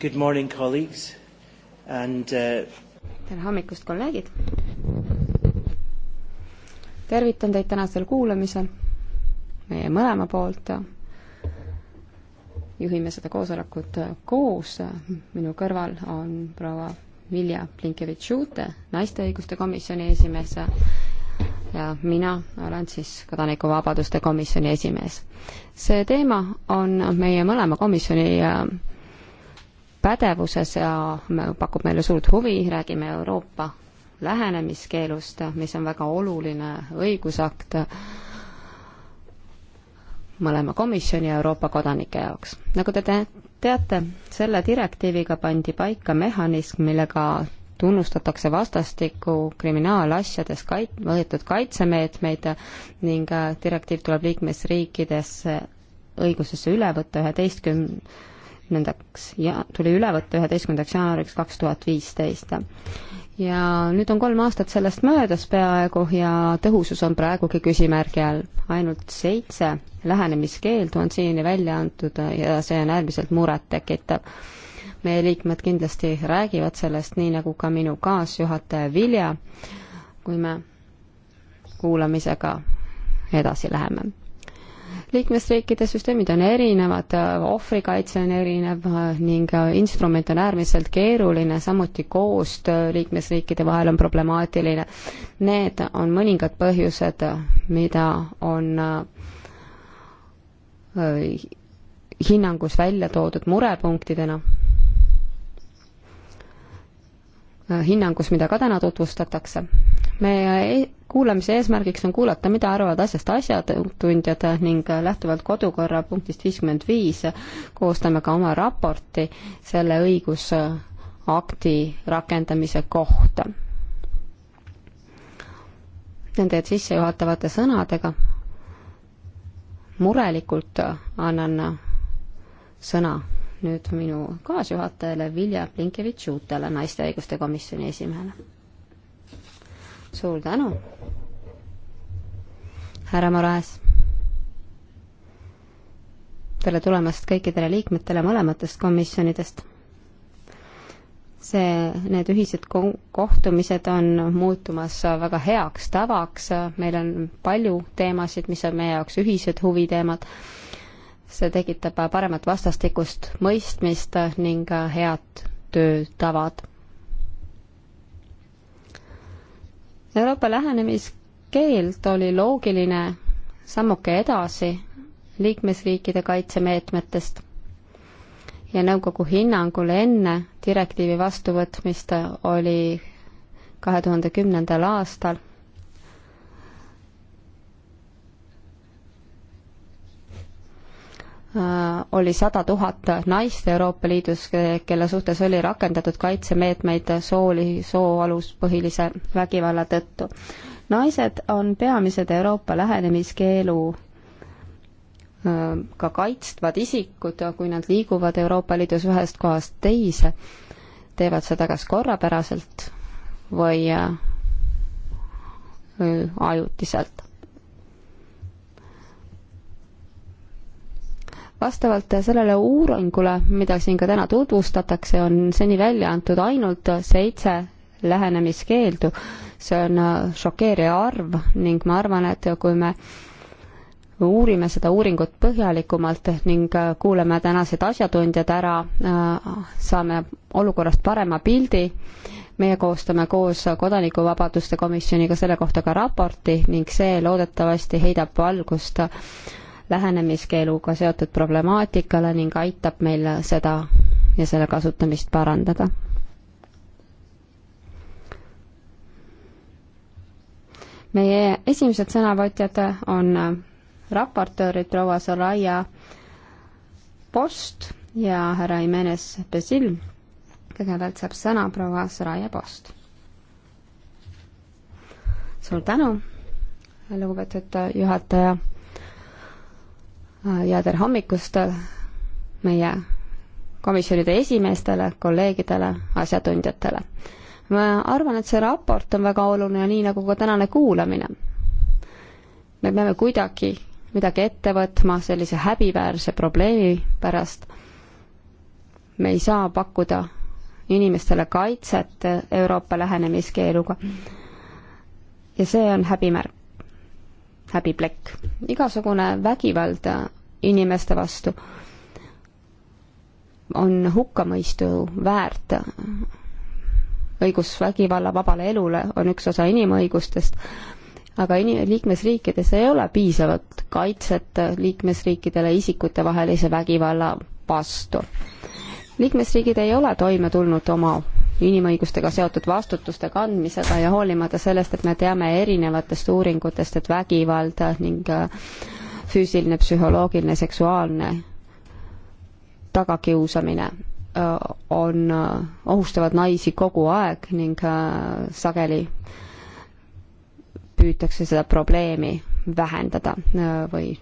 Good morning, colleagues and uh... tere hommikust, kolleegid! tervitan teid tänasel kuulamisel meie mõlema poolt. juhime seda koosolekut koos. minu kõrval on proua Vilja Plinkevitš-Uute, naiste õiguste komisjoni esimees ja mina olen siis kodanikuvabaduste komisjoni esimees. see teema on meie mõlema komisjoni äh, pädevuses ja pakub meile suurt huvi, räägime Euroopa lähenemiskeelust, mis on väga oluline õigusakt mõlema komisjoni ja Euroopa kodanike jaoks. nagu te teate, selle direktiiviga pandi paika mehhanism, millega tunnustatakse vastastikku kriminaalasjades kait-, võetud kaitsemeetmeid ning direktiiv tuleb liikmesriikides õigusesse üle võtta üheteistkümne kümnendaks ja tuli üle võtta üheteistkümnendaks jaanuariks kaks tuhat viisteist. ja nüüd on kolm aastat sellest möödas peaaegu ja tõhusus on praegugi küsimärgi all. ainult seitse lähenemiskeeldu on siiani välja antud ja see on äärmiselt murettekitav. meie liikmed kindlasti räägivad sellest, nii nagu ka minu kaasjuhataja Vilja, kui me kuulamisega edasi läheme liikmesriikide süsteemid on erinevad, ohvrikaitse on erinev äh, ning äh, instrument on äärmiselt keeruline, samuti koostöö liikmesriikide vahel on problemaatiline. Need on mõningad põhjused, mida on äh, hinnangus välja toodud murepunktidena Äh, hinnangus, mida ka täna tutvustatakse. meie kuulamise eesmärgiks on kuulata, mida arvavad asjast asjatundjad ning äh, lähtuvalt kodukorra punktist viiskümmend viis koostame ka oma raporti selle õigusakti rakendamise kohta. Nende sissejuhatavate sõnadega murelikult annan äh, sõna nüüd minu kaasjuhatajale Vilja Plinkevitš-Uutele, naiste õiguste komisjoni esimehele. suur tänu, härra Moraes. tere tulemast kõikidele liikmetele mõlematest komisjonidest. see, need ühised kohtumised on muutumas väga heaks tavaks, meil on palju teemasid, mis on meie jaoks ühised huviteemad see tekitab paremat vastastikust mõistmist ning head töötavad. Euroopa lähenemiskeeld oli loogiline sammuke edasi liikmesriikide kaitsemeetmetest ja nõukogu hinnangul enne direktiivi vastuvõtmist oli kahe tuhande kümnendal aastal Äh, oli sada tuhat naist Euroopa Liidus, kelle suhtes oli rakendatud kaitsemeetmeid sooli, soo aluspõhilise vägivalla tõttu. naised on peamised Euroopa lähenemiskeelu äh, ka kaitstvad isikud, kui nad liiguvad Euroopa Liidus ühest kohast teise, teevad seda kas korrapäraselt või äh, ajutiselt vastavalt sellele uuringule, mida siin ka täna tutvustatakse, on seni välja antud ainult seitse lähenemiskeeldu. see on äh, šokeeriv arv ning ma arvan, et kui me uurime seda uuringut põhjalikumalt ning äh, kuulame tänased asjatundjad ära, äh, saame olukorrast parema pildi. meie koostame koos Kodanikuvabaduste Komisjoniga selle kohta ka raporti ning see loodetavasti heidab valgust lähenemiskeeluga seotud problemaatikale ning aitab meil seda ja selle kasutamist parandada. meie esimesed sõnavõtjad on raportöörid proua Soraya Post ja härra Imenes Pesil. kõigepealt saab sõna proua Soraya Post. suur tänu, lugupeetud juhataja Äh, ja tere hommikust äh, meie komisjonide esimeestele, kolleegidele, asjatundjatele. ma arvan, et see raport on väga oluline, nii nagu ka tänane kuulamine. me peame kuidagi midagi ette võtma sellise häbiväärse probleemi pärast. me ei saa pakkuda inimestele kaitset Euroopa lähenemiskeeluga. ja see on häbimärk häbiplekk. igasugune vägivald inimeste vastu on hukkamõistu väärt. õigus vägivalla vabale elule on üks osa inimõigustest, aga in-, liikmesriikides ei ole piisavat kaitset liikmesriikidele isikutevahelise vägivalla vastu. liikmesriigid ei ole toime tulnud oma inimõigustega seotud vastutuste kandmisega ja hoolimata sellest, et me teame erinevatest uuringutest, et vägivald ning äh, füüsiline, psühholoogiline, seksuaalne tagakiusamine äh, on, äh, ohustavad naisi kogu aeg ning sageli püütakse seda probleemi vähendada või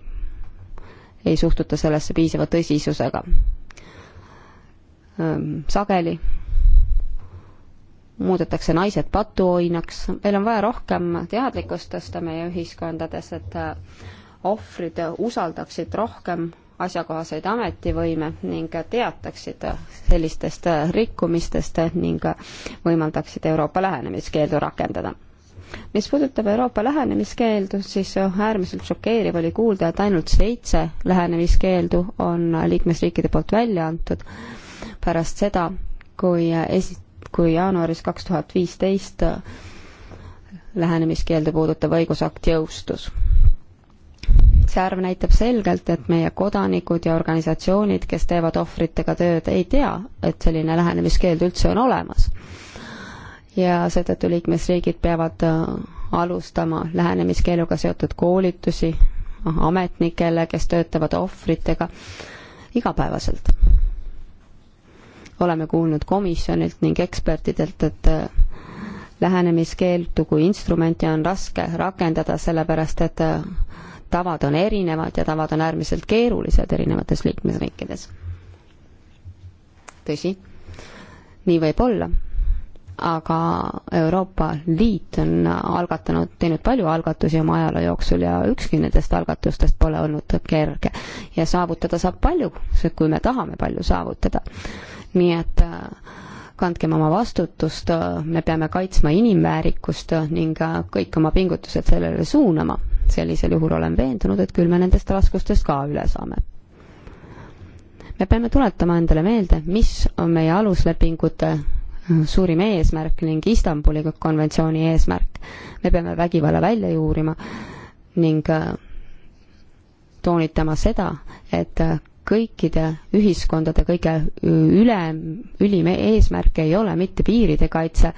ei suhtuta sellesse piisava tõsisusega. Ähm, sageli muudetakse naised patuoinaks, meil on vaja rohkem teadlikkust tõsta meie ühiskondades, et äh, ohvrid usaldaksid rohkem asjakohaseid ametivõime ning teataksid sellistest äh, rikkumistest ning äh, võimaldaksid Euroopa lähenemiskeeldu rakendada. mis puudutab Euroopa lähenemiskeeldu, siis äärmiselt šokeeriv oli kuulda, et ainult seitse lähenemiskeeldu on liikmesriikide poolt välja antud pärast seda, kui esi-, kui jaanuaris kaks tuhat viisteist lähenemiskeelde puudutav õigusakt jõustus. see arv näitab selgelt, et meie kodanikud ja organisatsioonid, kes teevad ohvritega tööd, ei tea, et selline lähenemiskeeld üldse on olemas. ja seetõttu liikmesriigid peavad äh, alustama lähenemiskeeluga seotud koolitusi ametnikele, kes töötavad ohvritega igapäevaselt oleme kuulnud komisjonilt ning ekspertidelt, et äh, lähenemiskeeldu kui instrumenti on raske rakendada, sellepärast et äh, tavad on erinevad ja tavad on äärmiselt keerulised erinevates liikmesriikides. tõsi, nii võib olla, aga Euroopa Liit on algatanud, teinud palju algatusi oma ajaloo jooksul ja ükski nendest algatustest pole olnud kerge. ja saavutada saab palju, kui me tahame palju saavutada nii et äh, kandkem oma vastutust, äh, me peame kaitsma inimväärikust äh, ning kõik oma pingutused sellele suunama. sellisel juhul olen veendunud, et küll me nendest raskustest ka üle saame. me peame tuletama endale meelde, mis on meie aluslepingute suurim eesmärk ning Istanbuli konventsiooni eesmärk. me peame vägivalla välja juurima ning toonitama seda, et kõikide ühiskondade kõige ülem, ülim eesmärk ei ole mitte piiride kaitse,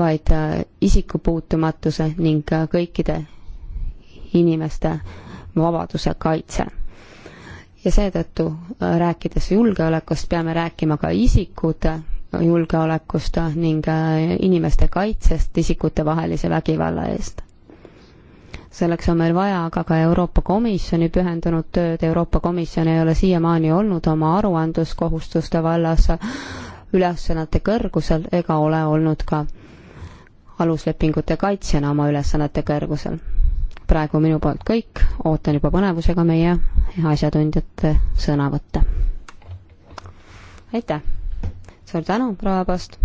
vaid äh, isikupuutumatuse ning äh, kõikide inimeste vabaduse kaitse. ja seetõttu, äh, rääkides julgeolekust, peame rääkima ka isikute julgeolekust ning inimeste kaitsest isikutevahelise vägivalla eest selleks on meil vaja aga ka Euroopa Komisjoni pühendunud tööd, Euroopa Komisjon ei ole siiamaani olnud oma aruandluskohustuste vallas ülesannete kõrgusel ega ole olnud ka aluslepingute kaitsjana oma ülesannete kõrgusel. praegu minu poolt kõik, ootan juba põnevusega meie asjatundjate sõnavõtte. aitäh! suur tänu, proua Past!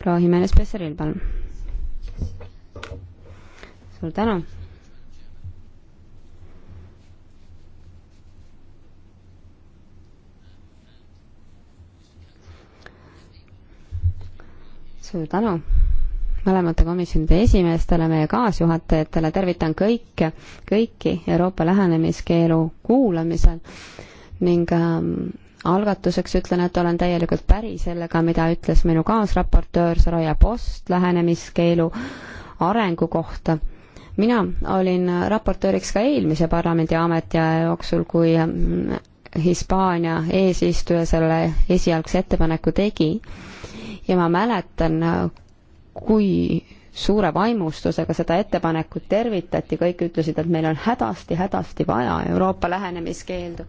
proua Jimenez Peseril, palun. suur tänu. suur tänu mõlemate komisjonide esimeestele, meie kaasjuhatajatele, tervitan kõike, kõiki Euroopa lähenemiskeelu kuulamisel ning ähm, algatuseks ütlen, et olen täielikult päri sellega, mida ütles minu kaasraportöör Soraya Post lähenemiskeelu arengu kohta. mina olin raportööriks ka eelmise parlamendi ametiaja jooksul, kui Hispaania eesistuja selle esialgse ettepaneku tegi ja ma mäletan, kui suure vaimustusega seda ettepanekut tervitati, kõik ütlesid, et meil on hädasti-hädasti vaja Euroopa lähenemiskeeldu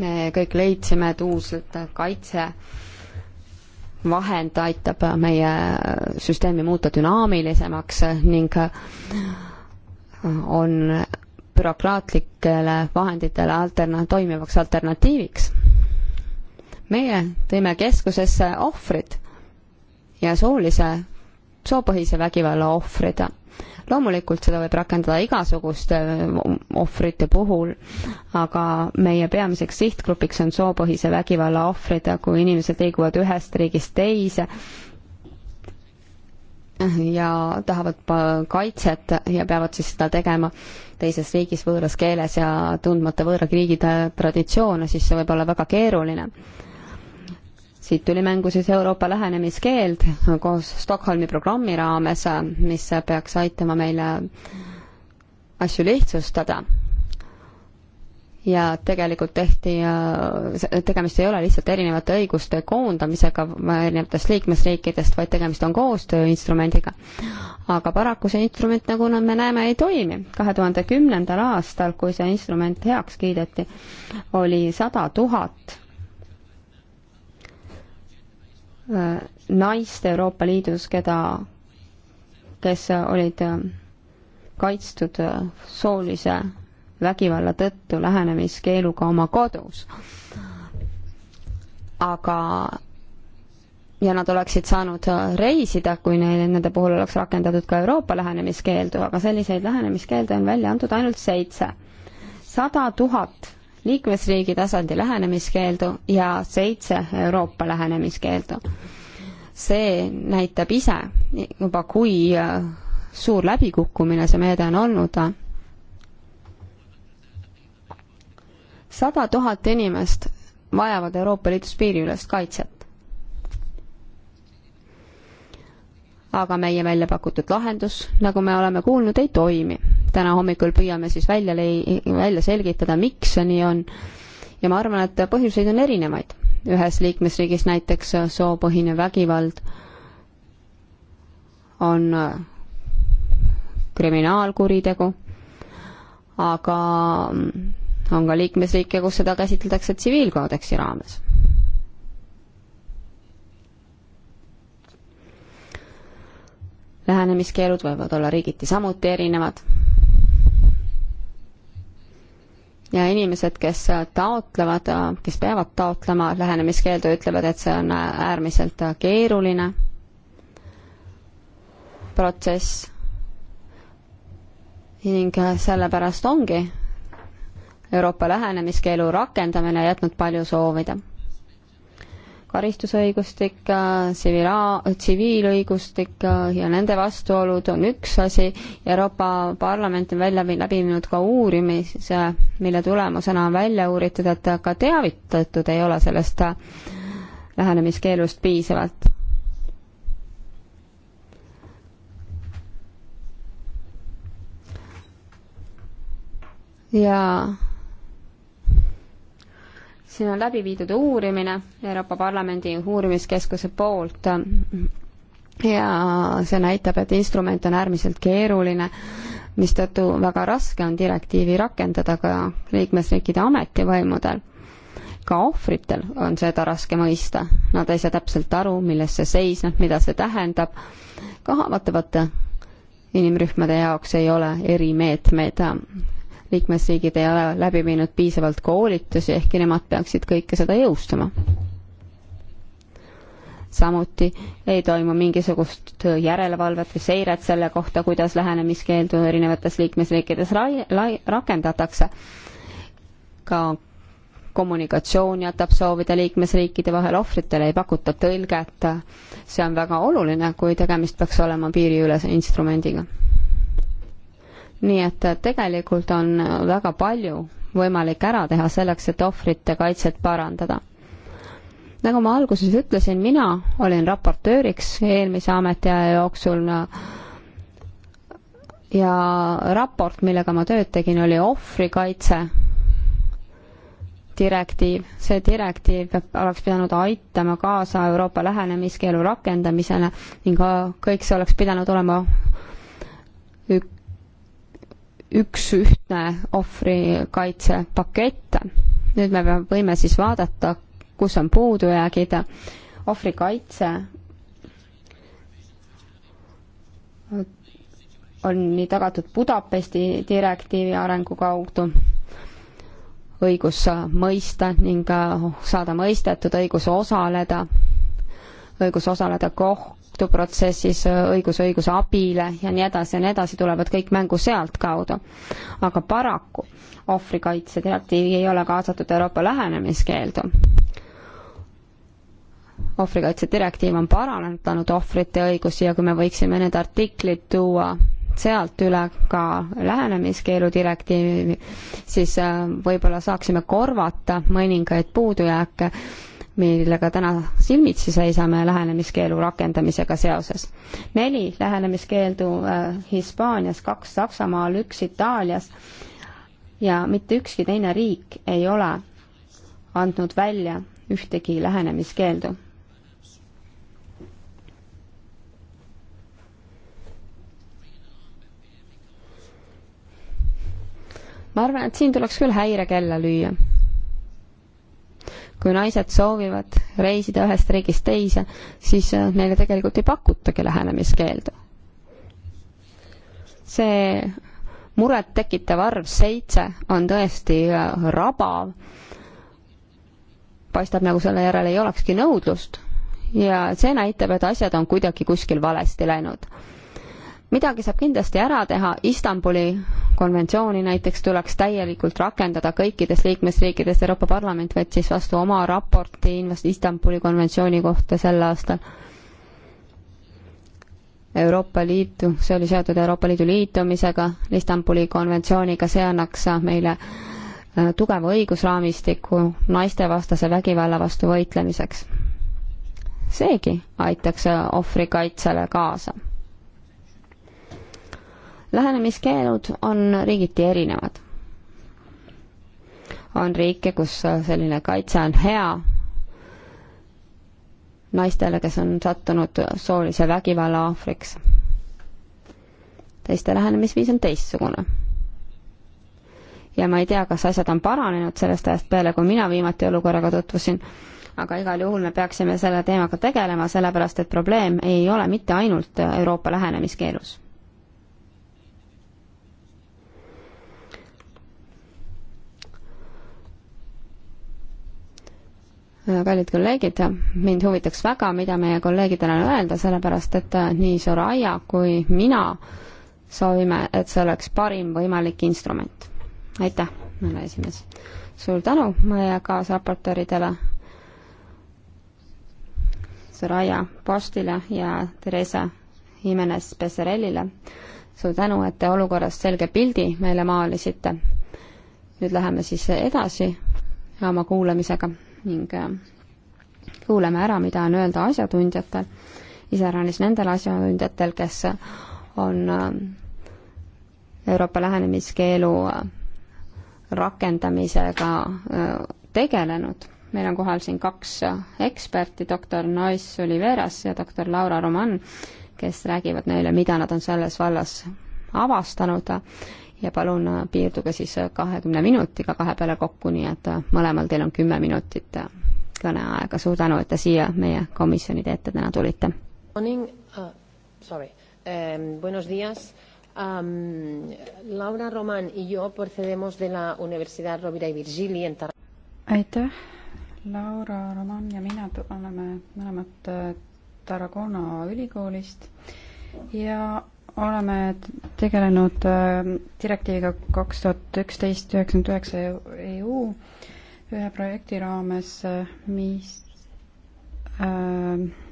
me kõik leidsime, et uus kaitsevahend aitab meie süsteemi muuta dünaamilisemaks ning on bürokraatlikele vahenditele alterna-, toimivaks alternatiiviks. meie tõime keskusesse ohvrid ja soolise, soopõhise vägivalla ohvrid loomulikult seda võib rakendada igasuguste eh, ohvrite puhul, aga meie peamiseks sihtgrupiks on soopõhise vägivalla ohvrid, kui inimesed liiguvad ühest riigist teise ja tahavad kaitset ja peavad siis seda tegema teises riigis võõras keeles ja tundmata võõra riigi traditsioone, siis see võib olla väga keeruline siit tuli mängu siis Euroopa lähenemiskeeld koos Stockholmi programmi raames, mis peaks aitama meile asju lihtsustada. ja tegelikult tehti, tegemist ei ole lihtsalt erinevate õiguste koondamisega erinevatest liikmesriikidest, vaid tegemist on koostööinstrumendiga. aga paraku see instrument, nagu me näeme, ei toimi. kahe tuhande kümnendal aastal, kui see instrument heaks kiideti, oli sada tuhat Äh, naist Euroopa Liidus, keda, kes olid äh, kaitstud äh, soolise vägivalla tõttu lähenemiskeeluga oma kodus. aga ja nad oleksid saanud reisida, kui neil nende puhul oleks rakendatud ka Euroopa lähenemiskeeldu, aga selliseid lähenemiskeelde on välja antud ainult seitse. sada tuhat liikmesriigi tasandi lähenemiskeeldu ja seitse Euroopa lähenemiskeeldu. see näitab ise juba, kui äh, suur läbikukkumine see meede on olnud. sada tuhat inimest vajavad Euroopa Liidus piiriülest kaitset. aga meie välja pakutud lahendus, nagu me oleme kuulnud, ei toimi täna hommikul püüame siis välja lei-, välja selgitada, miks see nii on. ja ma arvan, et põhjuseid on erinevaid. ühes liikmesriigis näiteks soopõhine vägivald on kriminaalkuritegu, aga on ka liikmesriike, kus seda käsitletakse tsiviilkoodeksi raames. lähenemiskeelud võivad olla riigiti samuti erinevad. ja inimesed, kes äh, taotlevad, äh, kes peavad taotlema lähenemiskeeldu, ütlevad, et see on äh, äärmiselt keeruline protsess ning sellepärast ongi Euroopa lähenemiskeelu rakendamine jätnud palju soovida karistusõigustik, tsiviila-, tsiviilõigustik ja nende vastuolud on üks asi. Euroopa Parlament on välja läbinud ka uurimise, mille tulemusena on välja uuritud, et ka teavitatud ei ole sellest lähenemiskeelust piisavalt. ja siin on läbi viidud uurimine Euroopa Parlamendi uurimiskeskuse poolt ja see näitab, et instrument on äärmiselt keeruline, mistõttu väga raske on direktiivi rakendada ka liikmesriikide ametivõimudel. ka ohvritel on seda raske mõista, nad ei saa täpselt aru, milles see seisneb, mida see tähendab, ka haavatavate inimrühmade jaoks ei ole erimeetmeid liikmesriigid ei ole läbi viinud piisavalt koolitusi, ehkki nemad peaksid kõike seda jõustama. samuti ei toimu mingisugust järelevalvet või seiret selle kohta, kuidas lähenemiskeeldu erinevates liikmesriikides rai-, lai-, rakendatakse. ka kommunikatsioon jätab soovida liikmesriikide vahel, ohvritele ei pakuta tõlget, see on väga oluline, kui tegemist peaks olema piiriülese instrumendiga nii et äh, tegelikult on äh, väga palju võimalik ära teha selleks, et ohvrite kaitset parandada. nagu ma alguses ütlesin, mina olin raportööriks eelmise ametiaja jooksul äh, ja raport, millega ma tööd tegin, oli ohvrikaitse direktiiv, see direktiiv oleks pidanud aitama kaasa Euroopa lähenemiskeelu rakendamisele ning kõik see oleks pidanud olema ük-, üks ühtne ohvrikaitsepakett. nüüd me võime siis vaadata, kus on puudujäägid. ohvrikaitse on nii tagatud Budapesti direktiivi arengu kaudu, õigus mõista ning saada mõistetud, õigus osaleda, õigus osaleda koh-, kohtuprotsessis äh, õigus õiguse abile ja nii edasi ja nii edasi, tulevad kõik mängu sealtkaudu. aga paraku ohvrikaitse direktiivi ei ole kaasatud Euroopa lähenemiskeeldu. ohvrikaitse direktiiv on parandanud ohvrite õigusi ja kui me võiksime need artiklid tuua sealt üle ka lähenemiskeelu direktiivi, siis äh, võib-olla saaksime korvata mõningaid puudujääke millega täna silmitsi seisame lähenemiskeelu rakendamisega seoses. neli lähenemiskeeldu äh, Hispaanias, kaks Saksamaal, üks Itaalias ja mitte ükski teine riik ei ole andnud välja ühtegi lähenemiskeeldu. ma arvan, et siin tuleks küll häirekella lüüa kui naised soovivad reisida ühest riigist teise, siis äh, neile tegelikult ei pakutagi lähenemiskeeldu. see murettekitav arv seitse on tõesti äh, rabav, paistab nagu selle järele ei olekski nõudlust ja see näitab, et asjad on kuidagi kuskil valesti läinud midagi saab kindlasti ära teha, Istanbuli konventsiooni näiteks tuleks täielikult rakendada kõikides liikmesriikides, Euroopa Parlament võttis vastu oma raporti invest-, Istanbuli konventsiooni kohta sel aastal. Euroopa Liitu, see oli seotud Euroopa Liidu liitumisega, Istanbuli konventsiooniga, see annaks meile äh, tugeva õigusraamistiku naistevastase vägivalla vastu võitlemiseks. seegi aitaks äh, ohvrikaitsele kaasa lähenemiskeelud on riigiti erinevad. on riike, kus selline kaitse on hea naistele, kes on sattunud soolise vägivalla ohvriks. teiste lähenemisviis on teistsugune. ja ma ei tea, kas asjad on paranenud sellest ajast peale, kui mina viimati olukorraga tutvusin, aga igal juhul me peaksime selle teemaga tegelema, sellepärast et probleem ei ole mitte ainult Euroopa lähenemiskeelus Äh, kallid kolleegid, mind huvitaks väga, mida meie kolleegidele on öelda, sellepärast et äh, nii Soraya kui mina soovime, et see oleks parim võimalik instrument. aitäh, härra esimees. suur tänu meie kaasraportööridele, Soraya Postile ja Theresa Jimenez Peserellile. suur tänu, et te olukorrast selge pildi meile maalisite. nüüd läheme siis edasi oma kuulamisega ning äh, kuulame ära, mida on öelda asjatundjatel, iseäranis nendel asjatundjatel, kes on äh, Euroopa lähenemiskeelu äh, rakendamisega tegelenud. meil on kohal siin kaks eksperti, doktor Nois Oliveras ja doktor Laura Roman, kes räägivad neile, mida nad on selles vallas avastanud ja palun äh, piirduge siis äh, kahekümne minutiga kahe peale kokku, nii et äh, mõlemal teil on kümme minutit kõneaega. suur tänu, et te siia meie komisjonide ette täna tulite. Morning uh,, sorry um,, buenos dias. Um, Laura Roman y yo procedemos de la Universidad Rovira y Virgili en Tar-. aitäh, Laura Roman ja mina oleme mõlemad Tarragona ülikoolist ja oleme tegelenud äh, direktiiviga kaks tuhat üksteist üheksakümmend üheksa EU e ühe projekti raames, äh, mis äh,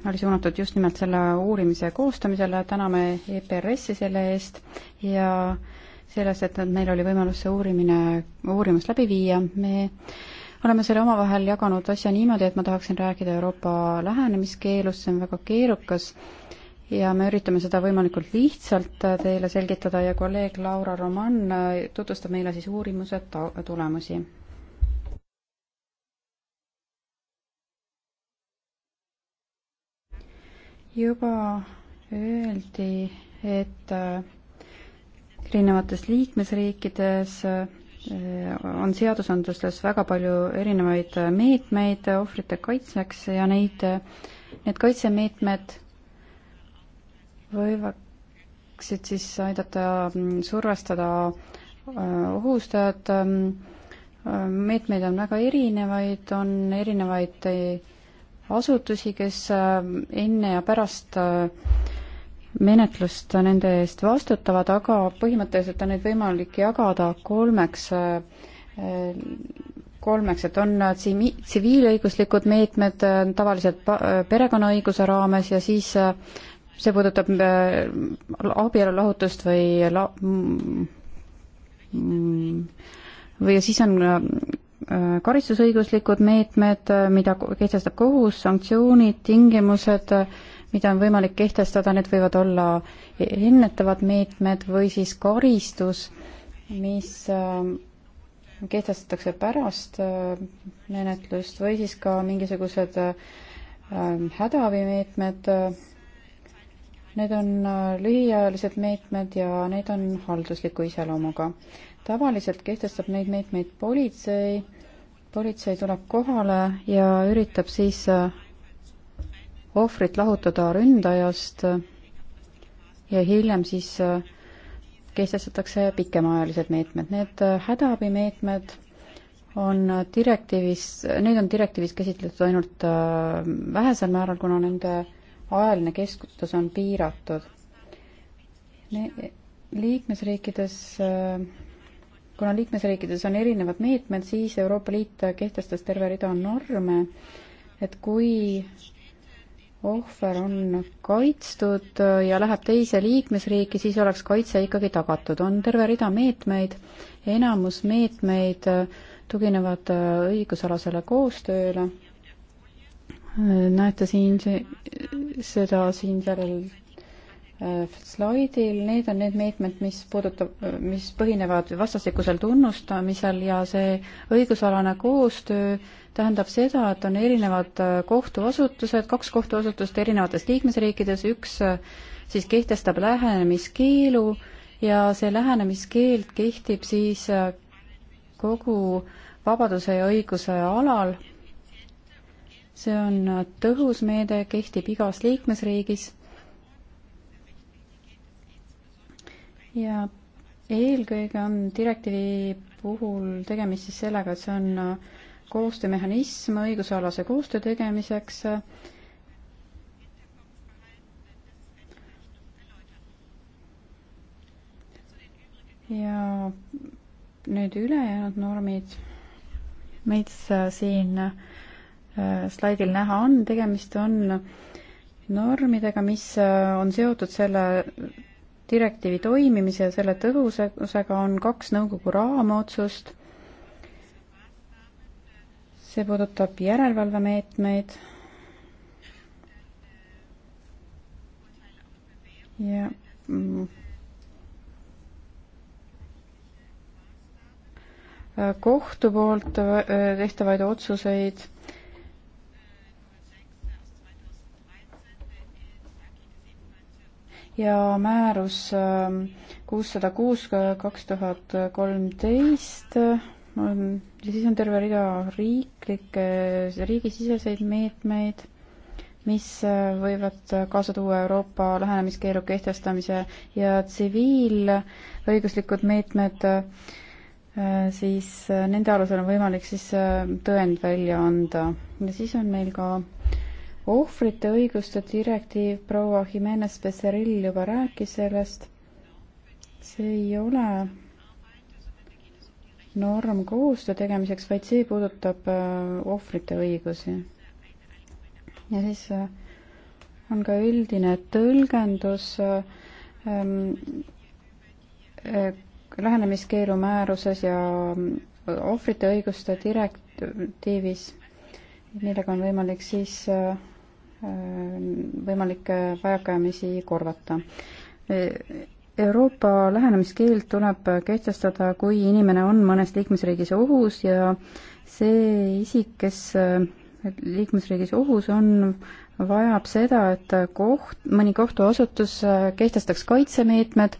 oli suunatud just nimelt selle uurimise koostamisele, täname EPRS-i selle eest ja sellest, et meil oli võimalus see uurimine, uurimus läbi viia, me oleme selle omavahel jaganud asja niimoodi, et ma tahaksin rääkida Euroopa lähenemiskeelust, see on väga keerukas ja me üritame seda võimalikult lihtsalt äh, teile selgitada ja kolleeg Laura Roman äh, tutvustab meile siis uurimuse tulemusi. juba öeldi, et äh, erinevates liikmesriikides on seadusandlustes väga palju erinevaid meetmeid ohvrite kaitseks ja neid, need kaitsemeetmed võivaksid siis aidata mm, survestada äh, ohustajad, ähm, äh, meetmeid on väga erinevaid, on erinevaid äh, asutusi, kes enne ja pärast menetlust nende eest vastutavad, aga põhimõtteliselt on neid võimalik jagada kolmeks, kolmeks, et on tsivi-, tsiviilõiguslikud meetmed tavaliselt perekonnaõiguse raames ja siis see puudutab äh, abielulahutust või la-, mm, või siis on äh, karistusõiguslikud meetmed, äh, mida kehtestab kohus, sanktsioonid, tingimused, mida on võimalik kehtestada, need võivad olla e-, ennetavad meetmed või siis karistus, mis kehtestatakse pärast menetlust või siis ka mingisugused hädaabimeetmed äh, Need on äh, lühiajalised meetmed ja need on haldusliku iseloomuga. tavaliselt kehtestab neid meetmeid politsei, politsei tuleb kohale ja üritab siis äh, ohvrit lahutada ründajast äh, ja hiljem siis kehtestatakse pikemaajalised meetmed. Need hädaabimeetmed on direktiivis, neid on direktiivis käsitletud ainult vähesel määral, kuna nende ajaline keskutus on piiratud. liikmesriikides, kuna liikmesriikides on erinevad meetmed, siis Euroopa Liit kehtestas terve rida norme, et kui ohver on kaitstud ja läheb teise liikmesriiki, siis oleks kaitse ikkagi tagatud. on terve rida meetmeid, enamus meetmeid tuginevad õigusalasele koostööle. näete siin see, seda siin sellel äh, slaidil, need on need meetmed, mis puudutab, mis põhinevad vastastikusel tunnustamisel ja see õigusalane koostöö tähendab seda, et on erinevad äh, kohtuasutused, kaks kohtuasutust erinevates liikmesriikides, üks äh, siis kehtestab lähenemiskeelu ja see lähenemiskeeld kehtib siis kogu vabaduse ja õiguse alal see on tõhus meede, kehtib igas liikmesriigis ja eelkõige on direktiivi puhul tegemist siis sellega, et see on koostöömehhanism õigusalase koostöö tegemiseks, ja need ülejäänud normid, mis siin äh, Äh, slaidil näha on, tegemist on normidega, mis äh, on seotud selle direktiivi toimimise ja selle tõhususega, on kaks nõukogu raamotsust. see puudutab järelevalvemeetmeid. ja mm, äh, kohtu poolt tehtavaid otsuseid ja määrus ähm, kuussada kuus kaks tuhat kolmteist ähm, ja siis on terve rida riiklikke, riigisiseseid meetmeid, mis äh, võivad kaasa tuua Euroopa lähenemiskeelu kehtestamise ja tsiviilõiguslikud meetmed, äh, siis äh, nende alusel on võimalik siis tõend välja anda ja siis on meil ka ohvrite õiguste direktiiv, proua Jimenez Becerril juba rääkis sellest, see ei ole norm koostöö tegemiseks, vaid see puudutab äh, ohvrite õigusi. ja siis äh, on ka üldine tõlgendus äh, ähm, äh, lähenemiskeelu määruses ja ohvrite õiguste direktiivis, millega on võimalik siis äh, Äh, võimalikke vajakajäämisi korvata. Euroopa lähenemiskeeld tuleb kehtestada, kui inimene on mõnes liikmesriigis ohus ja see isik, kes äh, liikmesriigis ohus on, vajab seda, et koht, mõni kohtuasutus äh, kehtestaks kaitsemeetmed,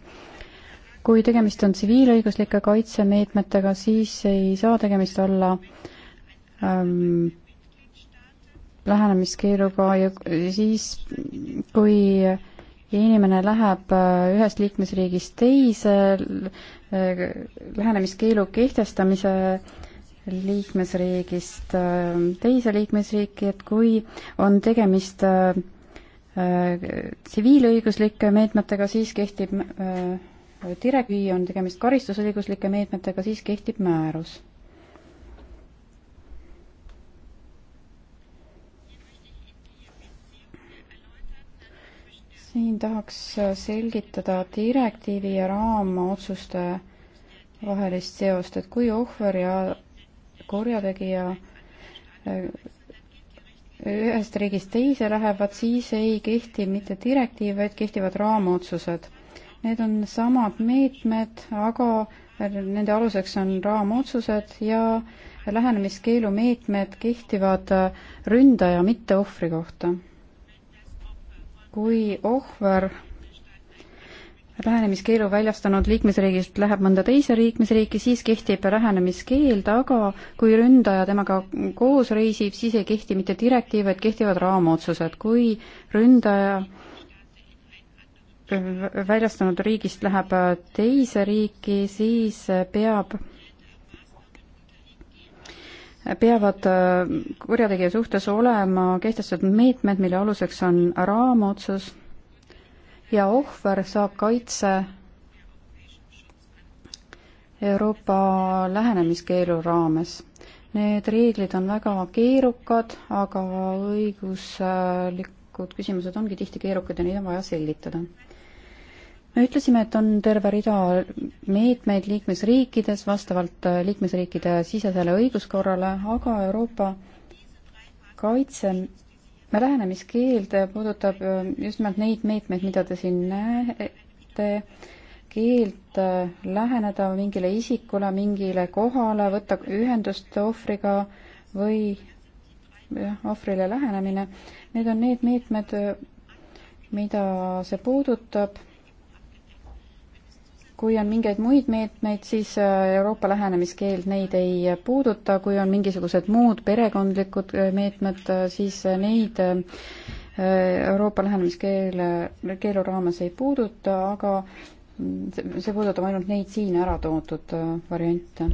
kui tegemist on tsiviilõiguslike kaitsemeetmetega, siis ei saa tegemist olla ähm, lähenemiskeeluga ja siis, kui inimene läheb äh, ühest liikmesriigist teise äh, lähenemiskeelu kehtestamise liikmesriigist äh, teise liikmesriiki, et kui on tegemist tsiviilõiguslike meetmetega, siis kehtib direktiiv, on tegemist karistusõiguslike meetmetega, siis kehtib määrus siin tahaks äh, selgitada direktiivi ja raamotsuste vahelist seost, et kui ohver ja kurjategija äh, ühest riigist teise lähevad, siis ei kehti mitte direktiiv, vaid kehtivad raamotsused. Need on samad meetmed, aga nende aluseks on raamotsused ja lähenemiskeelu meetmed kehtivad äh, ründaja, mitte ohvri kohta kui ohver lähenemiskeelu väljastanud liikmesriigist läheb mõnda teise liikmesriiki, siis kehtib lähenemiskeeld, aga kui ründaja temaga koos reisib, siis ei kehti mitte direktiiv, vaid kehtivad raamotsused. kui ründaja väljastanud riigist läheb teise riiki, siis peab peavad äh, kurjategija suhtes olema kehtestatud meetmed, mille aluseks on raamotsus ja ohver saab kaitse Euroopa lähenemiskeelu raames. Need reeglid on väga keerukad, aga õiguslikud küsimused ongi tihti keerukad ja neid on vaja selgitada me ütlesime, et on terve rida meetmeid liikmesriikides vastavalt äh, liikmesriikide sisesele õiguskorrale, aga Euroopa kaitse lähenemiskeeld puudutab äh, just nimelt neid meetmeid, mida te siin näete, keeld äh, läheneda mingile isikule, mingile kohale, võtta ühendust ohvriga või jah, ohvrile lähenemine, need on need meetmed, mida see puudutab kui on mingeid muid meetmeid, siis äh, Euroopa lähenemiskeeld neid ei puuduta, kui on mingisugused muud perekondlikud äh, meetmed, äh, siis neid Euroopa lähenemiskeel, keelu raames ei puuduta, aga mm, see puudutab ainult neid siin ära toodud variante.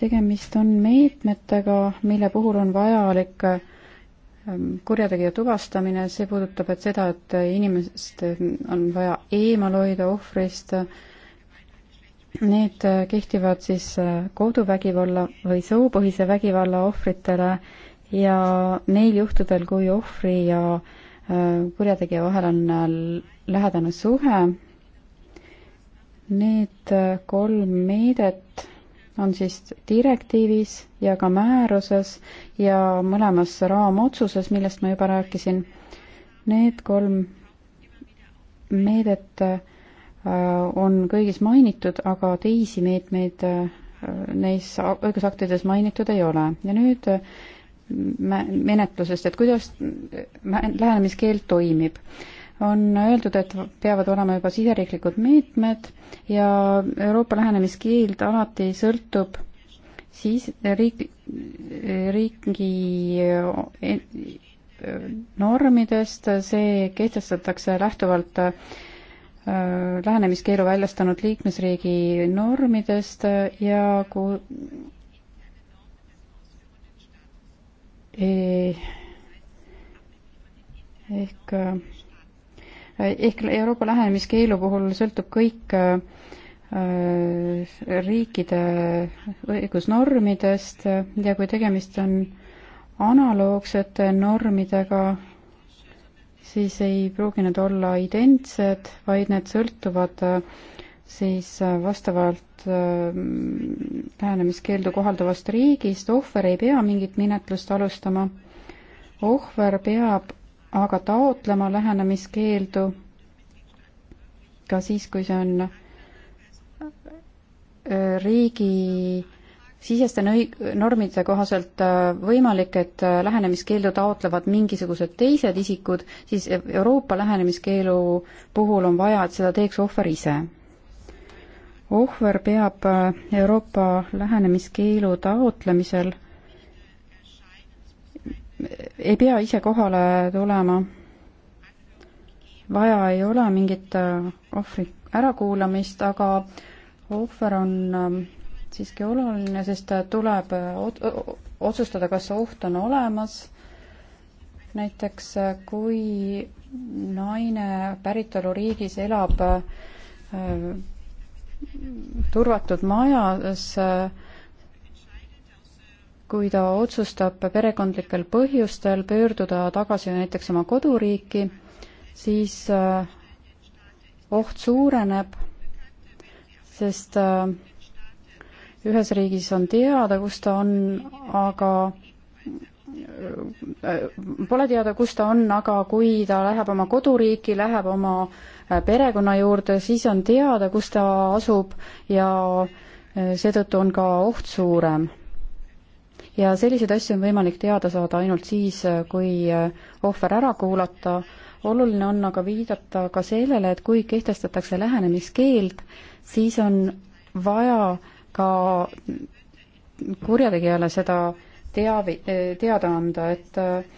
tegemist on meetmetega, mille puhul on vajalik Ähm, kurjategija tuvastamine, see puudutab, et seda, et inimest äh, on vaja eemal hoida ohvrist, äh, need äh, kehtivad siis koduvägivalla või soopõhise vägivalla ohvritele ja neil juhtudel, kui ohvri ja kurjategija vahel on lähedane suhe, need kolm meedet on siis direktiivis ja ka määruses ja mõlemas raamotsuses, millest ma juba rääkisin. Need kolm meedet äh, on kõigis mainitud, aga teisi meetmeid äh, neis õigusaktides mainitud ei ole. ja nüüd äh, menetlusest, et kuidas lähenemiskeeld toimib on öeldud, et peavad olema juba siseriiklikud meetmed ja Euroopa lähenemiskeeld alati sõltub siis riik, riigi normidest, see kehtestatakse lähtuvalt äh, lähenemiskeelu väljastanud liikmesriigi normidest ja kui eh, ehk äh, ehk Euroopa lähenemiskeelu puhul sõltub kõik äh, äh, riikide õigusnormidest ja kui tegemist on analoogsete normidega, siis ei pruugi need olla identsed, vaid need sõltuvad äh, siis vastavalt lähenemiskeeldu kohaldavast riigist, ohver ei pea mingit menetlust alustama. ohver peab aga taotlema lähenemiskeeldu ka siis, kui see on äh, riigi siseste normide kohaselt äh, võimalik, et äh, lähenemiskeeldu taotlevad mingisugused teised isikud, siis Euroopa lähenemiskeelu puhul on vaja, et seda teeks ohver ise. ohver peab Euroopa lähenemiskeelu taotlemisel ei pea ise kohale tulema. vaja ei ole mingit äh, ohvri ärakuulamist, aga ohver on ähm, siiski oluline, sest äh, tuleb äh, otsustada, kas oht on olemas. näiteks kui naine päritoluriigis elab turvatud majas äh,, kui ta otsustab perekondlikel põhjustel pöörduda tagasi näiteks oma koduriiki, siis äh, oht suureneb, sest äh, ühes riigis on teada, kus ta on, aga äh, Pole teada, kus ta on, aga kui ta läheb oma koduriiki, läheb oma perekonna juurde, siis on teada, kus ta asub ja seetõttu on ka oht suurem ja selliseid asju on võimalik teada saada ainult siis, kui ohver ära kuulata. oluline on aga viidata ka sellele, et kui kehtestatakse lähenemiskeeld, siis on vaja ka kurjategijale seda teavi-, teada anda, et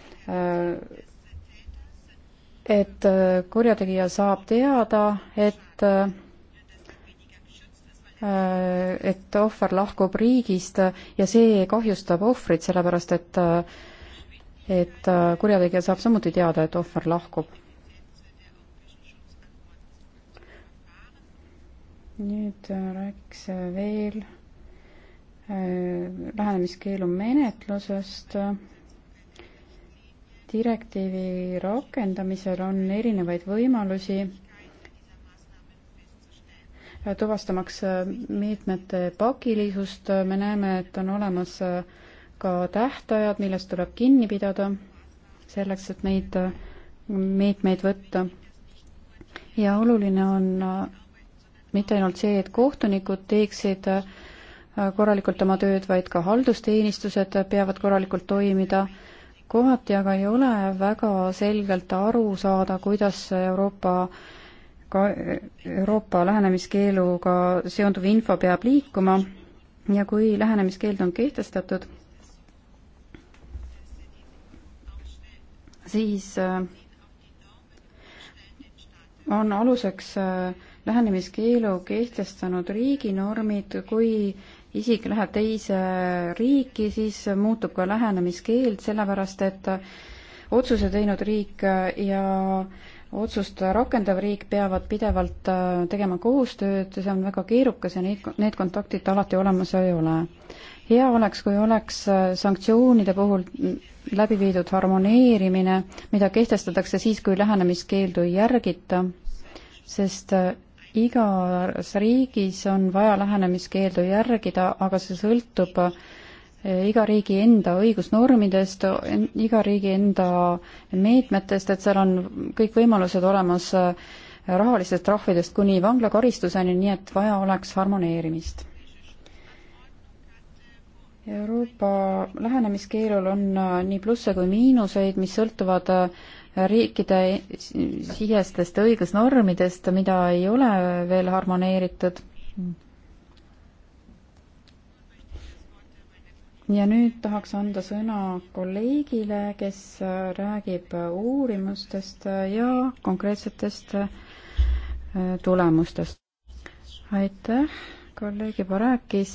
et kurjategija saab teada, et Äh, et ohver lahkub riigist ja see kahjustab ohvrit, sellepärast et äh, et äh, kurjategija saab samuti teada, et ohver lahkub. nüüd rääkis veel lähenemiskeelu menetlusest. direktiivi rakendamisel on erinevaid võimalusi tuvastamaks äh, meetmete pakilisust, äh, me näeme, et on olemas äh, ka tähtajad, millest tuleb kinni pidada, selleks, et neid meetmeid võtta. ja oluline on mitte ainult see, et kohtunikud teeksid korralikult oma tööd, vaid ka haldusteenistused peavad korralikult toimida, kohati aga ei ole väga selgelt aru saada, kuidas Euroopa äh, ka Euroopa lähenemiskeeluga seonduv info peab liikuma ja kui lähenemiskeeld on kehtestatud, siis äh, on aluseks äh, lähenemiskeelu kehtestanud riiginormid, kui isik läheb teise riiki, siis muutub ka lähenemiskeeld, sellepärast et otsuse teinud riik ja äh, otsust rakendav riik peavad pidevalt äh, tegema koostööd, see on väga keerukas ja neid, need kontaktid alati olemas ei ole. hea oleks, kui oleks äh, sanktsioonide puhul mm, läbi viidud harmoneerimine, mida kehtestatakse siis, kui lähenemiskeeldu ei järgita, sest äh, igas riigis on vaja lähenemiskeeldu järgida, aga see sõltub äh, iga riigi enda õigusnormidest, iga riigi enda meetmetest, et seal on kõik võimalused olemas rahalistest trahvidest kuni vanglakaristuseni, nii et vaja oleks harmoneerimist. Euroopa lähenemiskeelul on nii plusse kui miinuseid, mis sõltuvad riikide sisestest õigusnormidest, mida ei ole veel harmoneeritud ja nüüd tahaks anda sõna kolleegile, kes äh, räägib äh, uurimustest äh, ja konkreetsetest tulemustest. aitäh, kolleeg juba rääkis,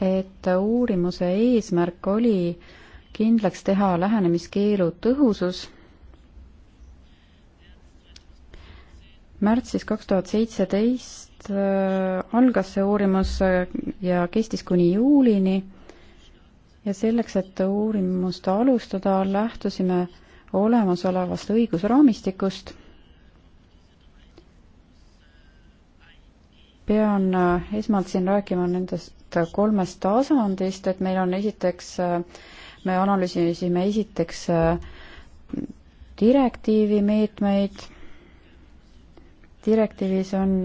et uurimuse eesmärk oli kindlaks teha lähenemiskeelu tõhusus. märtsis kaks tuhat seitseteist algas see uurimus ja kestis kuni juulini ja selleks, et uurimust alustada, lähtusime olemasolevast õigusraamistikust. pean äh, esmalt siin rääkima nendest kolmest tasandist, et meil on esiteks, äh, me analüüsisime esiteks äh, direktiivi meetmeid. direktiivis on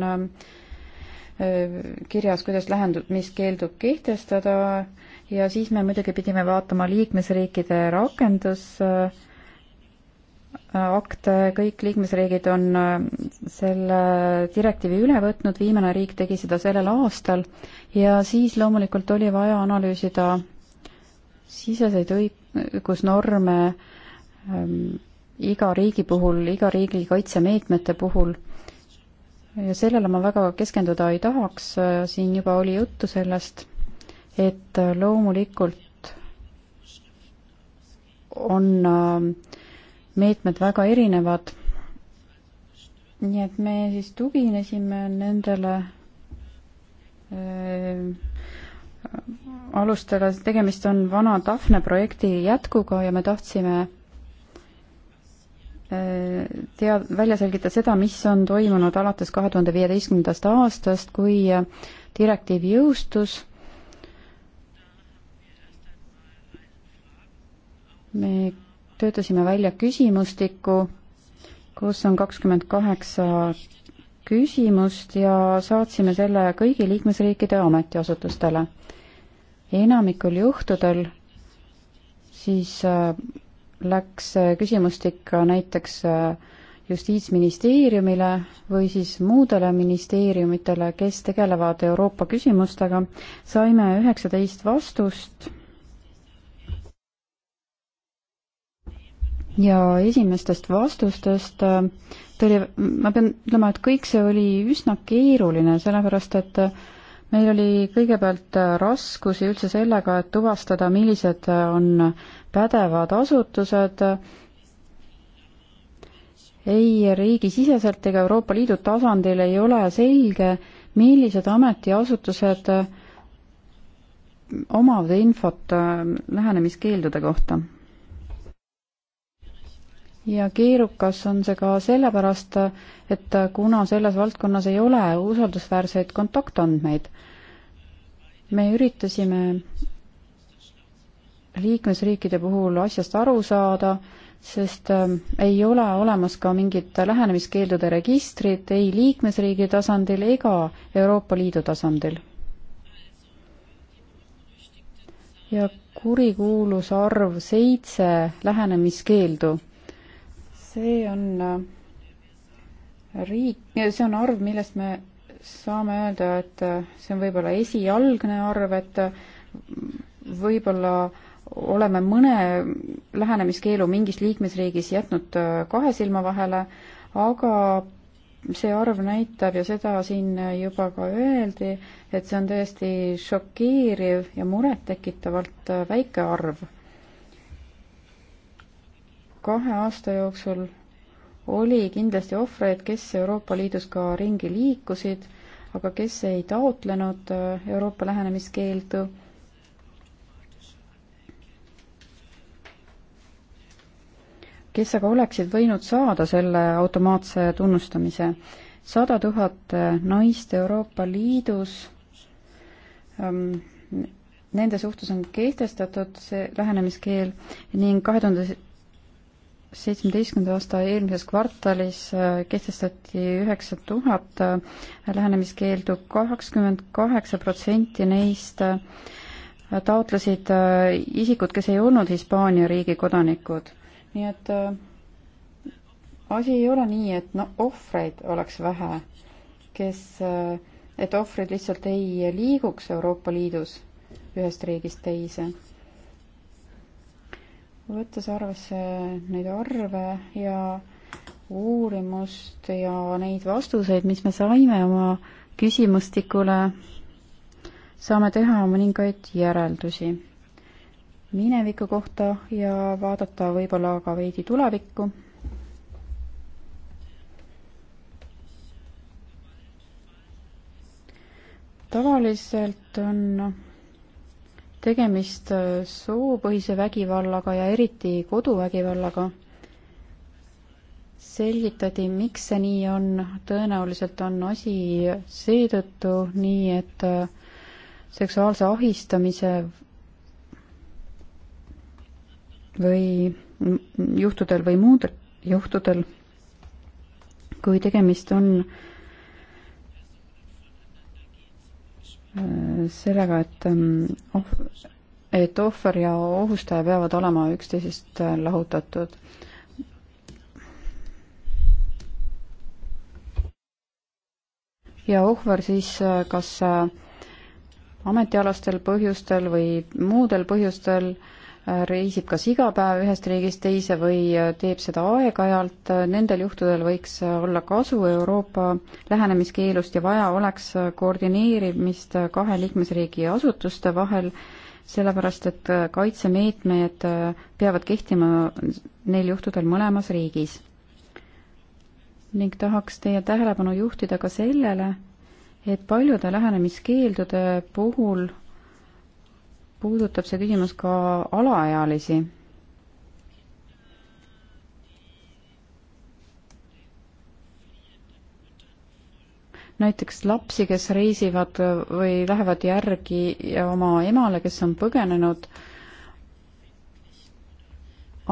kirjas, kuidas lähendumist keeldub kehtestada ja siis me muidugi pidime vaatama liikmesriikide rakendusakte, kõik liikmesriigid on äh, selle direktiivi üle võtnud, viimane riik tegi seda sellel aastal ja siis loomulikult oli vaja analüüsida siseseid õigusnorme ähm, iga riigi puhul, iga riigi kaitsemeetmete puhul ja sellele ma väga keskenduda ei tahaks, siin juba oli juttu sellest et loomulikult on ähm, meetmed väga erinevad. nii et me siis tuginesime nendele äh, alustada, tegemist on vana Tafne projekti jätkuga ja me tahtsime äh, tead-, välja selgitada seda, mis on toimunud alates kahe tuhande viieteistkümnendast aastast, kui äh, direktiiv jõustus me töötasime välja küsimustiku, kus on kakskümmend kaheksa küsimust ja saatsime selle kõigi liikmesriikide ametiasutustele. enamikul juhtudel siis äh, läks äh, küsimustik ka äh, näiteks justiitsministeeriumile või siis muudele ministeeriumitele, kes tegelevad Euroopa küsimustega, saime üheksateist vastust ja esimestest vastustest äh, tuli, ma pean ütlema, et kõik see oli üsna keeruline, sellepärast et äh, meil oli kõigepealt äh, raskusi üldse sellega, et tuvastada, millised on pädevad asutused ei riigisiseselt ega Euroopa Liidu tasandil ei ole selge, millised ametiasutused omavad infot lähenemiskeeldude kohta ja keerukas on see ka sellepärast, et kuna selles valdkonnas ei ole usaldusväärseid kontaktandmeid, me üritasime liikmesriikide puhul asjast aru saada, sest ähm, ei ole olemas ka mingit lähenemiskeeldude registrit ei liikmesriigi tasandil ega Euroopa Liidu tasandil. ja kurikuulus arv seitse lähenemiskeeldu see on äh, riik, see on arv, millest me saame öelda, et äh, see on võib-olla esialgne arv, et äh, võib-olla oleme mõne lähenemiskeelu mingis liikmesriigis jätnud kahe silma vahele, aga see arv näitab ja seda siin juba ka öeldi, et see on tõesti šokeeriv ja murettekitavalt väike arv kahe aasta jooksul oli kindlasti ohvreid, kes Euroopa Liidus ka ringi liikusid, aga kes ei taotlenud äh, Euroopa lähenemiskeeldu. kes aga oleksid võinud saada selle automaatse tunnustamise. sada tuhat äh, naist Euroopa Liidus ähm, nende suhtes on kehtestatud see lähenemiskeeld ning kahe tuhande seitsmeteistkümnenda aasta eelmises kvartalis äh, kehtestati üheksa tuhat äh, lähenemiskeeldu, kaheksakümmend kaheksa protsenti neist äh, taotlesid isikud, kes ei olnud Hispaania riigi kodanikud. nii et asi ei ole nii, et no ohvreid oleks vähe, kes, et ohvrid lihtsalt ei liiguks Euroopa Liidus ühest riigist teise võttes arvesse neid arve ja uurimust ja neid vastuseid, mis me saime oma küsimustikule, saame teha mõningaid järeldusi mineviku kohta ja vaadata võib-olla ka veidi tulevikku. tavaliselt on tegemist äh, soopõhise vägivallaga ja eriti koduvägivallaga. selgitati, miks see nii on, tõenäoliselt on asi seetõttu nii, et äh, seksuaalse ahistamise või juhtudel või muudel juhtudel, kui tegemist on äh, sellega, et ähm, oh, et ohver ja ohustaja peavad olema üksteisest äh, lahutatud. ja ohver siis äh, kas äh, ametialastel põhjustel või muudel põhjustel äh, reisib kas iga päev ühest riigist teise või äh, teeb seda aeg-ajalt, nendel juhtudel võiks äh, olla kasu Euroopa lähenemiskeelust ja vaja oleks äh, koordineerimist kahe liikmesriigi asutuste vahel, sellepärast et kaitsemeetmed peavad kehtima neil juhtudel mõlemas riigis. ning tahaks teie tähelepanu juhtida ka sellele, et paljude lähenemiskeeldude puhul puudutab see küsimus ka alaealisi. näiteks lapsi, kes reisivad või lähevad järgi oma emale, kes on põgenenud,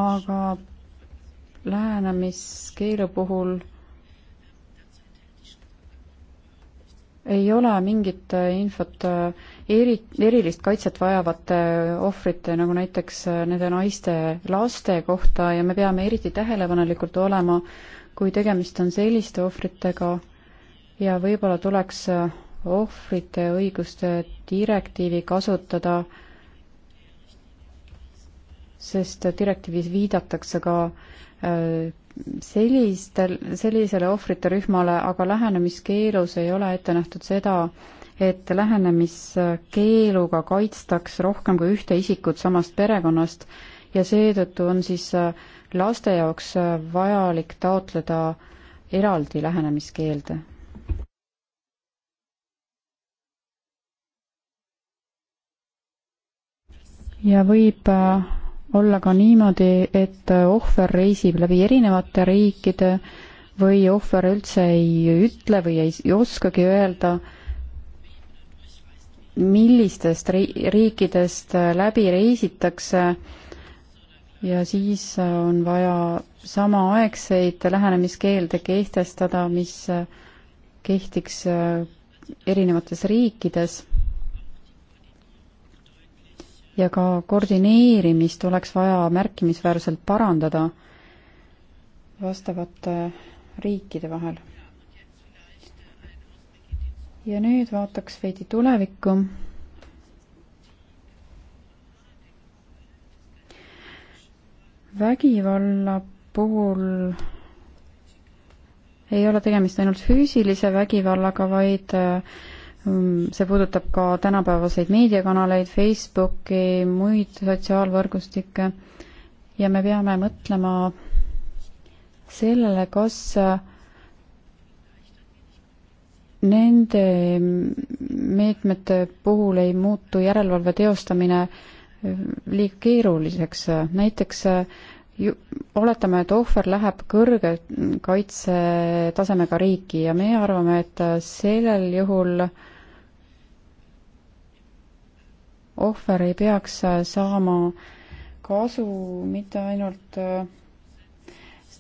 aga lähenemiskeelu puhul ei ole mingit äh, infot äh, eri, erilist kaitset vajavate äh, ohvrite, nagu näiteks nende naiste laste kohta ja me peame eriti tähelepanelikult olema, kui tegemist on selliste ohvritega ja võib-olla tuleks ohvrite õiguste direktiivi kasutada, sest direktiivis viidatakse ka äh, Äh, sellistel, sellisele ohvrite rühmale, aga lähenemiskeelus ei ole ette nähtud seda, et lähenemiskeeluga kaitstaks rohkem kui ühte isikut samast perekonnast ja seetõttu on siis äh, laste jaoks äh, vajalik taotleda eraldi lähenemiskeelde ja võib olla ka niimoodi, et ohver reisib läbi erinevate riikide või ohver üldse ei ütle või ei oskagi öelda, millistest riikidest läbi reisitakse ja siis on vaja samaaegseid lähenemiskeelde kehtestada, mis kehtiks erinevates riikides ja ka koordineerimist oleks vaja märkimisväärselt parandada vastavate riikide vahel. ja nüüd vaataks veidi tulevikku. vägivalla puhul ei ole tegemist ainult füüsilise vägivallaga, vaid äh, Mm, see puudutab ka tänapäevaseid meediakanaleid, Facebooki, muid sotsiaalvõrgustikke ja me peame mõtlema sellele, kas nende meetmete puhul ei muutu järelevalve teostamine eh, liiga keeruliseks, näiteks eh, ju, oletame, et ohver läheb kõrge kaitsetasemega riiki ja meie arvame, et eh, sellel juhul äh, ohver ei peaks äh, saama kasu mitte ainult äh,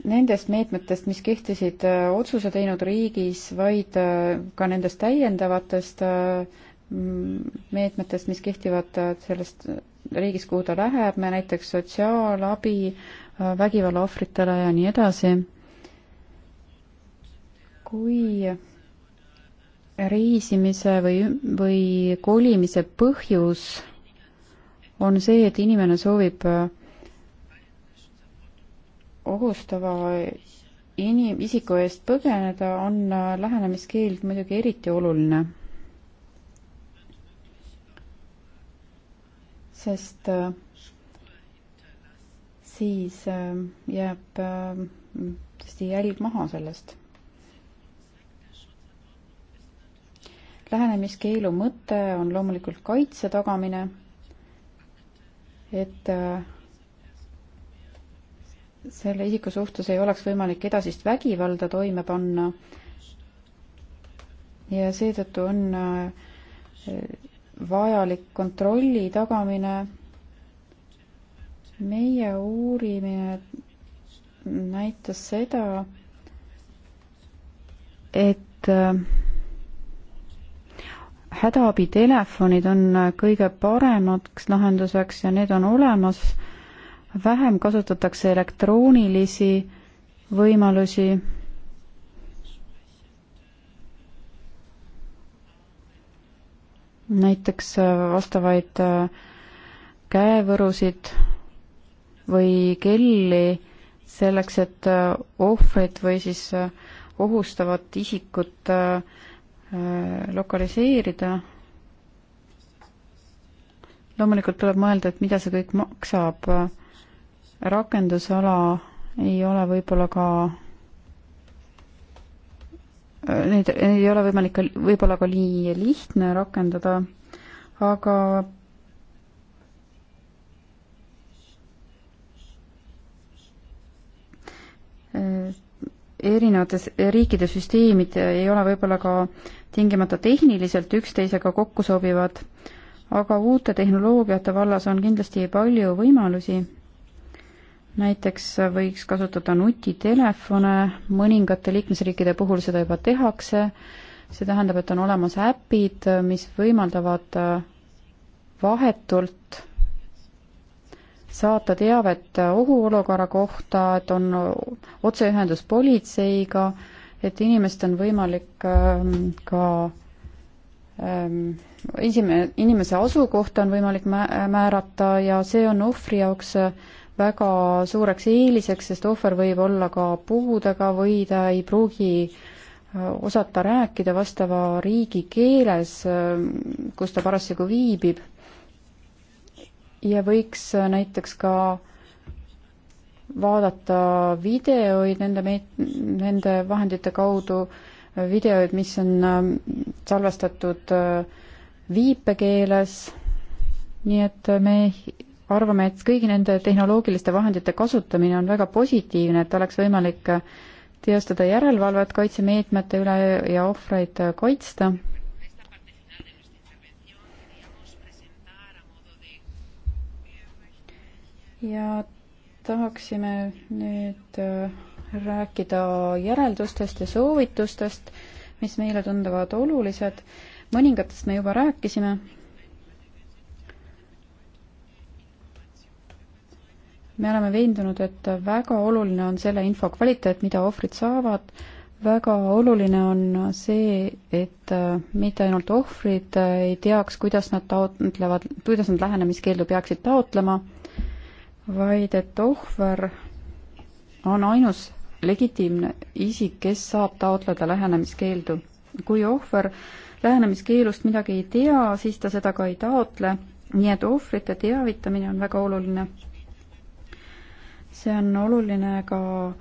nendest meetmetest, mis kehtisid äh, otsuse teinud riigis, vaid ka nendest täiendavatest mm, meetmetest, mis kehtivad sellest riigist, kuhu ta läheb, me näiteks sotsiaalabi vägivalla ohvritele ja nii edasi. kui reisimise või, või kolimise põhjus on see, et inimene soovib ohustava inim-, isiku eest põgeneda, on lähenemiskeeld muidugi eriti oluline. sest äh, siis äh, jääb äh, tõesti jälg maha sellest lähenemiskeelu mõte on loomulikult kaitse tagamine, et äh, selle isiku suhtes ei oleks võimalik edasist vägivalda toime panna. ja seetõttu on äh, vajalik kontrolli tagamine. meie uurimine näitas seda, et äh, hädaabitelefonid on kõige paremaks lahenduseks ja need on olemas, vähem kasutatakse elektroonilisi võimalusi näiteks äh, vastavaid äh, käevõrusid või kelli selleks, et äh, ohvrit või siis ohustavat isikut Äh, lokaliseerida. loomulikult tuleb mõelda, et mida see kõik maksab. rakendusala ei ole võib-olla ka Neid, äh, neid ei ole võimalik ka, võib-olla ka nii lihtne rakendada, aga et äh, erinevates riikide süsteemid ei ole võib-olla ka tingimata tehniliselt üksteisega kokku sobivad, aga uute tehnoloogiate vallas on kindlasti palju võimalusi. näiteks võiks kasutada nutitelefone, mõningate liikmesriikide puhul seda juba tehakse, see tähendab, et on olemas äpid, mis võimaldavad vahetult saata teavet ohuolukorra kohta, et on otseühendus politseiga, et inimest on võimalik ähm, ka ähm, esimene, inimese asukohta on võimalik määrata ja see on ohvri jaoks väga suureks eeliseks, sest ohver võib olla ka puudega või ta ei pruugi äh, osata rääkida vastava riigi keeles, ähm, kus ta parasjagu viibib ja võiks äh, näiteks ka vaadata videoid nende meet-, nende vahendite kaudu, äh, videoid, mis on ähm, salvestatud äh, viipekeeles, nii et me arvame, et kõigi nende tehnoloogiliste vahendite kasutamine on väga positiivne, et oleks võimalik teostada järelevalvet kaitsemeetmete üle ja ohvreid kaitsta ja tahaksime nüüd äh, rääkida järeldustest ja soovitustest, mis meile tunduvad olulised. mõningatest me juba rääkisime. me oleme veendunud, et väga oluline on selle info kvaliteet, mida ohvrid saavad, väga oluline on see, et äh, mitte ainult ohvrid äh, ei teaks, kuidas nad taotlevad, kuidas nad lähenemiskeeldu peaksid taotlema vaid et ohver on ainus legitiimne isik, kes saab taotleda lähenemiskeeldu. kui ohver lähenemiskeelust midagi ei tea, siis ta seda ka ei taotle, nii et ohvrite teavitamine on väga oluline. see on oluline ka äh,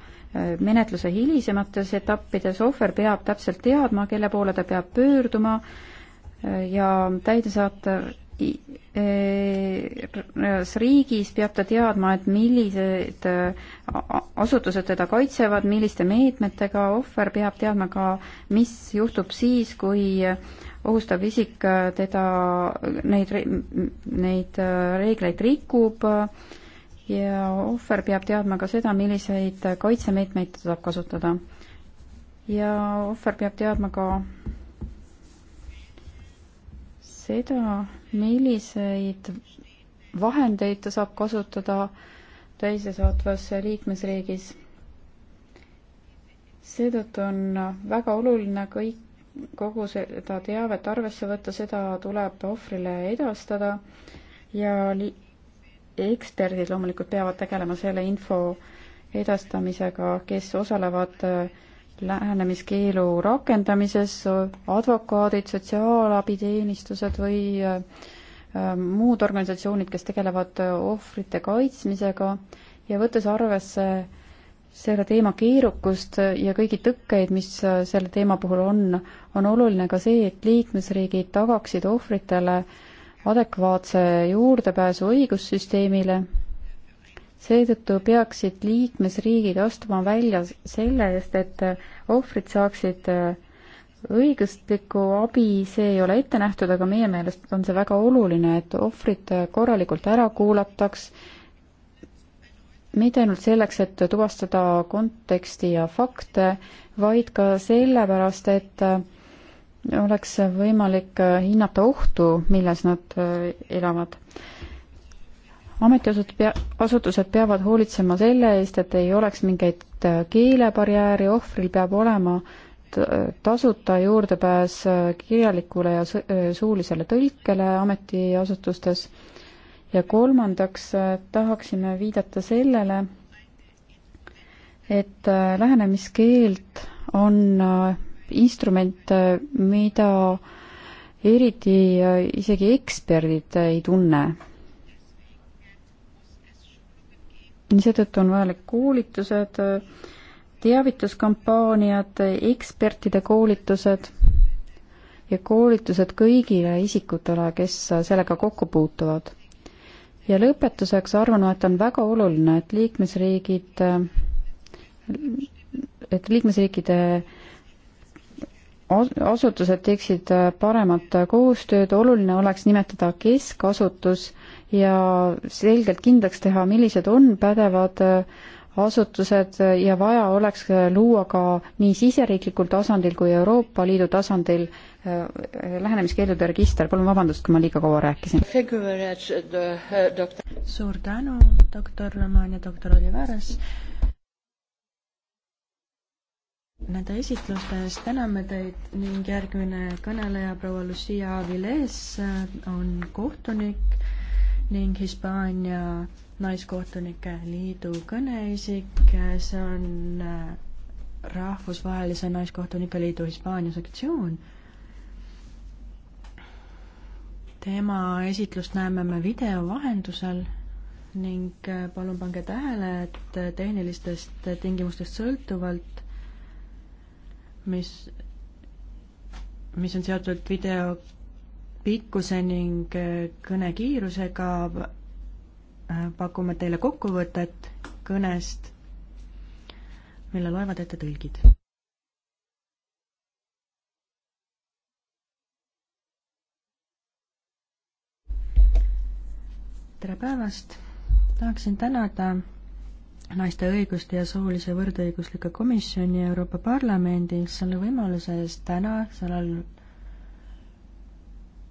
menetluse hilisemates etappides, ohver peab täpselt teadma, kelle poole ta peab pöörduma äh, ja täidesaatev riigis peab ta teadma, et millised äh, asutused teda kaitsevad, milliste meetmetega, ohver peab teadma ka, mis juhtub siis, kui ohustav isik teda, neid, neid äh, reegleid rikub ja ohver peab teadma ka seda, milliseid kaitsemeetmeid ta saab kasutada. ja ohver peab teadma ka seda, milliseid vahendeid ta saab kasutada täisesaatvas liikmesriigis. seetõttu on väga oluline kõik, kogu seda teavet arvesse võtta, seda tuleb ohvrile edastada ja li-, eksperdid loomulikult peavad tegelema selle info edastamisega, kes osalevad äh, lähenemiskeelu rakendamises, advokaadid, sotsiaalabiteenistused või äh, äh, muud organisatsioonid, kes tegelevad äh, ohvrite kaitsmisega ja võttes arvesse selle teema keerukust ja kõigi tõkkeid, mis selle teema puhul on, on oluline ka see, et liikmesriigid tagaksid ohvritele adekvaatse juurdepääsu õigussüsteemile seetõttu peaksid liikmesriigid astuma välja selle eest, et ohvrid saaksid äh, õiguslikku abi, see ei ole ette nähtud, aga meie meelest on see väga oluline, et ohvrid äh, korralikult ära kuulataks, mitte ainult selleks, et tuvastada konteksti ja fakte, vaid ka sellepärast, et äh, oleks võimalik hinnata ohtu, milles nad elavad ametiasutused pea-, asutused peavad hoolitsema selle eest, et ei oleks mingeid äh, keelebarjääri, ohvril peab olema tasuta juurdepääs äh, kirjalikule ja äh, suulisele tõlkele ametiasutustes. ja kolmandaks tahaksime viidata sellele, et lähenemiskeeld on instrument, mida eriti isegi eksperdid ei tunne seetõttu on vajalik koolitused, teavituskampaaniad, ekspertide koolitused ja koolitused kõigile isikutele, kes sellega kokku puutuvad. ja lõpetuseks arvan, et on väga oluline, et liikmesriigid, et liikmesriikide äh, asutused teeksid äh, paremat äh, koostööd, oluline oleks nimetada keskasutus ja selgelt kindlaks teha, millised on pädevad äh, asutused ja vaja oleks luua ka nii siseriiklikul tasandil kui Euroopa Liidu tasandil lähenemiskeeldude register, palun vabandust, kui ma liiga kaua rääkisin. Uh, suur tänu, doktor Roman ja doktor Oliveres nende esitluste eest, täname teid ning järgmine kõneleja, proua Lucia Aviles on kohtunik ning Hispaania Naiskohtunike Liidu kõneisik, see on äh, Rahvusvahelise Naiskohtunike Liidu Hispaania sektsioon. tema esitlust näeme me video vahendusel ning äh, palun pange tähele, et tehnilistest tingimustest sõltuvalt mis, mis on seotud video pikkuse ning äh, kõnekiirusega, äh, pakume teile kokkuvõtet kõnest, mille loevad ette tõlgid. tere päevast, tahaksin tänada naiste õiguste ja soolise võrdõiguslike komisjoni Euroopa Parlamendis selle võimaluse eest täna sellel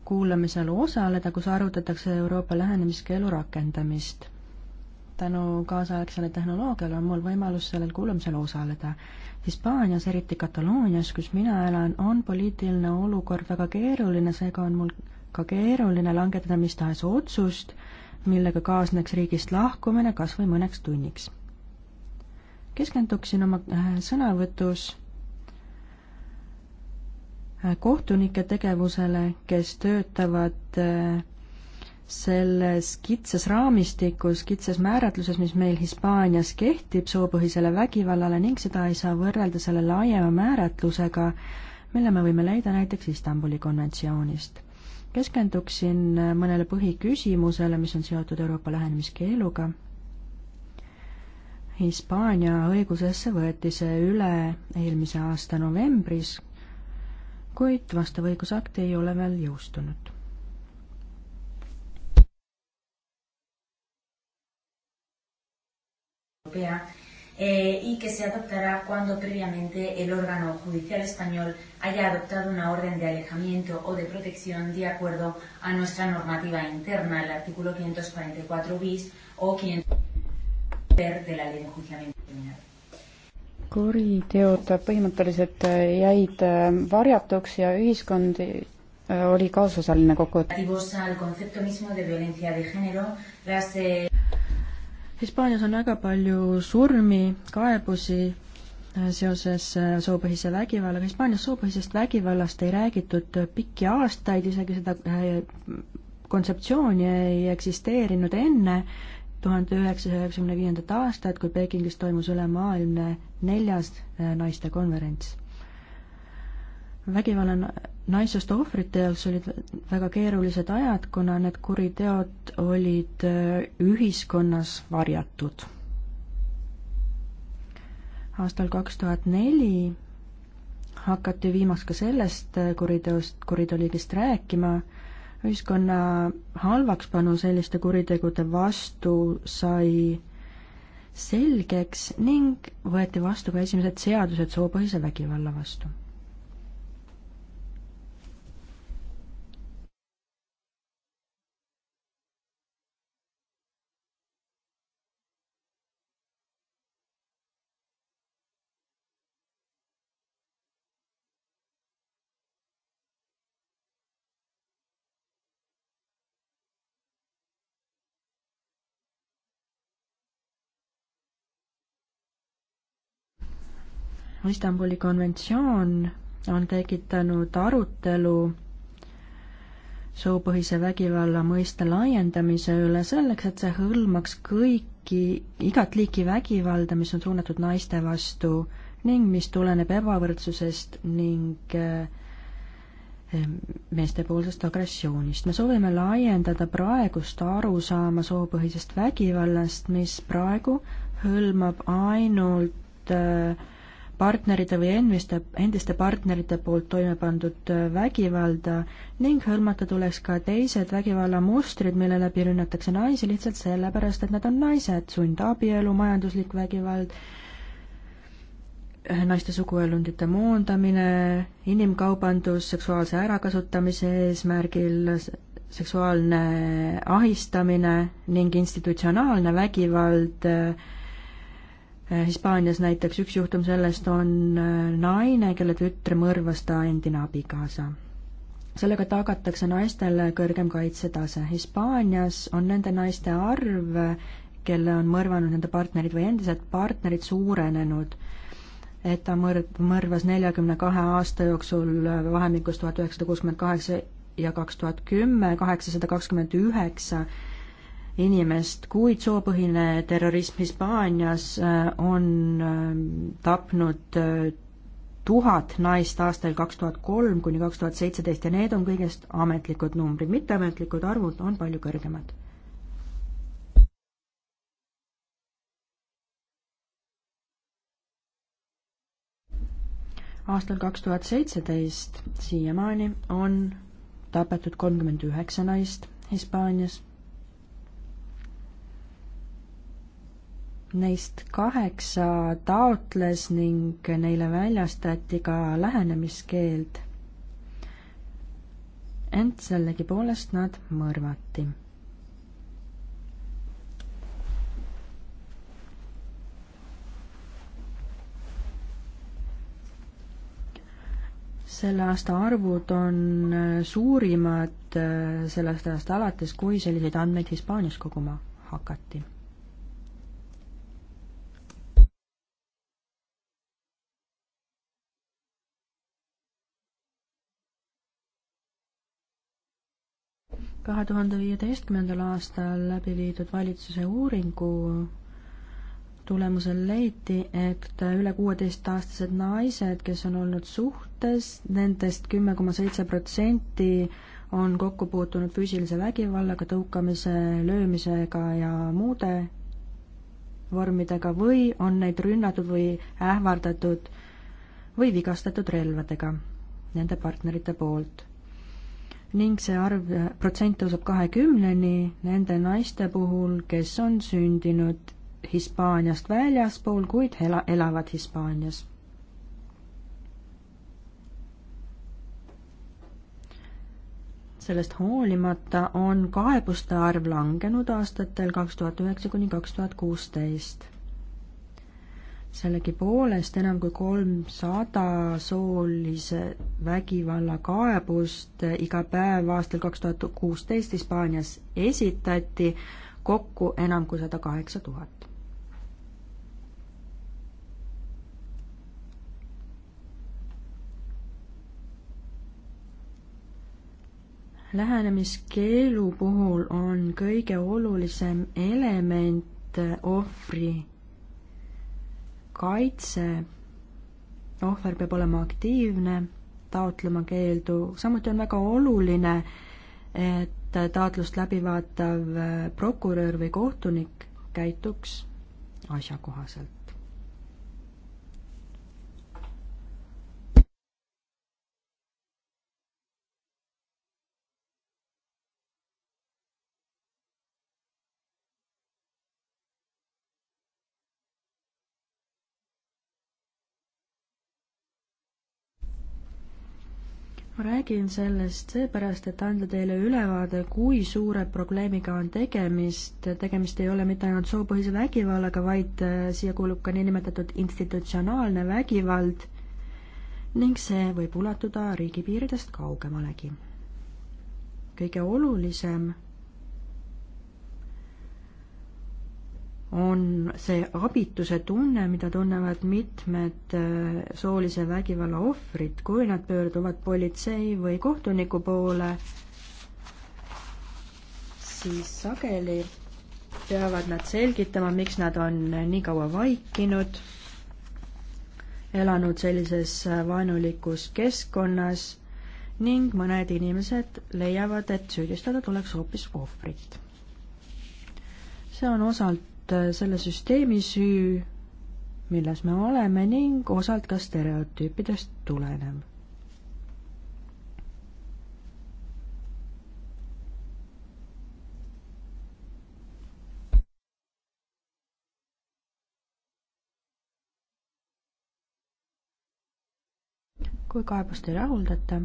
kuulamisel osaleda, kus arutatakse Euroopa lähenemiskeelu rakendamist. tänu kaasaegsele tehnoloogiale on mul võimalus sellel kuulamisel osaleda. Hispaanias, eriti Kataloonias, kus mina elan, on poliitiline olukord väga keeruline, seega on mul ka keeruline langetada mis tahes otsust, millega kaasneks riigist lahkumine kas või mõneks tunniks keskenduksin oma äh, sõnavõtus äh, kohtunike tegevusele, kes töötavad äh, selles kitsas raamistikus, kitsas määratluses, mis meil Hispaanias kehtib soopõhisele vägivallale ning seda ei saa võrrelda selle laiema määratlusega, mille me võime leida näiteks Istanbuli konventsioonist. keskenduksin mõnele põhiküsimusele, mis on seotud Euroopa lähenemiskeeluga Hispaania õigusesse võeti see üle eelmise aasta novembris, kuid vastav õigusakt ei ole veel jõustunud. Eh, y que se adoptará cuando previamente el órgano judicial español haya adoptado una orden de alejamiento o de protección de acuerdo a nuestra normativa interna, el artículo 544 bis o 500 kuriteod põhimõtteliselt jäid äh, varjatuks ja ühiskond äh, oli kaasosaline kokkuvõttes. Eh, Hispaanias on väga palju surmi, kaebusi äh, seoses soopõhise vägivallaga. Hispaanias soopõhisest vägivallast ei räägitud pikki aastaid, isegi seda kontseptsiooni ei eksisteerinud enne tuhande üheksasaja üheksakümne viiendat aastat, kui Pekingis toimus ülemaailmne neljas äh, naistekonverents. vägivalla naissoost ohvrite jaoks olid väga keerulised ajad, kuna need kuriteod olid äh, ühiskonnas varjatud. aastal kaks tuhat neli hakati viimaks ka sellest äh, kuriteost, kuriteoliigist rääkima ühiskonna halvakspanu selliste kuritegude vastu sai selgeks ning võeti vastu ka esimesed seadused soopõhise vägivalla vastu Istanbuli konventsioon on tekitanud arutelu soopõhise vägivalla mõiste laiendamise üle selleks, et see hõlmaks kõiki, igat liiki vägivalda, mis on suunatud naiste vastu ning mis tuleneb ebavõrdsusest ning eh, meestepoolsest agressioonist. me soovime laiendada praegust arusaama soopõhisest vägivallast, mis praegu hõlmab ainult äh, partnerite või endiste, endiste partnerite poolt toime pandud äh, vägivalda ning hõlmata tuleks ka teised vägivallamustrid, mille läbi rünnatakse naisi lihtsalt sellepärast, et nad on naised, sundabielu, majanduslik vägivald, äh, naiste suguelundite moondamine, inimkaubandus seksuaalse ärakasutamise eesmärgil, seksuaalne ahistamine ning institutsionaalne vägivald äh, Äh, Hispaanias näiteks üks juhtum sellest on äh, naine, kelle tütre mõrvas ta endine abikaasa. sellega tagatakse naistele kõrgem kaitsetase. Hispaanias on nende naiste arv, kelle on mõrvanud nende partnerid või endised partnerid, suurenenud. et ta mõr-, mõrvas neljakümne kahe aasta jooksul äh, vahemikus tuhat üheksasada kuuskümmend kaheksa ja kaks tuhat kümme kaheksasada kakskümmend üheksa inimest, kuid soopõhine terrorism Hispaanias äh, on ähm, tapnud äh, tuhat naist aastail kaks tuhat kolm kuni kaks tuhat seitseteist ja need on kõigest ametlikud numbrid, mitteametlikud arvud on palju kõrgemad. aastal kaks tuhat seitseteist siiamaani on tapetud kolmkümmend üheksa naist Hispaanias Neist kaheksa taotles ning neile väljastati ka lähenemiskeeld. ent sellegipoolest nad mõrvati selle aasta arvud on suurimad sellest ajast alates, kui selliseid andmeid Hispaanias koguma hakati kahe tuhande viieteistkümnendal aastal läbi viidud valitsuse uuringu tulemusel leiti, et üle kuueteistaastased naised, kes on olnud suhtes nendest, nendest kümme koma seitse protsenti on kokku puutunud füüsilise vägivallaga, tõukamise, löömisega ja muude vormidega või on neid rünnatud või ähvardatud või vigastatud relvadega nende partnerite poolt ning see arv, protsent tõuseb kahekümneni nende naiste puhul, kes on sündinud Hispaaniast väljaspool, kuid ela, elavad Hispaanias. sellest hoolimata on kaebuste arv langenud aastatel kaks tuhat üheksa kuni kaks tuhat kuusteist sellegipoolest enam kui kolmsada soolise vägivalla kaebust iga päev aastal kaks tuhat kuusteist Hispaanias esitati, kokku enam kui sada kaheksa tuhat. lähenemiskeelu puhul on kõige olulisem element ohvri kaitse, ohver peab olema aktiivne, taotlema keeldu, samuti on väga oluline, et taotlust läbi vaatav prokurör või kohtunik käituks asjakohaselt. räägin sellest seepärast, et anda teile ülevaade, kui suure probleemiga on tegemist, tegemist ei ole mitte ainult soopõhise vägivallaga, vaid äh, siia kuulub ka niinimetatud institutsionaalne vägivald ning see võib ulatuda riigipiiridest kaugemalegi. kõige olulisem on see abituse tunne, mida tunnevad mitmed äh, soolise vägivalla ohvrid, kui nad pöörduvad politsei või kohtuniku poole, siis sageli peavad nad selgitama, miks nad on nii kaua vaikinud, elanud sellises äh, vaenulikus keskkonnas ning mõned inimesed leiavad, et süüdistada tuleks hoopis ohvrit. see on osalt osalt äh, selle süsteemi süü, milles me oleme ning osalt ka stereotüüpidest tulenev kui kaebust ei rahuldata,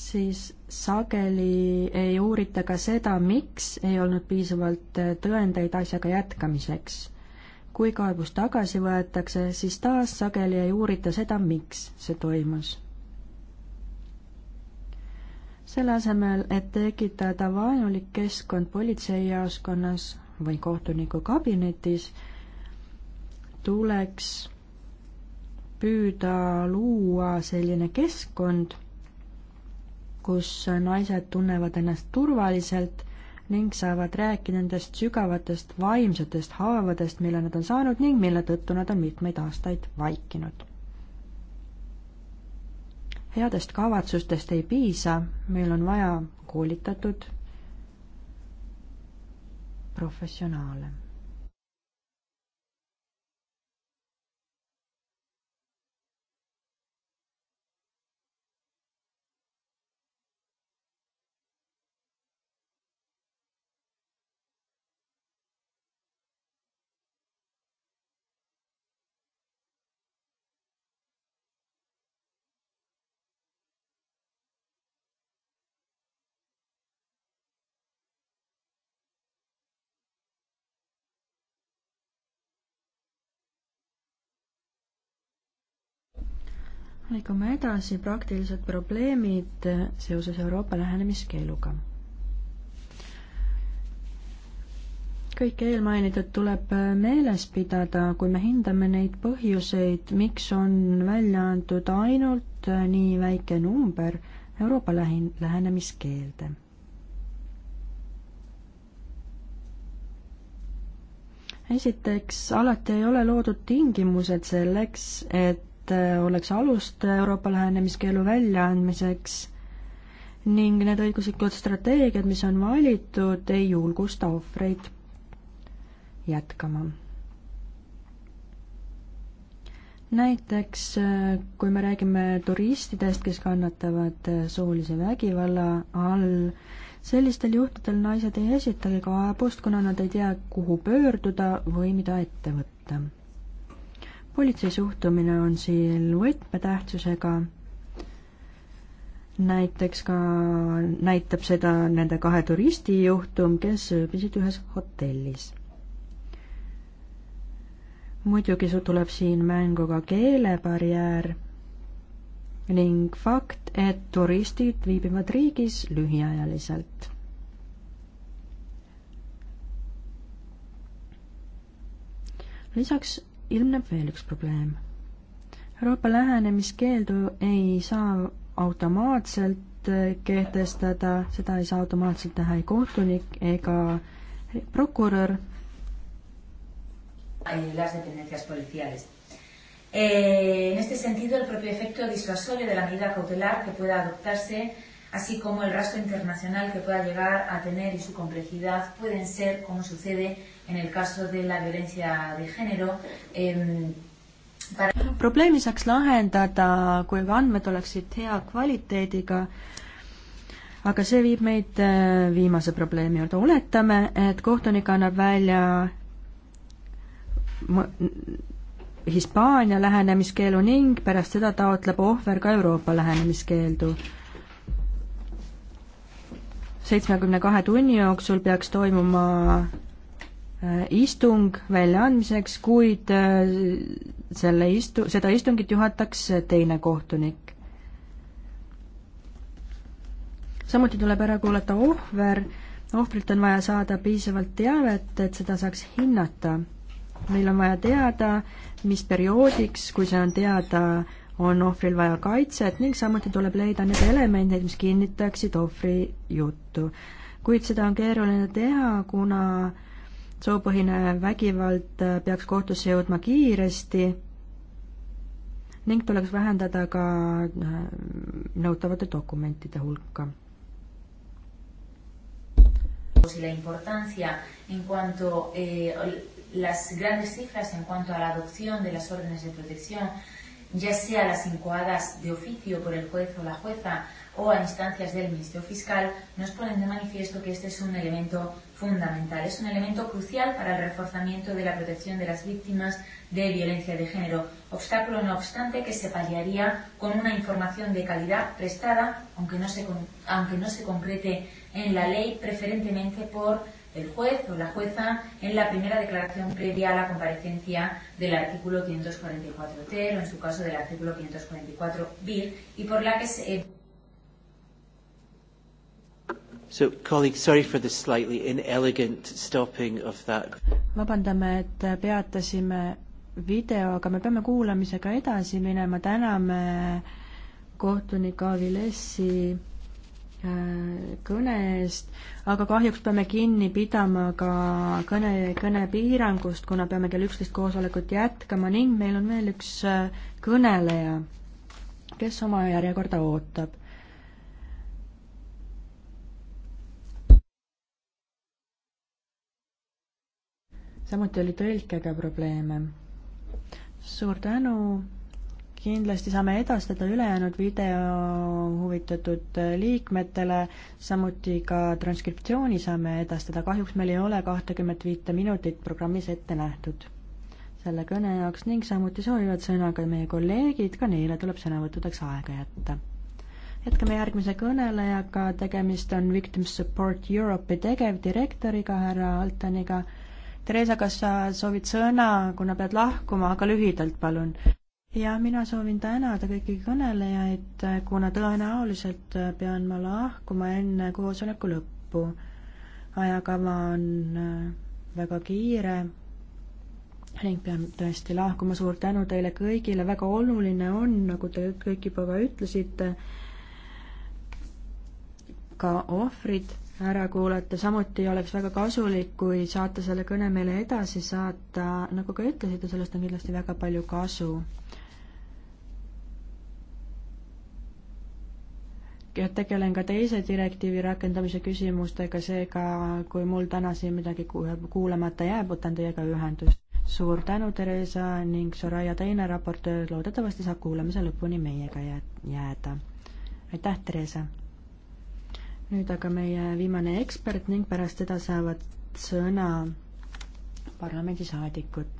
siis sageli ei uurita ka seda, miks ei olnud piisavalt äh, tõendeid asjaga jätkamiseks. kui kaebus tagasi võetakse, siis taas sageli ei uurita seda, miks see toimus. selle asemel, et tekitada vaenulik keskkond politseijaoskonnas või kohtuniku kabinetis, tuleks püüda luua selline keskkond kus naised tunnevad ennast turvaliselt ning saavad rääkida nendest sügavatest vaimsetest haavadest, mille nad on saanud ning mille tõttu nad on mitmeid aastaid vaikinud. headest kavatsustest ei piisa, meil on vaja koolitatud professionaale liigume edasi, praktilised probleemid seoses Euroopa lähenemiskeeluga. kõike eelmainitud tuleb meeles pidada, kui me hindame neid põhjuseid, miks on välja antud ainult nii väike number Euroopa lähin-, lähenemiskeelde. esiteks, alati ei ole loodud tingimused selleks, et et äh, oleks alust Euroopa lähenemiskeelu väljaandmiseks ning need õiguslikud strateegiad, mis on valitud, ei julgusta ohvreid jätkama. näiteks äh, kui me räägime turistidest, kes kannatavad äh, soolise vägivalla all, sellistel juhtudel naised ei esitagi kaebust, kuna nad ei tea, kuhu pöörduda või mida ette võtta politsei suhtumine on siin võtmetähtsusega, näiteks ka näitab seda nende kahe turisti juhtum, kes ööbisid ühes hotellis. muidugi sul tuleb siin mängu ka keelebarjäär ning fakt, et turistid viibivad riigis lühiajaliselt lisaks ilmneb veel üks probleem. Euroopa lähenemiskeeldu ei saa automaatselt äh, kehtestada, seda ei saa automaatselt teha ei kohtunik ega prokurör. las dependencias policiales. Eh, en este sentido, el propio efecto disuasorio de la medida cautelar que pueda adoptarse, así como el rastro internacional que pueda llegar a tener y su complejidad, pueden ser, como sucede en el caso de la violencia de género eh, para... probleemi saaks lahendada, kui andmed oleksid hea kvaliteediga, aga see viib meid äh, viimase probleemi juurde, oletame, et kohtunik annab välja Hispaania lähenemiskeelu ning pärast seda taotleb ohver ka Euroopa lähenemiskeeldu. seitsmekümne kahe tunni jooksul peaks toimuma Äh, istung väljaandmiseks, kuid äh, selle istu-, seda istungit juhataks teine kohtunik. samuti tuleb ära kuulata ohver, ohvrilt on vaja saada piisavalt teavet, et seda saaks hinnata. meil on vaja teada, mis perioodiks, kui see on teada, on ohvril vaja kaitset ning samuti tuleb leida need elemendid, mis kinnitaksid ohvri juttu. kuid seda on keeruline teha, kuna äh, soopõhine vägivald äh, peaks kohtusse jõudma kiiresti ning tuleks vähendada ka äh, nõutavate dokumentide hulka. la importancia en cuanto eh, las grandes cifras en cuanto a la adopción de las órdenes de protección, ya sea las incoadas de oficio por el juez o la jueza, o a instancias del Ministerio Fiscal, nos ponen de manifiesto que este es un elemento fundamental, es un elemento crucial para el reforzamiento de la protección de las víctimas de violencia de género, obstáculo no obstante que se paliaría con una información de calidad prestada, aunque no se, aunque no se concrete en la ley, preferentemente por el juez o la jueza en la primera declaración previa a la comparecencia del artículo 544 ter o en su caso del artículo 544 bir y por la que se So, colleagues, sorry for the slightly inelegant stopping of that. vabandame, et peatasime video, aga me peame kuulamisega edasi minema, täname kohtunik Aavi Lessi äh, kõne eest, aga kahjuks peame kinni pidama ka kõne, kõnepiirangust, kuna peame kell üksteist koosolekut jätkama ning meil on veel üks äh, kõneleja, kes oma järjekorda ootab samuti oli tõlkega probleeme. suur tänu, kindlasti saame edastada ülejäänud video huvitatud liikmetele, samuti ka transkriptsiooni saame edastada, kahjuks meil ei ole kahtekümmet viite minutit programmis ette nähtud selle kõne jaoks ning samuti soovivad sõna ka meie kolleegid, ka neile tuleb sõnavõttudeks aega jätta. jätkame järgmise kõnelejaga, tegemist on Victim Support Europe'i tegevdirektoriga härra Altaniga Theresa, kas sa soovid sõna, kuna pead lahkuma, aga lühidalt, palun? jah, mina soovin tänada kõiki kõnelejaid, kuna tõenäoliselt pean ma lahkuma enne koosoleku lõppu. ajakava on äh, väga kiire ning pean tõesti lahkuma, suur tänu teile kõigile, väga oluline on, nagu te kõik juba ka ütlesite, ka ohvrid ära kuulata, samuti oleks väga kasulik, kui saate selle kõne meile edasi saata, nagu ka ütlesite, sellest on kindlasti väga palju kasu. ja tegelen ka teise direktiivi rakendamise küsimustega, seega kui mul täna siin midagi kuulamata jääb, võtan teiega ühendust. suur tänu, Theresa ning Soraya teine raportöör loodetavasti saab kuulamise lõpuni meiega jääda. aitäh, Theresa! nüüd aga meie viimane ekspert ning pärast teda saavad sõna parlamendisaadikud.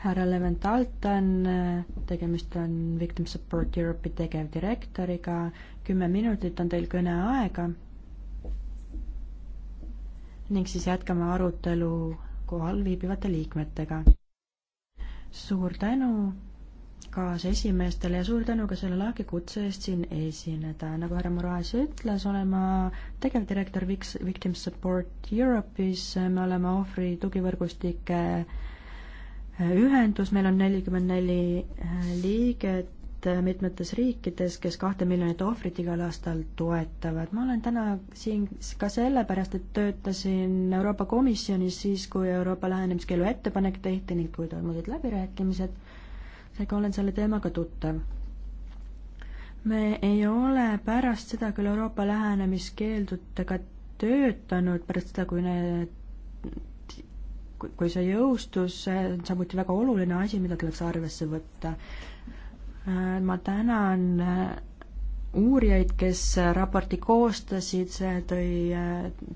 härra Levent Altan, tegemist on Victim Support Europe'i tegevdirektoriga, kümme minutit on teil kõneaega ning siis jätkame arutelu kohal viibivate liikmetega. suur tänu kaasesimeestele ja suur tänu ka selle lahke kutse eest siin esineda. nagu härra Moraes ütles, olen ma tegevdirektor Viks-, Victim Support Europe'is, me oleme ohvri tugivõrgustike äh, ühendus, meil on nelikümmend neli äh, liiget äh, mitmetes riikides, kes kahte miljonit ohvrit igal aastal toetavad. ma olen täna siin ka sellepärast, et töötasin Euroopa Komisjonis siis, kui Euroopa lähenemiskeelu ettepanek tehti ning kui toimusid läbirääkimised seega olen selle teemaga tuttav. me ei ole pärast seda küll Euroopa lähenemiskeeldudega töötanud, pärast seda, kui need kui see jõustus, see on samuti väga oluline asi, mida tuleks arvesse võtta. ma tänan uurijaid, kes raporti koostasid, see tõi,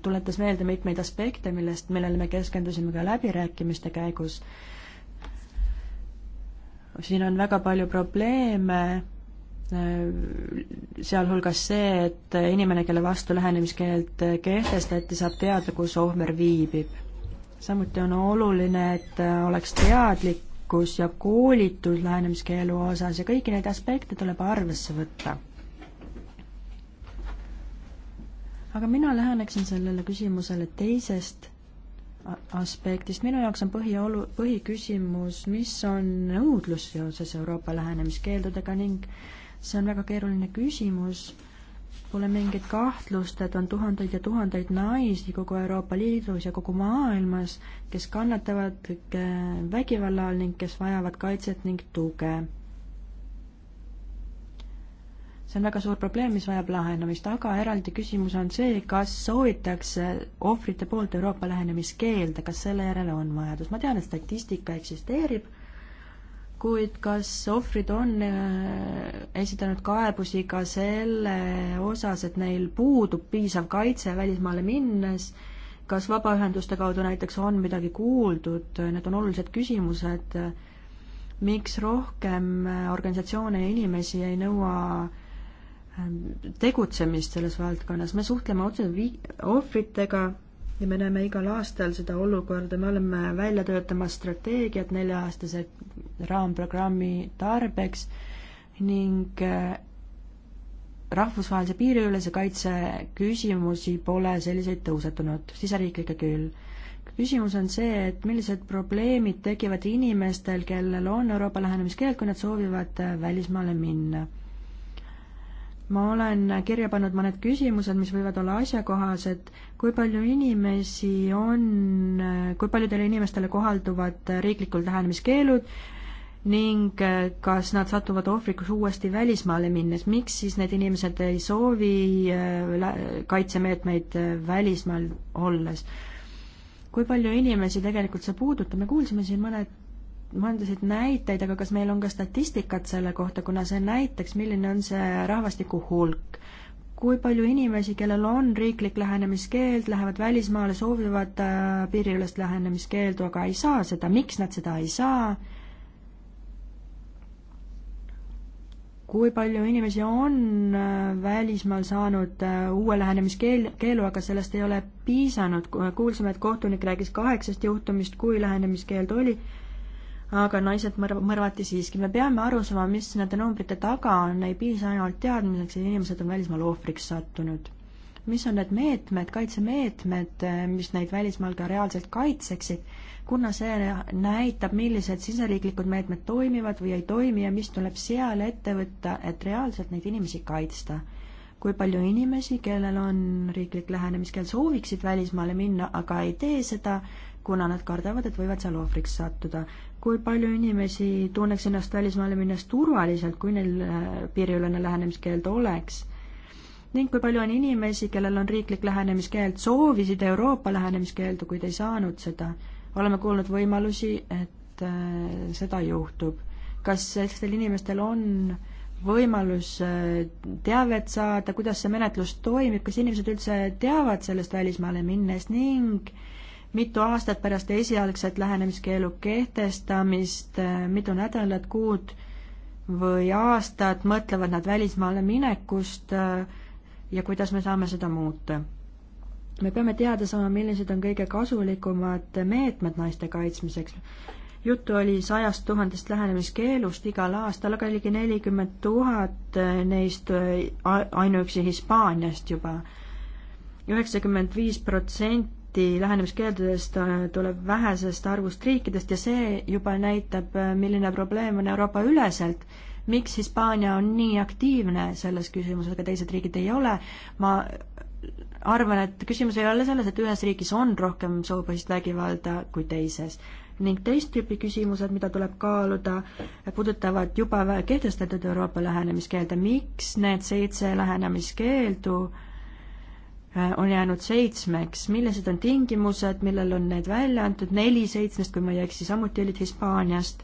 tuletas meelde mitmeid aspekte, millest, millele me keskendusime ka läbirääkimiste käigus siin on väga palju probleeme, äh, sealhulgas see, et inimene, kelle vastu lähenemiskeeld kehtestati, saab teada, kus ohver viibib. samuti on oluline, et oleks teadlikkus ja koolitus lähenemiskeelu osas ja kõiki neid aspekte tuleb arvesse võtta. aga mina läheneksin sellele küsimusele teisest aspektist. minu jaoks on põhiolu, põhiküsimus, mis on nõudlus seoses Euroopa lähenemiskeeldudega ning see on väga keeruline küsimus. Pole mingit kahtlust, et on tuhandeid ja tuhandeid naisi kogu Euroopa Liidus ja kogu maailmas, kes kannatavad vägivalla all ning kes vajavad kaitset ning tuge see on väga suur probleem, mis vajab lahendamist, aga eraldi küsimus on see, kas soovitakse ohvrite poolt Euroopa lähenemiskeelde, kas selle järele on vajadus, ma tean, et statistika eksisteerib, kuid kas ohvrid on äh, esitanud kaebusi ka selle osas, et neil puudub piisav kaitse välismaale minnes, kas vabaühenduste kaudu näiteks on midagi kuuldud, need on olulised küsimused, miks rohkem äh, organisatsioone ja inimesi ei nõua äh, Ähm, tegutsemist selles valdkonnas, me suhtleme otseselt vi-, ohvritega ja me näeme igal aastal seda olukorda, me oleme välja töötamas strateegiat nelja-aastase raamprogrammi tarbeks ning äh, rahvusvahelise piiriülese kaitse küsimusi pole selliseid tõusetunud, siseriiklikke küll. küsimus on see, et millised probleemid tekivad inimestel, kellel on Euroopa lähenemiskeeld, kui nad soovivad äh, välismaale minna ma olen kirja pannud mõned küsimused, mis võivad olla asjakohased. kui palju inimesi on, kui paljudele inimestele kohalduvad riiklikul lähenemiskeelud ning kas nad satuvad ohvrikuks uuesti välismaale minnes, miks siis need inimesed ei soovi äh, kaitsemeetmeid äh, välismaal olles? kui palju inimesi tegelikult see puudutab, me kuulsime siin mõned mainisite näiteid, aga kas meil on ka statistikat selle kohta, kuna see näiteks, milline on see rahvastiku hulk? kui palju inimesi, kellel on riiklik lähenemiskeeld, lähevad välismaale, soovivad äh, piiriülest lähenemiskeeldu, aga ei saa seda, miks nad seda ei saa? kui palju inimesi on äh, välismaal saanud äh, uue lähenemiskeelu, aga sellest ei ole piisanud, kuulsime, et kohtunik rääkis kaheksast juhtumist, kui lähenemiskeeld oli aga naised mõrv-, mõrvati siiski. me peame aru saama, mis nende numbrite taga on, ei piisa ainult teadmiseks, et inimesed on välismaal ohvriks sattunud. mis on need meetmed, kaitsemeetmed, mis neid välismaal ka reaalselt kaitseksid, kuna see näitab, millised siseriiklikud meetmed toimivad või ei toimi ja mis tuleb seal ette võtta, et reaalselt neid inimesi kaitsta kui palju inimesi, kellel on riiklik lähenemiskeel, sooviksid välismaale minna, aga ei tee seda, kuna nad kardavad, et võivad seal ohvriks sattuda. kui palju inimesi tunneks ennast välismaale minnes turvaliselt, kui neil äh, piiriülene lähenemiskeeld oleks? ning kui palju on inimesi, kellel on riiklik lähenemiskeeld, soovisid Euroopa lähenemiskeeldu, kuid ei saanud seda? oleme kuulnud võimalusi, et äh, seda juhtub. kas sellistel inimestel on võimalus äh, teavet saada, kuidas see menetlus toimib, kas inimesed üldse teavad sellest välismaale minnes ning äh, mitu aastat pärast esialgset lähenemiskeelu kehtestamist, mitu nädalat, kuud või aastat mõtlevad nad välismaale minekust ja kuidas me saame seda muuta. me peame teada saama, millised on kõige kasulikumad meetmed naiste kaitsmiseks. juttu oli sajast tuhandest lähenemiskeelust igal aastal, aga ligi nelikümmend tuhat neist ainuüksi Hispaaniast juba üheksakümmend viis protsenti lahti lähenemiskeeldudest tuleb vähesest arvust riikidest ja see juba näitab, milline probleem on Euroopa üleselt. miks Hispaania on nii aktiivne selles küsimuses, aga teised riigid ei ole, ma arvan, et küsimus ei ole selles, et ühes riigis on rohkem soopõhist vägivalda kui teises ning teist tüüpi küsimused, mida tuleb kaaluda, puudutavad juba kehtestatud Euroopa lähenemiskeelde, miks need seitse lähenemiskeeldu äh, Äh, on jäänud seitsmeks, millised on tingimused, millel on need välja antud, neli seitsmest, kui ma ei eksi, samuti olid Hispaaniast.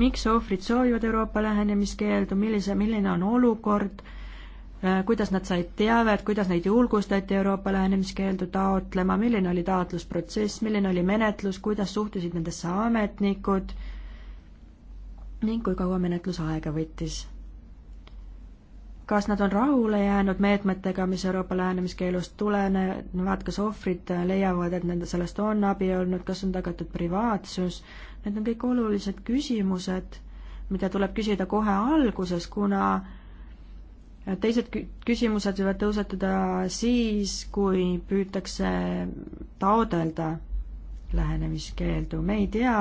miks ohvrid soovivad Euroopa lähenemiskeeldu, millise, milline on olukord, äh, kuidas nad said teavet, kuidas neid julgustati Euroopa lähenemiskeeldu taotlema, milline oli taotlusprotsess, milline oli menetlus, kuidas suhtusid nendesse ametnikud ning kui kaua menetlus aega võttis kas nad on rahule jäänud meetmetega, mis Euroopa lähenemiskeelust tulenevad, kas ohvrid leiavad, et nende sellest on abi olnud, kas on tagatud privaatsus, need on kõik olulised küsimused, mida tuleb küsida kohe alguses, kuna teised küsimused võivad tõusetuda siis, kui püütakse taodelda lähenemiskeeldu, me ei tea,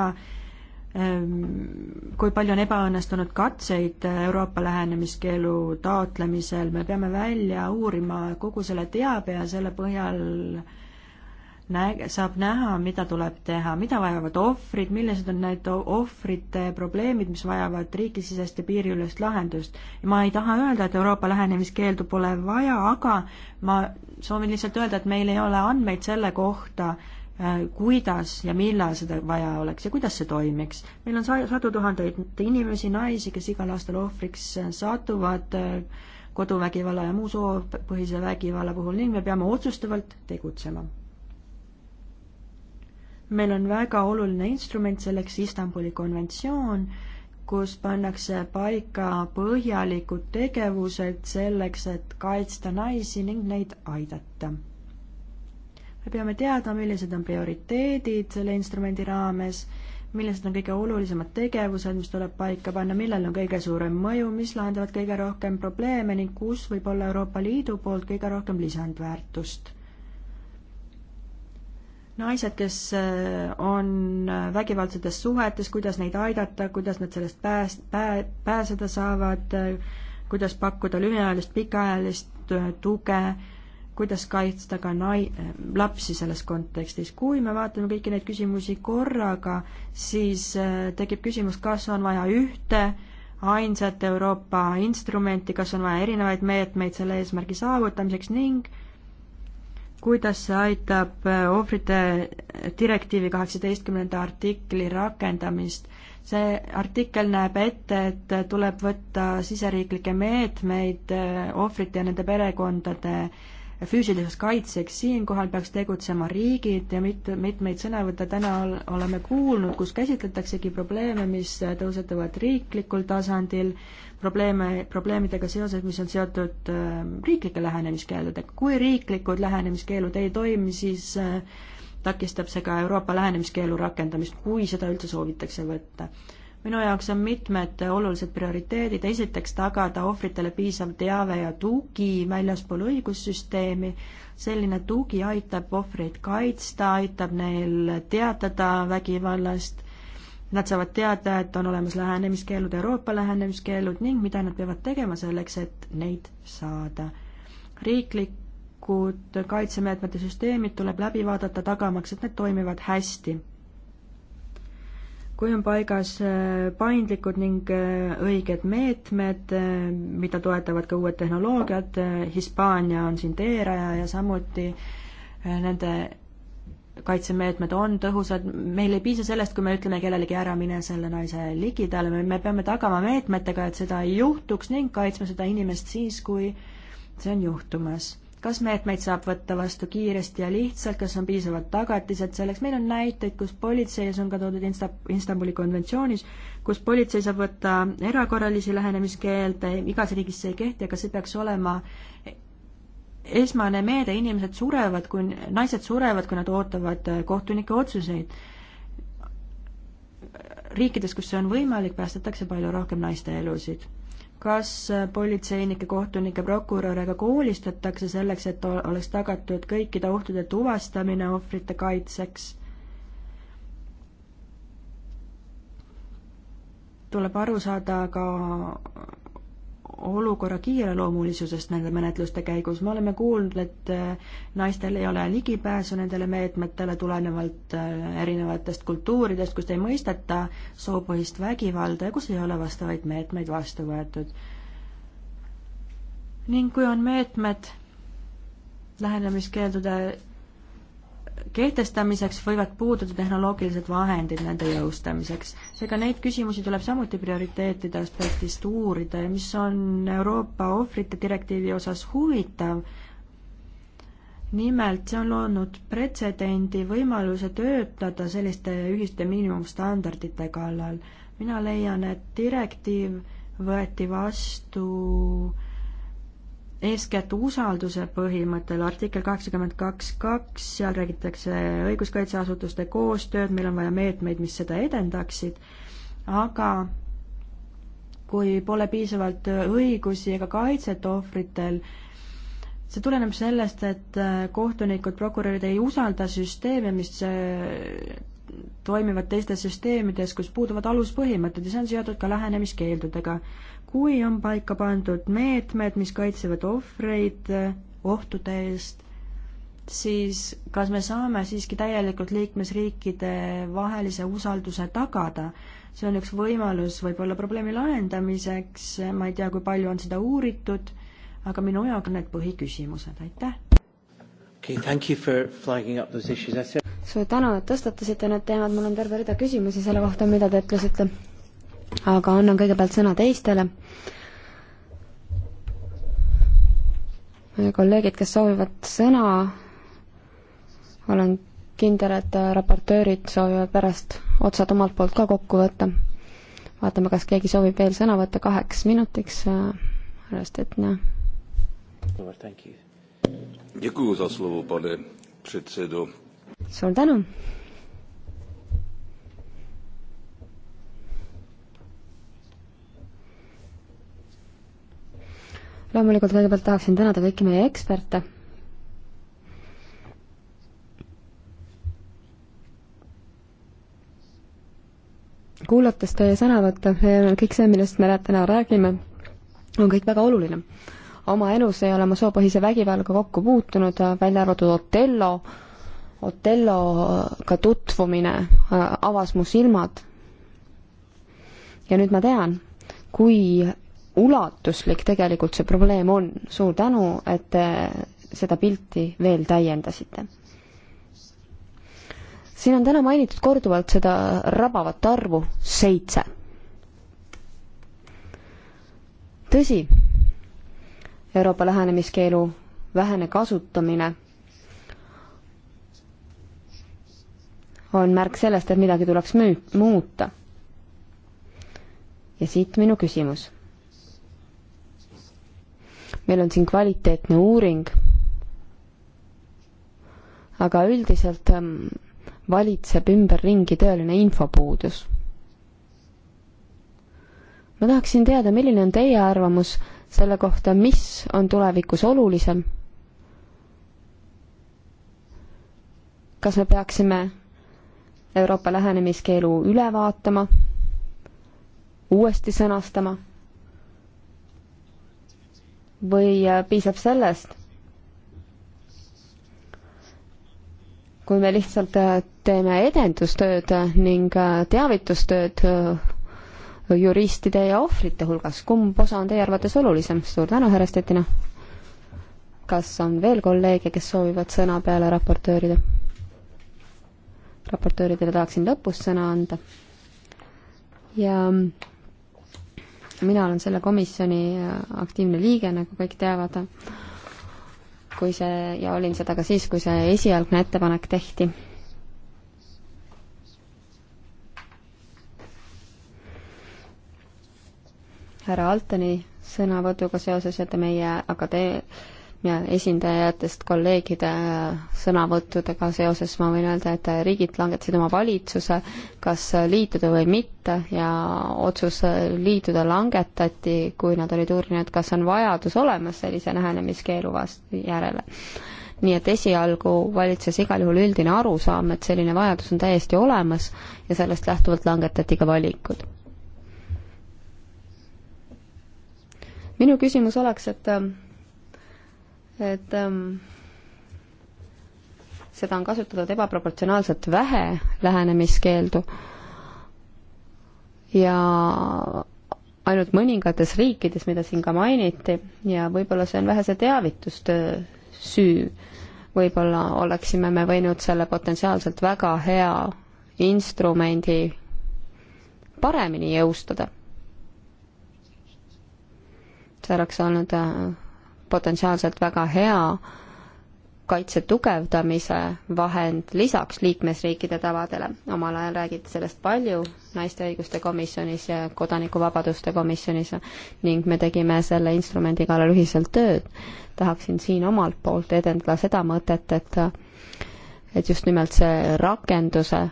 Ehm, kui palju on ebaõnnestunud katseid eh, Euroopa lähenemiskeelu taotlemisel, me peame välja uurima kogu selle teabe ja selle põhjal näe-, saab näha, mida tuleb teha, mida vajavad ohvrid, millised on need ohvrite probleemid, mis vajavad riigisisest ja piiriülest lahendust. ma ei taha öelda, et Euroopa lähenemiskeeldu pole vaja, aga ma soovin lihtsalt öelda, et meil ei ole andmeid selle kohta, Äh, kuidas ja millal seda vaja oleks ja kuidas see toimiks. meil on sadu tuhandeid inimesi, naisi, kes igal aastal ohvriks äh, satuvad äh, koduvägivalla ja muu soopõhise vägivalla puhul ning me peame otsustavalt tegutsema. meil on väga oluline instrument selleks Istanbuli konventsioon, kus pannakse paika põhjalikud tegevused selleks, et kaitsta naisi ning neid aidata me peame teadma, millised on prioriteedid selle instrumendi raames, millised on kõige olulisemad tegevused, mis tuleb paika panna, millel on kõige suurem mõju, mis lahendavad kõige rohkem probleeme ning kus võib olla Euroopa Liidu poolt kõige rohkem lisandväärtust. naised, kes äh, on äh, vägivaldsetes suhetes, kuidas neid aidata, kuidas nad sellest pääs-, pää-, pääseda saavad, äh, kuidas pakkuda lühiajalist, pikaajalist tuge kuidas kaitsta ka nai-, lapsi selles kontekstis. kui me vaatame kõiki neid küsimusi korraga, siis äh, tekib küsimus, kas on vaja ühte ainsat Euroopa instrumenti, kas on vaja erinevaid meetmeid selle eesmärgi saavutamiseks ning kuidas see aitab äh, ohvrite direktiivi kaheksateistkümnenda artikli rakendamist see artikkel näeb ette, et tuleb võtta siseriiklikke meetmeid äh, ohvrite ja nende perekondade füüsiliseks kaitseks, siinkohal peaks tegutsema riigid ja mit-, mitmeid sõnavõtte täna oleme kuulnud, kus käsitletaksegi probleeme, mis tõusetuvad riiklikul tasandil, probleeme, probleemidega seoses, mis on seotud ähm, riiklike lähenemiskeeldudega. kui riiklikud lähenemiskeelud ei toimi, siis äh, takistab see ka Euroopa lähenemiskeelu rakendamist, kui seda üldse soovitakse võtta minu jaoks on mitmed olulised prioriteedid, esiteks tagada ohvritele piisav teave ja tugi väljaspool õigussüsteemi, selline tugi aitab ohvreid kaitsta, aitab neil teatada vägivallast, nad saavad teada, et on olemas lähenemiskeelud, Euroopa lähenemiskeelud ning mida nad peavad tegema selleks, et neid saada. riiklikud kaitsemeetmete süsteemid tuleb läbi vaadata, tagamaks, et need toimivad hästi kui on paigas äh, paindlikud ning äh, õiged meetmed, äh, mida toetavad ka uued tehnoloogiad, Hispaania on siin teeraja ja samuti nende kaitsemeetmed on tõhusad, meil ei piisa sellest, kui me ütleme kellelegi ära, mine selle naise ligidale, me peame tagama meetmetega, et seda ei juhtuks ning kaitsma seda inimest siis, kui see on juhtumas kas meetmeid saab võtta vastu kiiresti ja lihtsalt, kas on piisavalt tagatised selleks, meil on näiteid, kus politseis on ka toodud insta-, Istanbuli konventsioonis, kus politsei saab võtta erakorralisi lähenemiskeelde, igas riigis see ei kehti, aga see peaks olema esmane meede, inimesed surevad, kui, naised surevad, kui nad ootavad kohtunike otsuseid. riikides, kus see on võimalik, päästetakse palju rohkem naiste elusid kas politseinikke, kohtunikke, prokuröre ka koolistatakse selleks, et oleks tagatud kõikide ohtude tuvastamine ohvrite kaitseks? tuleb aru saada ka olukorra kiireloomulisusest nende menetluste käigus, me oleme kuulnud, et äh, naistel ei ole ligipääsu nendele meetmetele tulenevalt äh, erinevatest kultuuridest, kus ei mõisteta soopõhist vägivalda ja kus ei ole vastavaid meetmeid vastu võetud. ning kui on meetmed lähenemiskeeldude kehtestamiseks võivad puududa tehnoloogilised vahendid nende jõustamiseks. seega neid küsimusi tuleb samuti prioriteetide aspektist uurida ja mis on Euroopa ohvrite direktiivi osas huvitav, nimelt see on loonud pretsedendi võimaluse töötada selliste ühiste miinimumstandardite kallal. mina leian, et direktiiv võeti vastu eeskätt usalduse põhimõttel, artikkel kaheksakümmend kaks kaks, seal räägitakse õiguskaitseasutuste koostööd, meil on vaja meetmeid, mis seda edendaksid, aga kui pole piisavalt õigusi ega kaitset ohvritel, see tuleneb sellest, et kohtunikud, prokurörid ei usalda süsteeme, mis äh, toimivad teistes süsteemides, kus puuduvad aluspõhimõtted ja see on seotud ka lähenemiskeeldudega kui on paika pandud meetmed, mis kaitsevad ohvreid eh, ohtude eest, siis kas me saame siiski täielikult liikmesriikide vahelise usalduse tagada? see on üks võimalus võib-olla probleemi lahendamiseks, ma ei tea, kui palju on seda uuritud, aga minu jaoks on need põhiküsimused, aitäh! Okay, thank you for flagging up those issues. suur tänu, et tõstatasite need teemad, mul on terve rida küsimusi selle kohta, mida te ütlesite aga annan kõigepealt sõna teistele. kolleegid, kes soovivad sõna, olen kindel, et raportöörid soovivad pärast otsad omalt poolt ka kokku võtta. vaatame, kas keegi soovib veel sõna võtta kaheks minutiks, härrast Etna. suur tänu! loomulikult kõigepealt tahaksin tänada kõiki meie eksperte. kuulates teie sõnavõtte, kõik see, millest me täna räägime, on kõik väga oluline. oma elus ei ole ma soopõhise vägivallaga kokku puutunud, välja arvatud Otello, Otelloga äh, tutvumine äh, avas mu silmad. ja nüüd ma tean, kui ulatuslik tegelikult see probleem on. suur tänu, et te seda pilti veel täiendasite. siin on täna mainitud korduvalt seda rabavat arvu seitse. tõsi, Euroopa lähenemiskeelu vähene kasutamine on märk sellest, et midagi tuleks müü-, muuta. ja siit minu küsimus meil on siin kvaliteetne uuring, aga üldiselt ähm, valitseb ümberringi tõeline infopuudus. ma tahaksin teada, milline on teie arvamus selle kohta, mis on tulevikus olulisem? kas me peaksime Euroopa lähenemiskeelu üle vaatama, uuesti sõnastama? või äh, piisab sellest, kui me lihtsalt äh, teeme edendustööd äh, ning teavitustööd juristide ja ohvrite hulgas, kumb osa on teie arvates olulisem? suur tänu, härra Stettina! kas on veel kolleege, kes soovivad sõna peale raportööride? raportööridele tahaksin lõpus sõna anda ja mina olen selle komisjoni äh, aktiivne liige, nagu kõik teavad, kui see, ja olin seda ka siis, kui see esialgne ettepanek tehti. härra Altoni sõnavõtuga seoses, et meie akadee-, esindajatest kolleegide äh, sõnavõttudega seoses ma võin öelda, et äh, riigid langetasid oma valitsuse, kas äh, liituda või mitte ja otsus liituda langetati, kui nad olid uurinud, kas on vajadus olemas sellise lähenemiskeelu vastu järele. nii et esialgu valitses igal juhul üldine arusaam, et selline vajadus on täiesti olemas ja sellest lähtuvalt langetati ka valikud. minu küsimus oleks, et et ähm, seda on kasutatud ebaproportsionaalselt vähe lähenemiskeeldu ja ainult mõningates riikides, mida siin ka mainiti, ja võib-olla see on vähese teavitustöö süü. võib-olla oleksime me võinud selle potentsiaalselt väga hea instrumendi paremini jõustada. see oleks olnud äh, potentsiaalselt väga hea kaitse tugevdamise vahend lisaks liikmesriikide tavadele. omal ajal räägiti sellest palju naiste õiguste komisjonis ja kodanikuvabaduste komisjonis ning me tegime selle instrumendi kallal ühiselt tööd. tahaksin siin omalt poolt edendada seda mõtet, et et just nimelt see rakenduse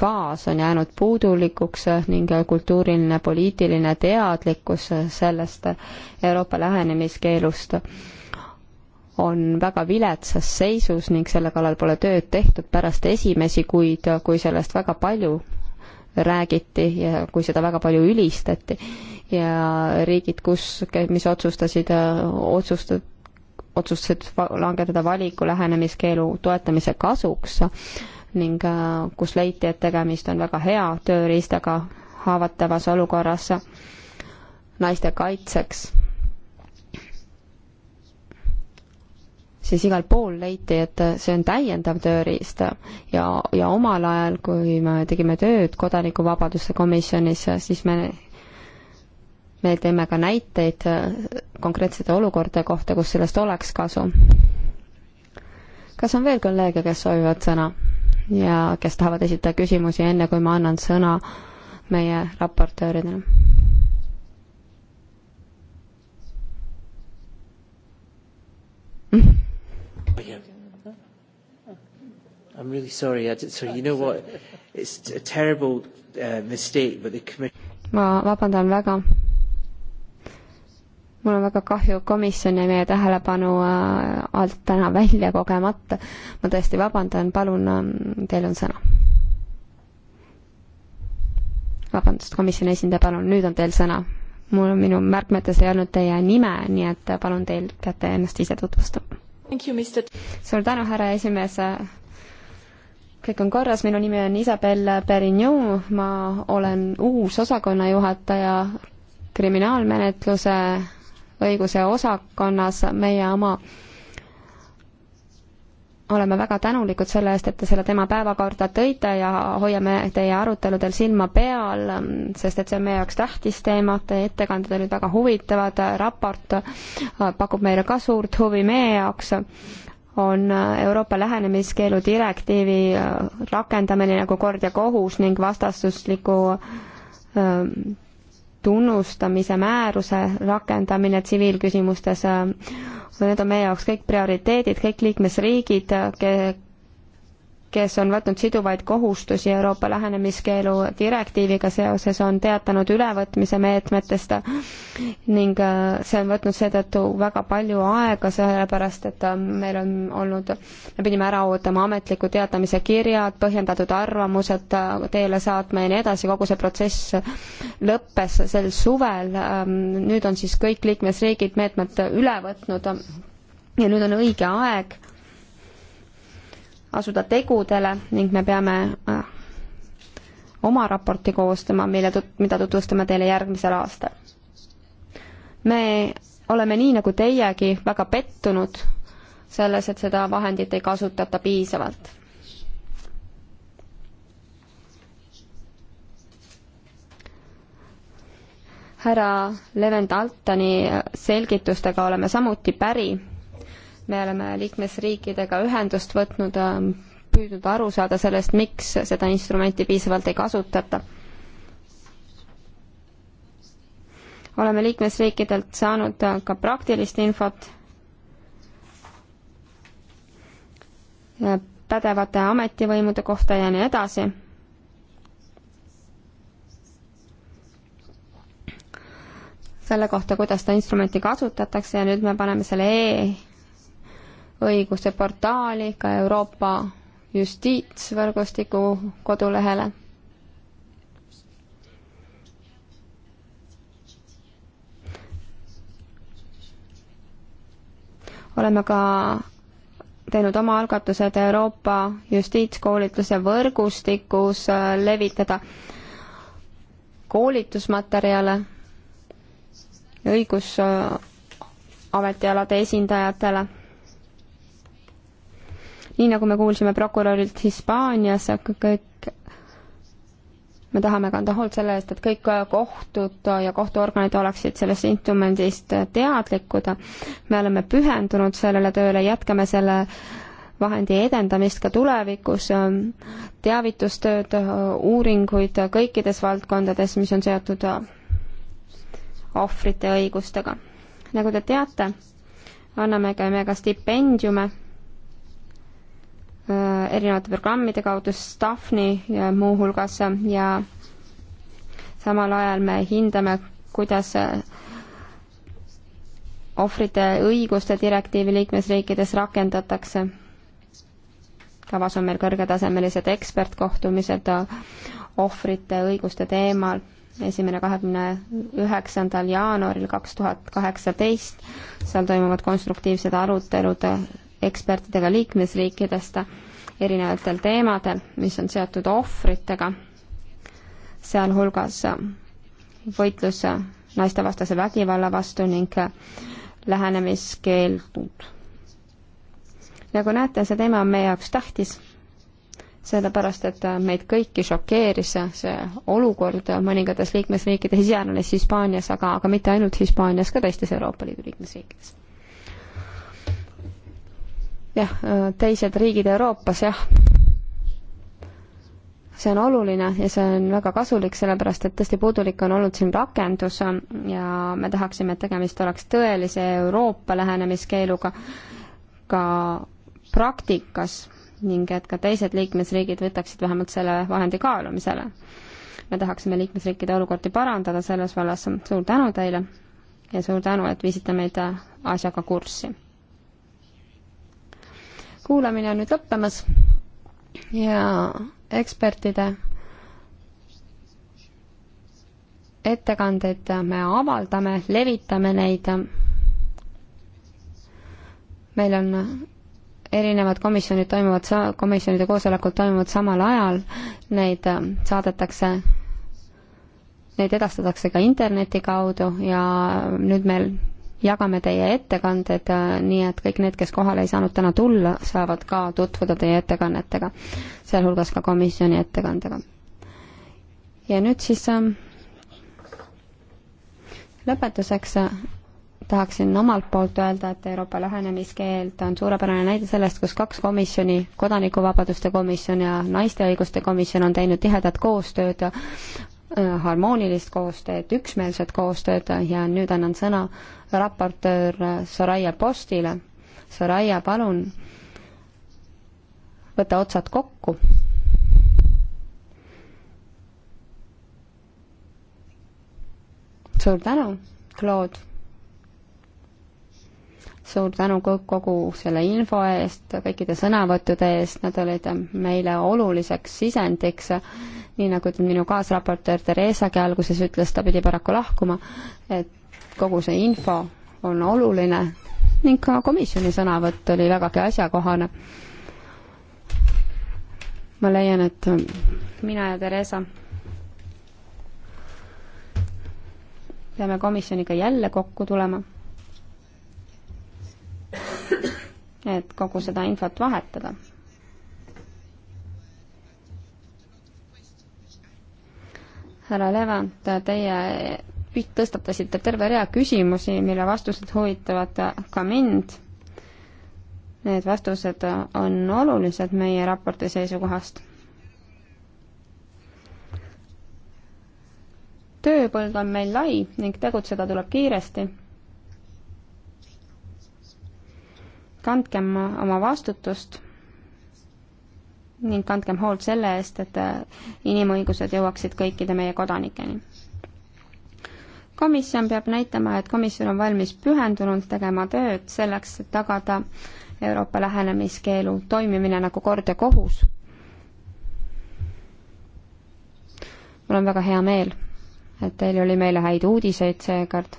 baas on jäänud puudulikuks ning kultuuriline poliitiline teadlikkus sellest Euroopa lähenemiskeelust on väga viletsas seisus ning selle kallal pole tööd tehtud pärast esimesi kuid, kui sellest väga palju räägiti ja kui seda väga palju ülistati ja riigid, kus, mis otsustasid, otsustasid otsustasid langetada valiku lähenemiskeelu toetamise kasuks, ning äh, kus leiti, et tegemist on väga hea tööriistaga haavatavas olukorras naiste kaitseks. siis igal pool leiti, et see on täiendav tööriist ja, ja omal ajal, kui me tegime tööd Kodanikuvabaduste komisjonis, siis me me teeme ka näiteid konkreetsete olukordade kohta, kus sellest oleks kasu. kas on veel kolleege, kes soovivad sõna? ja kes tahavad esitada küsimusi, enne kui ma annan sõna meie raportööridele. I am really sorry, I did, sorry, you know what, it's a terrible uh, mistake, but the commission ma vabandan väga mul on väga kahju, komisjon jäi meie tähelepanu äh, alt täna välja kogemata. ma tõesti vabandan, palun, ähm, teil on sõna. vabandust, komisjoni esindaja, palun, nüüd on teil sõna. mul, minu märkmetes ei olnud teie nime, nii et äh, palun, teil peate ennast ise tutvustama. suur tänu, härra esimees kõik on korras, minu nimi on Isabel Perignon, ma olen uus osakonnajuhataja kriminaalmenetluse õiguse osakonnas meie oma oleme väga tänulikud selle eest, et te selle tema päevakorda tõite ja hoiame teie aruteludel silma peal, sest et see on meie jaoks tähtis teema, teie ettekanded olid väga huvitavad, raport äh, pakub meile ka suurt huvi meie jaoks, on äh, Euroopa lähenemiskeelu direktiivi äh, rakendamine nagu kord ja kohus ning vastastusliku tunnustamise määruse rakendamine tsiviilküsimustes, need on meie jaoks kõik prioriteedid, kõik liikmesriigid, kes on võtnud siduvaid kohustusi Euroopa lähenemiskeelu direktiiviga seoses, on teatanud ülevõtmise meetmetest ning äh, see on võtnud seetõttu väga palju aega, sellepärast et äh, meil on olnud, me pidime ära ootama ametliku teatamise kirjad, põhjendatud arvamused äh, teele saatma ja nii edasi, kogu see protsess lõppes sel suvel, ähm, nüüd on siis kõik liikmesriigid meetmed üle võtnud ja nüüd on õige aeg asuda tegudele ning me peame äh, oma raporti koostama, mille, mida tutvustame teile järgmisel aastal. me oleme nii nagu teiegi väga pettunud selles, et seda vahendit ei kasutata piisavalt. härra Levent Altani selgitustega oleme samuti päri me oleme liikmesriikidega ühendust võtnud, ähm, püüdnud aru saada sellest, miks seda instrumenti piisavalt ei kasutata. oleme liikmesriikidelt saanud äh, ka praktilist infot äh, pädevate ametivõimude kohta ja nii edasi selle kohta, kuidas seda instrumenti kasutatakse ja nüüd me paneme selle E õiguse portaali, ka Euroopa justiitsvõrgustiku kodulehele. oleme ka teinud oma algatused Euroopa justiitskoolituse võrgustikus äh, levitada koolitusmaterjale õigusametialade esindajatele nii nagu me kuulsime prokurörilt Hispaanias, kõik me tahame kanda hoolt selle eest, et kõik kohtud ja kohtuorganid oleksid sellest instrumendist teadlikud. me oleme pühendunud sellele tööle, jätkame selle vahendi edendamist ka tulevikus, teavitustööd, uuringuid kõikides valdkondades, mis on seotud ohvrite õigustega. nagu te teate, anname ka me ka stipendiume Äh, erinevate programmide kaudu, Staffni äh, muuhulgas äh, ja samal ajal me hindame, kuidas ohvrite õiguste direktiivi liikmesriikides rakendatakse. kavas on meil kõrgetasemelised ekspertkohtumised ohvrite õiguste teemal, esimene kahekümne üheksandal jaanuaril kaks tuhat kaheksateist, seal toimuvad konstruktiivsed arutelud ekspertidega liikmesriikidest erinevatel teemadel, mis on seotud ohvritega, sealhulgas võitlus naistevastase vägivalla vastu ning lähenemiskeeldud. nagu näete, see teema on meie jaoks tähtis, sellepärast et meid kõiki šokeeris see olukord mõningates liikmesriikides, iseäranis Hispaanias, aga, aga mitte ainult Hispaanias, ka teistes Euroopa Liidu liikmesriikides jah, teised riigid Euroopas, jah. see on oluline ja see on väga kasulik, sellepärast et tõesti puudulik on olnud siin rakendus ja me tahaksime, et tegemist oleks tõelise Euroopa lähenemiskeeluga ka praktikas ning et ka teised liikmesriigid võtaksid vähemalt selle vahendi kaalumisele. me tahaksime liikmesriikide olukordi parandada selles vallas, suur tänu teile ja suur tänu, et viisite meid asjaga kurssi kuulamine on nüüd lõppemas ja ekspertide ettekandeid me avaldame, levitame neid. meil on erinevad komisjonid toimuvad, komisjonide koosolekud toimuvad samal ajal, neid äh, saadetakse, neid edastatakse ka interneti kaudu ja nüüd meil jagame teie ettekanded, äh, nii et kõik need, kes kohale ei saanud täna tulla, saavad ka tutvuda teie ettekannetega, sealhulgas ka komisjoni ettekandega. ja nüüd siis ähm, lõpetuseks äh, tahaksin omalt poolt öelda, et Euroopa lähenemiskeeld on suurepärane näide sellest, kus kaks komisjoni, Kodanikuvabaduste komisjon ja Naiste õiguste komisjon on teinud tihedat koostööd ja äh, harmoonilist koostööd, üksmeelset koostööd ja nüüd annan sõna äh, raportöör Soraya Postile. Soraya, palun võta otsad kokku. suur tänu, Claude. suur tänu kogu selle info eest, kõikide sõnavõttude eest, nad olid meile oluliseks sisendiks nii nagu minu kaasraportöör Theresagi alguses ütles, ta pidi paraku lahkuma, et kogu see info on oluline ning ka komisjoni sõnavõtt oli vägagi asjakohane. ma leian, et mina ja Theresa peame komisjoniga jälle kokku tulema, et kogu seda infot vahetada härra Levant, teie tõstatasite terve rea küsimusi, mille vastused huvitavad ka mind. Need vastused on olulised meie raporti seisukohast. tööpõld on meil lai ning tegutseda tuleb kiiresti. kandkem oma vastutust ning kandkem hoolt selle eest, et inimõigused jõuaksid kõikide meie kodanikeni komisjon peab näitama, et komisjon on valmis pühendunult tegema tööd selleks, et tagada Euroopa lähenemiskeelu toimimine nagu kord ja kohus. mul on väga hea meel, et teil oli meile häid uudiseid seekord.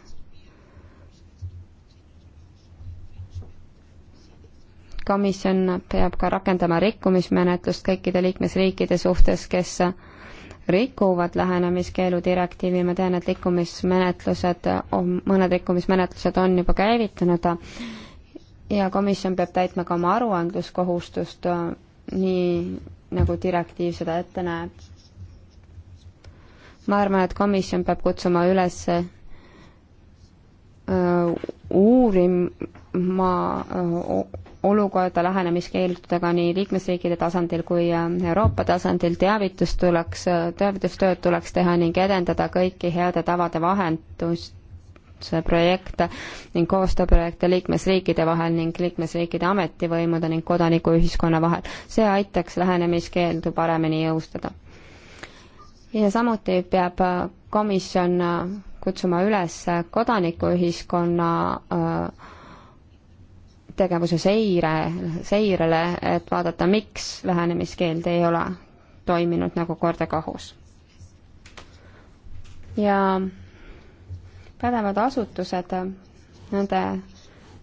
komisjon peab ka rakendama rikkumismenetlust kõikide liikmesriikide suhtes, kes rikuvad lähenemiskeelu direktiivi, ma tean, et rikkumismenetlused, mõned rikkumismenetlused on juba käivitunud ja komisjon peab täitma ka oma aruandluskohustust, äh, nii nagu direktiiv seda ette näeb. ma arvan, et komisjon peab kutsuma üles äh, uurim-, ma olukorda lähenemiskeeldudega nii liikmesriikide tasandil kui Euroopa tasandil teavitust tuleks, teavitustööd tuleks teha ning edendada kõiki heade tavade vahendust, projekte ning koostööprojekte liikmesriikide vahel ning liikmesriikide ametivõimude ning kodanikuühiskonna vahel. see aitaks lähenemiskeeldu paremini jõustada. ja samuti peab komisjon kutsuma üles kodanikuühiskonna äh, tegevuse seire, seirele, et vaadata, miks lähenemiskeeld ei ole toiminud nagu korda kohus. ja pädevad asutused, nende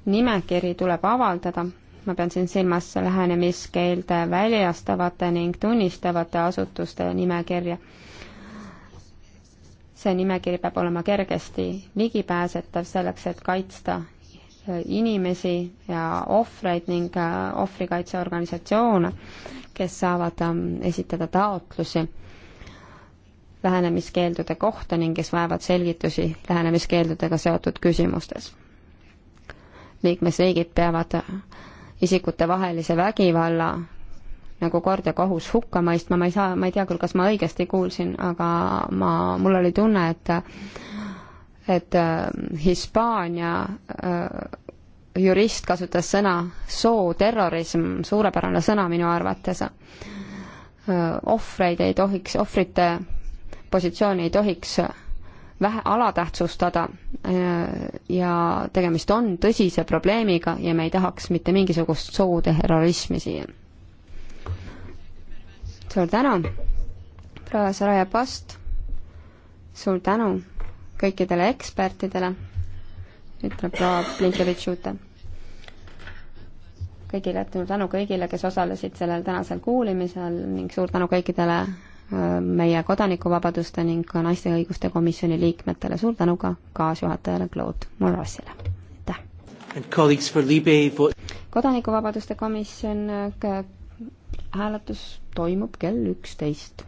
nimekiri tuleb avaldada, ma pean siin silmas lähenemiskeelde väljastavate ning tunnistavate asutuste nimekirja. see nimekiri peab olema kergesti ligipääsetav selleks, et kaitsta inimesi ja ohvreid ning äh, ohvrikaitseorganisatsioone, kes saavad ähm, esitada taotlusi lähenemiskeeldude kohta ning kes vajavad selgitusi lähenemiskeeldudega seotud küsimustes. liikmesriigid peavad äh, isikutevahelise vägivalla nagu kord ja kohus hukka mõistma, ma ei saa, ma ei tea küll, kas ma õigesti kuulsin, aga ma, mul oli tunne, et äh, et äh, Hispaania äh, jurist kasutas sõna sooterrorism, suurepärane sõna minu arvates. Äh, ohvreid ei tohiks, ohvrite positsiooni ei tohiks vähe alatähtsustada ja tegemist on tõsise probleemiga ja me ei tahaks mitte mingisugust sooterrorismi siia. suur tänu, proua Saraja Post, suur tänu kõikidele ekspertidele, ütleb proua Blinkevitš-Jute. kõigile, suur tänu kõigile, kes osalesid sellel tänasel kuulimisel ning suur tänu kõikidele äh, meie kodanikuvabaduste ning ka naiste õiguste komisjoni liikmetele, suur tänu ka kaasjuhatajale Claude Morasile, aitäh! kodanikuvabaduste komisjon äh, hääletus toimub kell üksteist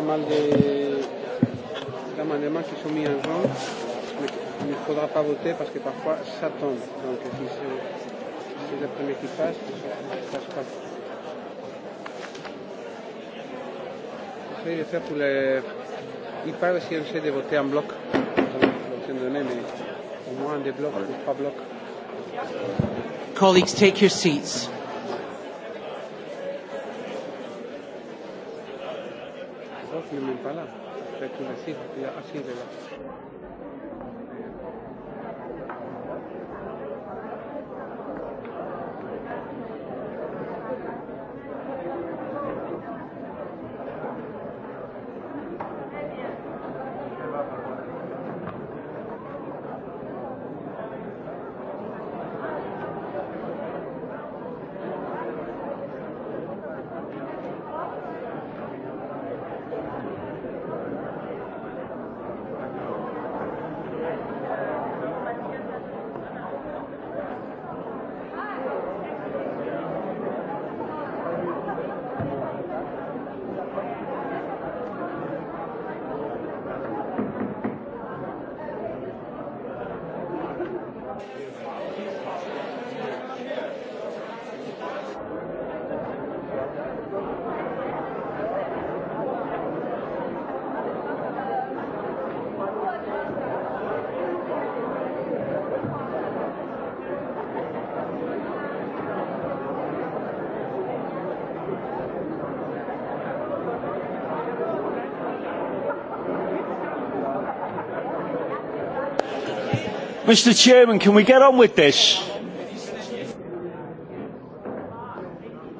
pas mal de d'amendements qui sont mis en jaune, mais il ne faudra pas voter parce que parfois ça tombe. Donc si c'est si le premier qui passe, ça ne passe pas. J'essaie de faire pour les... Il parle si on essaie de voter en bloc, dans donné, mais au moins des blocs ou trois blocs. Colleagues, take your seats. kyllä siitä ja siitä. Mr Chairman, can we get on with this?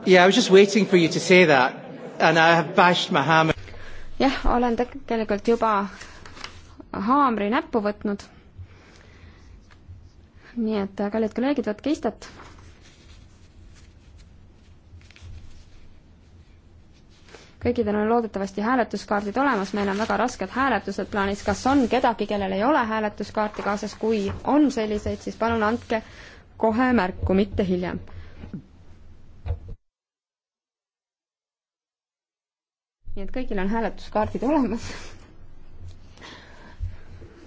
Yeah, I was just waiting for you to say that and I have bashed my hammer. jah, olen tegelikult juba haamri näppu võtnud. nii et, kallid kolleegid, võtke istet kõigil on loodetavasti hääletuskaardid olemas, meil on väga rasked hääletused plaanis, kas on kedagi, kellel ei ole hääletuskaarti kaasas, kui on selliseid, siis palun andke kohe märku, mitte hiljem. nii et kõigil on hääletuskaardid olemas.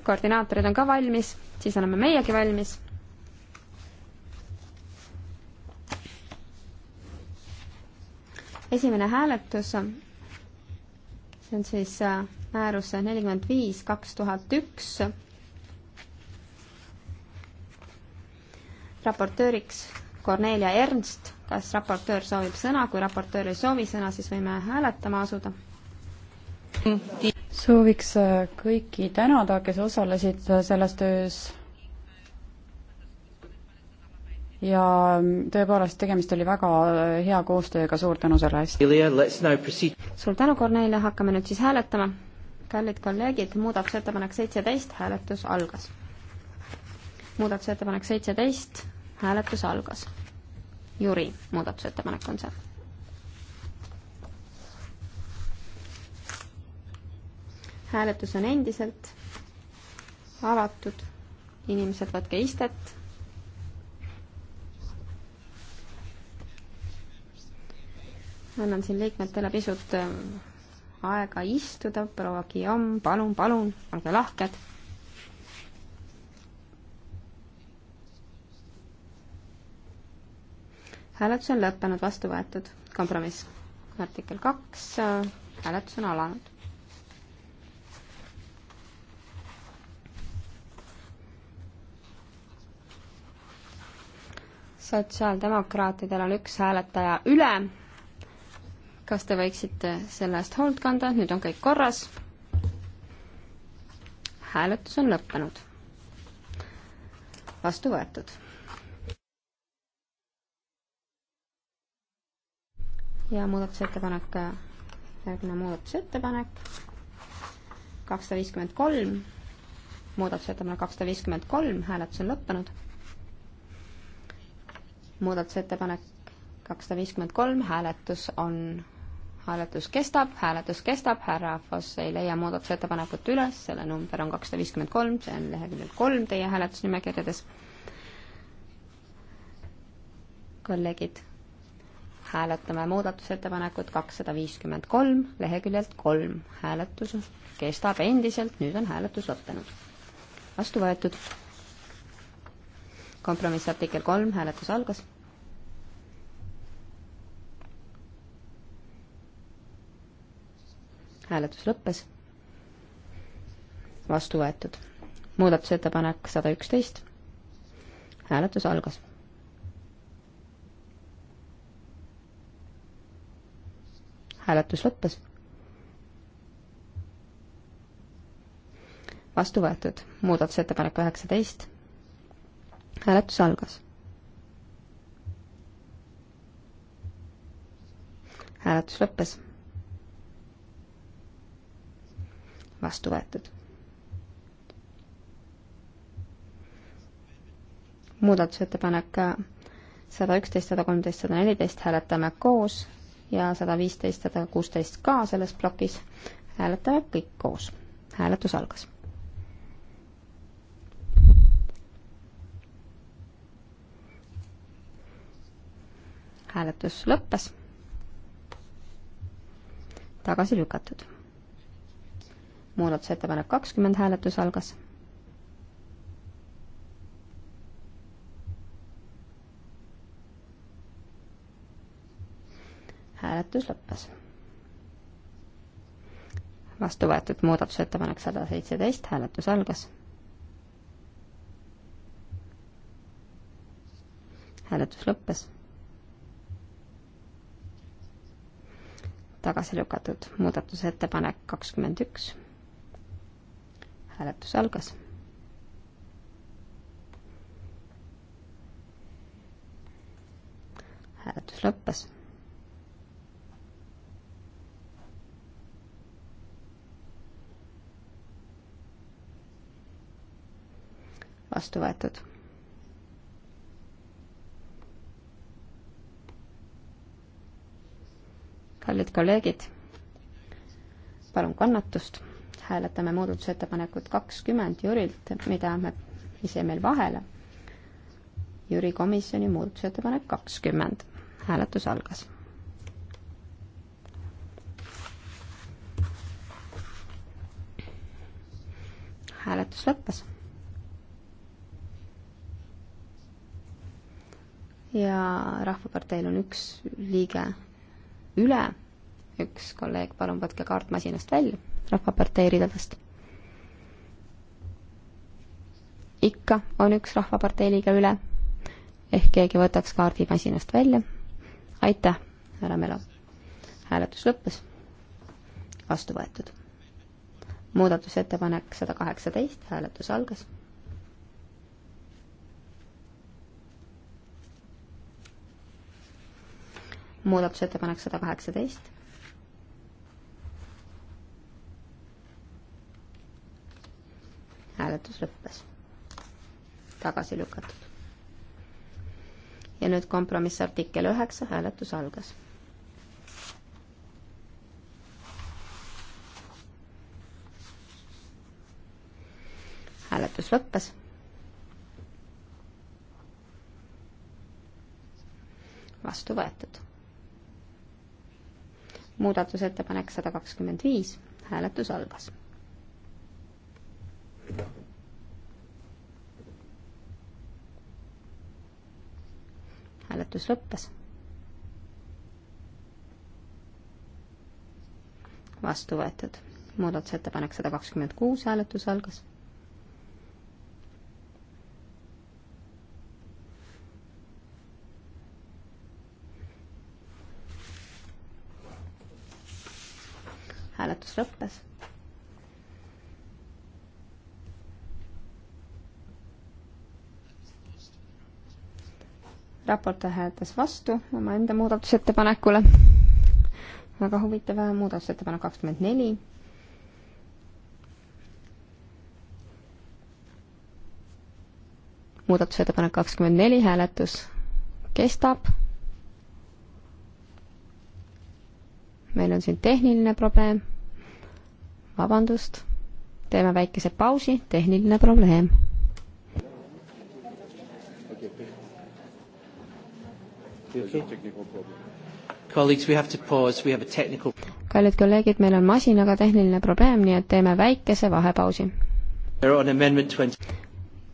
koordinaatorid on ka valmis, siis oleme meiegi valmis esimene hääletus, see on siis äh, määrus nelikümmend viis, kaks tuhat üks. raportööriks Kornelia Ernst, kas raportöör soovib sõna, kui raportöör ei soovi sõna, siis võime hääletama asuda. sooviks äh, kõiki tänada, kes osalesid äh, selles töös ja tõepoolest, tegemist oli väga hea koostööga, suur tänu selle eest! suur tänu, Kornelia, hakkame nüüd siis hääletama. kallid kolleegid, muudatusettepanek seitseteist, hääletus algas. muudatusettepanek seitseteist, hääletus algas. Jüri muudatusettepanek on see. hääletus on endiselt avatud, inimesed, võtke istet annan siin liikmetele pisut ähm, aega istuda, proua Guillaume, palun, palun, olge lahked. hääletus on lõppenud, vastu võetud, kompromiss. artikkel kaks, hääletus on alanud. sotsiaaldemokraatidel on üks hääletaja üle kas te võiksite selle eest hoolt kanda, nüüd on kõik korras. hääletus on lõppenud. vastu võetud. ja muudatusettepanek, järgmine muudatusettepanek, kakssada viiskümmend kolm, muudatusettepanek kakssada viiskümmend kolm, hääletus on lõppenud. muudatusettepanek kakssada viiskümmend kolm, hääletus on hääletus kestab, hääletus kestab, härra Foss ei leia muudatusettepanekut üles, selle number on kakssada viiskümmend kolm, see on leheküljel kolm teie hääletusnimekirjades. kolleegid, hääletame muudatusettepanekut kakssada viiskümmend kolm, leheküljelt kolm, hääletus kestab endiselt, nüüd on hääletus lõppenud. vastu võetud. kompromiss artikkel kolm, hääletus algas hääletus lõppes. vastu võetud. muudatusettepanek sada üksteist. hääletus algas. hääletus lõppes. vastu võetud. muudatusettepanek üheksateist. hääletus algas. hääletus lõppes vastu võetud. muudatusettepanek sada üksteist, sada kolmteist, sada neliteist hääletame koos ja sada viisteist, sada kuusteist ka selles plokis. hääletame kõik koos. hääletus algas. hääletus lõppes tagasi lükatud muudatusettepanek kakskümmend, hääletus algas. hääletus lõppes. vastu võetud muudatusettepanek sada seitseteist, hääletus algas. hääletus lõppes. tagasi lükatud muudatusettepanek kakskümmend üks hääletus algas. hääletus lõppes. vastu võetud kallid kolleegid, palun kannatust hääletame muudatusettepanekut kakskümmend Jürilt, mida me ise meil vahele. Jüri komisjoni muudatusettepanek kakskümmend. hääletus algas. hääletus lõppes. ja Rahvaparteil on üks liige üle, üks kolleeg, palun võtke kaart masinast välja Rahvapartei ridadest. ikka on üks Rahvapartei liige üle, ehk keegi võtaks kaardi masinast välja. aitäh, härra Melo. hääletus lõppes. vastu võetud. muudatusettepanek sada kaheksateist, hääletus algas muudatusettepanek sada kaheksateist. hääletus lõppes. tagasi lükatud. ja nüüd kompromissartikkel üheksa, hääletus algas. hääletus lõppes. vastu võetud. muudatusettepanek sada kakskümmend viis, hääletus algas hääletus lõppes. vastu võetud. muudatusettepanek sada kakskümmend kuus, hääletus algas. hääletus lõppes raportöör hääletas vastu omaenda muudatusettepanekule. väga huvitav muudatusettepanek kakskümmend neli. muudatusettepanek kakskümmend neli, hääletus kestab. meil on siin tehniline probleem. vabandust, teeme väikese pausi, tehniline probleem kallid kolleegid, meil on masinaga tehniline probleem, nii et teeme väikese vahepausi.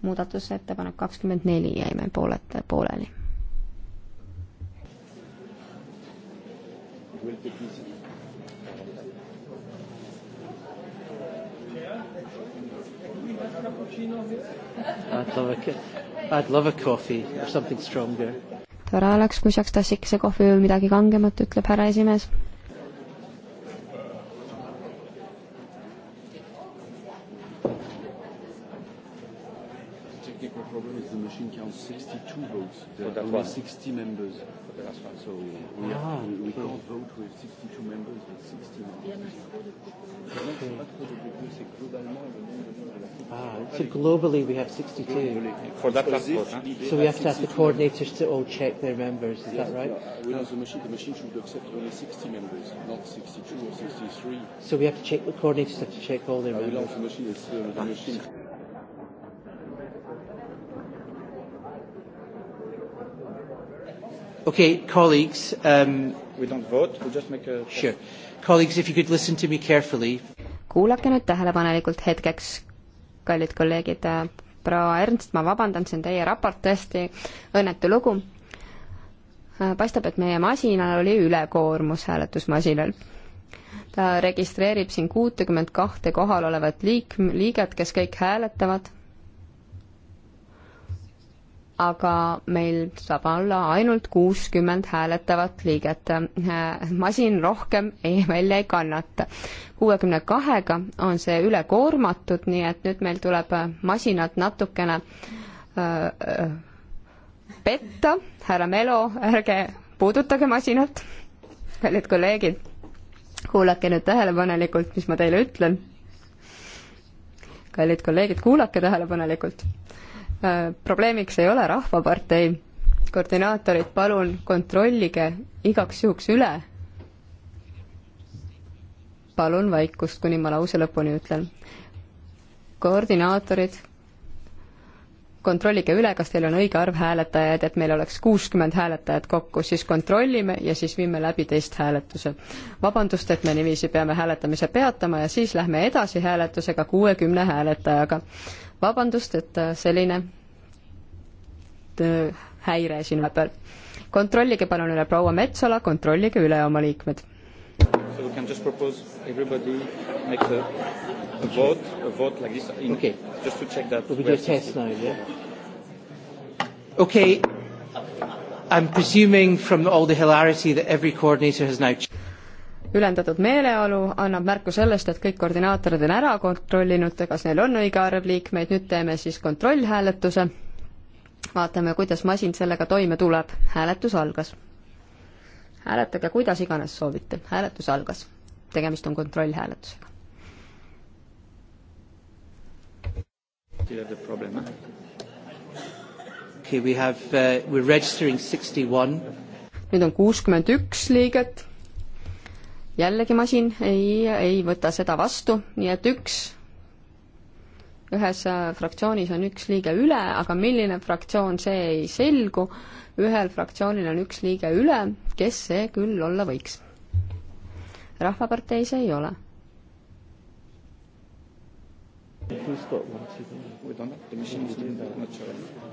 muudatusettepanek kakskümmend neli jäi meil poolete, pooleli. I'd love a, I'd love a coffee or something stronger tore oleks, kui saaks tassikese kohvi või midagi kangemat, ütleb härra esimees there are only 60 members. The last one. So we, ah, we, we okay. can't vote with 62 members, but 60 members. Ah, so globally we have 62. Globally. For that last vote, huh? So we have to ask the coordinators to all check their members, is yes, that right? Uh, we know the machine, the machine should accept only 60 members, not 62 or 63. So we have to check, the coordinators have to check all their uh, members. We know the machine is uh, the machine. Okay, colleagues. Um, we don't vote, we just make a... Sure. Colleagues, if you could listen to me carefully. kuulake nüüd tähelepanelikult hetkeks, kallid kolleegid. Äh, proua Ernst, ma vabandan, see on teie raport, tõesti õnnetu lugu. Äh, paistab, et meie masinal oli ülekoormus hääletusmasinal. ta registreerib siin kuutekümmet kahte kohalolevat liik-, liiget, kes kõik hääletavad aga meil saab olla ainult kuuskümmend hääletavat liiget. masin rohkem ei, välja ei kannata. kuuekümne kahega on see ülekoormatud, nii et nüüd meil tuleb masinat natukene öö, petta. härra Melo, ärge puudutage masinat. kallid kolleegid, kuulake nüüd tähelepanelikult, mis ma teile ütlen. kallid kolleegid, kuulake tähelepanelikult Äh, probleemiks ei ole Rahvapartei. koordinaatorid, palun kontrollige igaks juhuks üle. palun vaikust, kuni ma lause lõpuni ütlen. koordinaatorid, kontrollige üle, kas teil on õige arv hääletajaid, et meil oleks kuuskümmend hääletajat kokku, siis kontrollime ja siis viime läbi teist hääletuse. vabandust, et me niiviisi peame hääletamise peatama ja siis lähme edasi hääletusega kuuekümne hääletajaga vabandust, et äh, selline häire siin vahepeal. kontrollige palun üle proua Metsala, kontrollige üle oma liikmed. So we can just propose everybody makes a, a vote, a vote like this, in, okay. just to check that. We do a test now, yeah. Okay, I'm presuming from all the hilarity that every coordinator has now ülendatud meeleolu annab märku sellest, et kõik koordinaatorid on ära kontrollinud, kas neil on õige arv liikmeid, nüüd teeme siis kontrollhääletuse. vaatame, kuidas masin sellega toime tuleb. hääletus algas. hääletage, kuidas iganes soovite. hääletus algas. tegemist on kontrollhääletusega. Okay, we have uh, we're registering 61. nüüd on kuuskümmend üks liiget jällegi masin ei, ei võta seda vastu, nii et üks, ühes äh, fraktsioonis on üks liige üle, aga milline fraktsioon, see ei selgu, ühel fraktsioonil on üks liige üle, kes see küll olla võiks? rahvaparteis ei ole. Who's got one? We don't know. The machine is doing that. Not sure.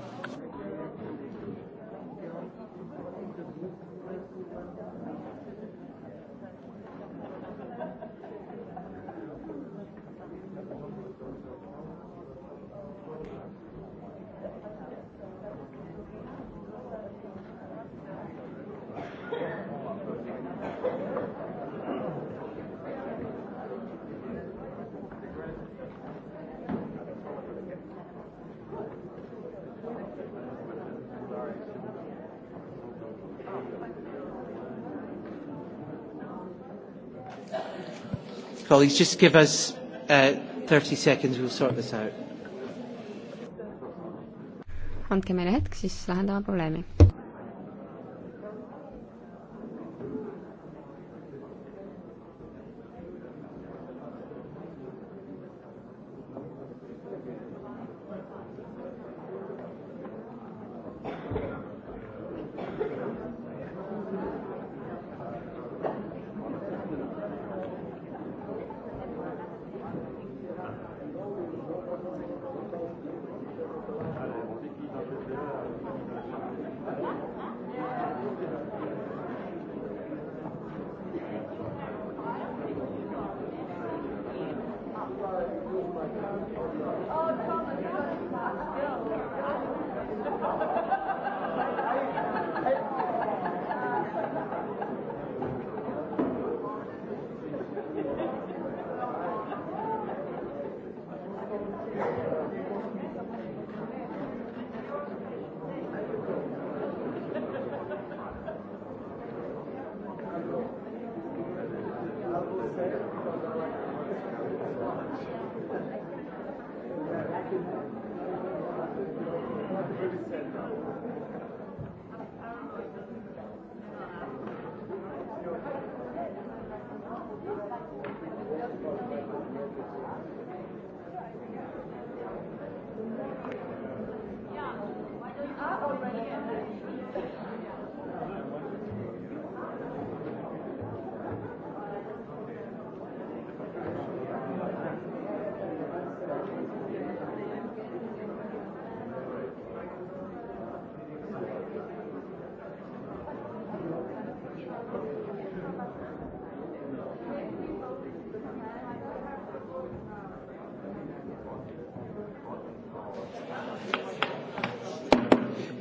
Colleagues, just give us uh, 30 seconds, we'll sort this out. andke meile hetk, siis lahendame probleemi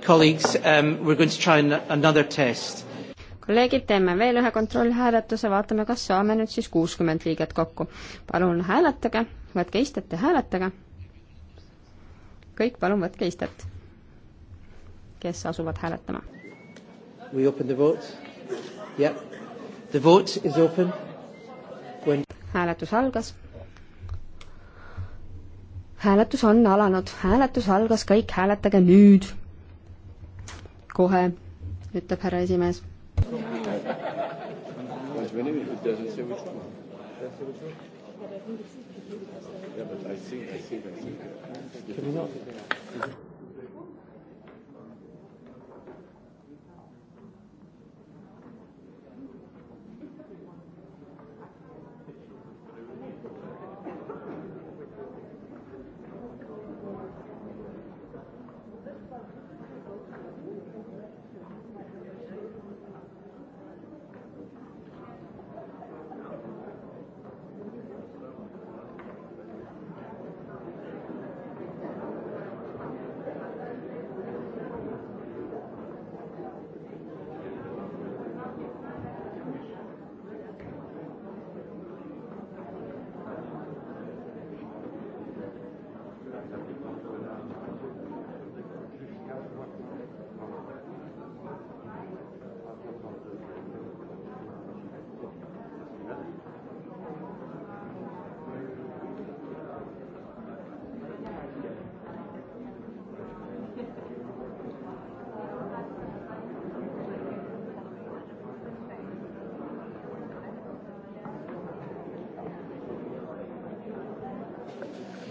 Colleagues, um, we're going to try an, another test. kolleegid, teeme veel ühe kontrollhääletuse, vaatame, kas saame nüüd siis kuuskümmend liiget kokku. palun hääletage, võtke istet ja hääletage. kõik, palun võtke istet, kes asuvad hääletama. We open the vote. Yeah. The vote is open. When... hääletus algas hääletus on alanud, hääletus algas, kõik hääletage nüüd kohe, ütleb härra esimees. Yeah, but I see, I see, I see. Can we not?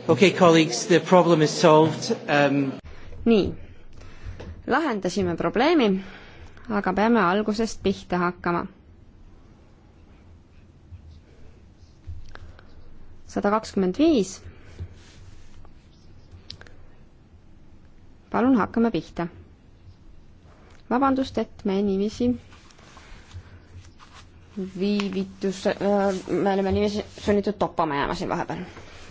okay, colleagues, the problem is solved um.... nii, lahendasime probleemi, aga peame algusest pihta hakkama. sada kakskümmend viis. palun hakkame pihta. vabandust, et me niiviisi viivitus äh,, me oleme niiviisi sunnitud toppama jääma siin vahepeal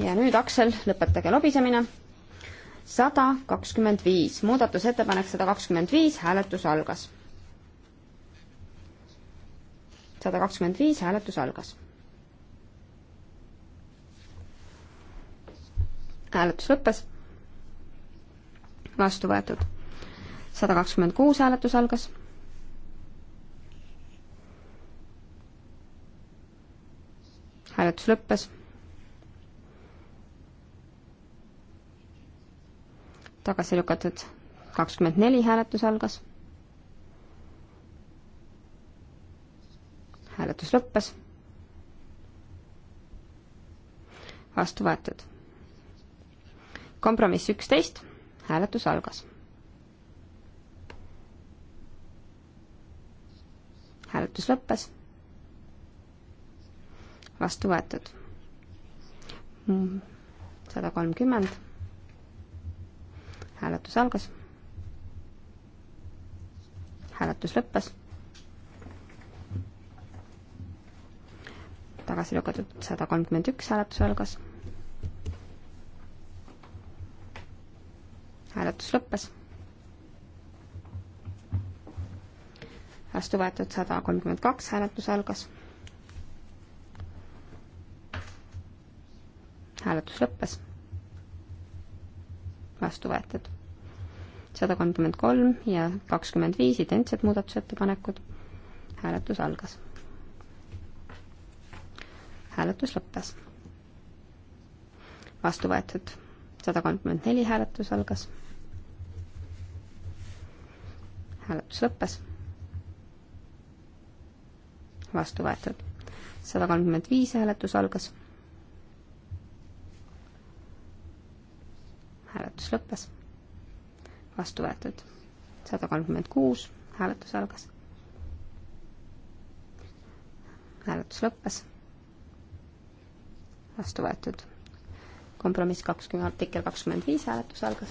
ja nüüd, Aksel, lõpetage lobisemine. sada kakskümmend viis, muudatusettepanek sada kakskümmend viis, hääletus algas. sada kakskümmend viis, hääletus algas. hääletus lõppes. vastu võetud. sada kakskümmend kuus, hääletus algas hääletus lõppes tagasi lükatud. kakskümmend neli hääletus algas. hääletus lõppes. vastu võetud. kompromiss üksteist, hääletus algas. hääletus lõppes. vastu võetud. Mm, sada kolmkümmend hääletus algas. hääletus lõppes. tagasi lükatud sada kolmkümmend üks hääletus algas. hääletus lõppes. vastu võetud sada kolmkümmend kaks hääletus algas. hääletus lõppes vastu võetud sada kolmkümmend kolm ja kakskümmend viis identsed muudatusettepanekud. hääletus algas. hääletus lõppes. vastu võetud sada kolmkümmend neli hääletus algas. hääletus lõppes. vastu võetud sada kolmkümmend viis hääletus algas hääletus lõppes vastu võetud. sada kolmkümmend kuus, hääletus algas. hääletus lõppes. vastu võetud. kompromiss kakskümmend, artikkel kakskümmend viis, hääletus algas.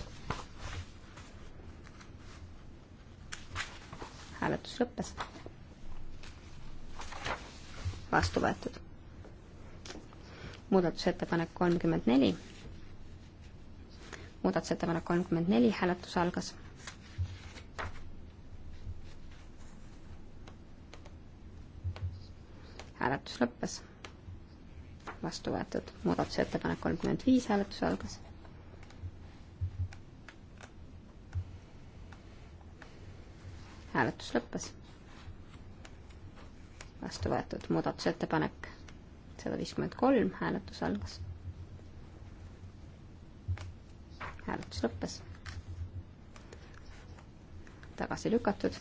hääletus lõppes. vastu võetud. muudatusettepanek kolmkümmend neli muudatusettepanek kolmkümmend neli, hääletus algas. hääletus lõppes. vastu võetud muudatusettepanek kolmkümmend viis, hääletus algas. hääletus lõppes. vastu võetud muudatusettepanek sada viiskümmend kolm, hääletus algas hääletus lõppes. tagasi lükatud,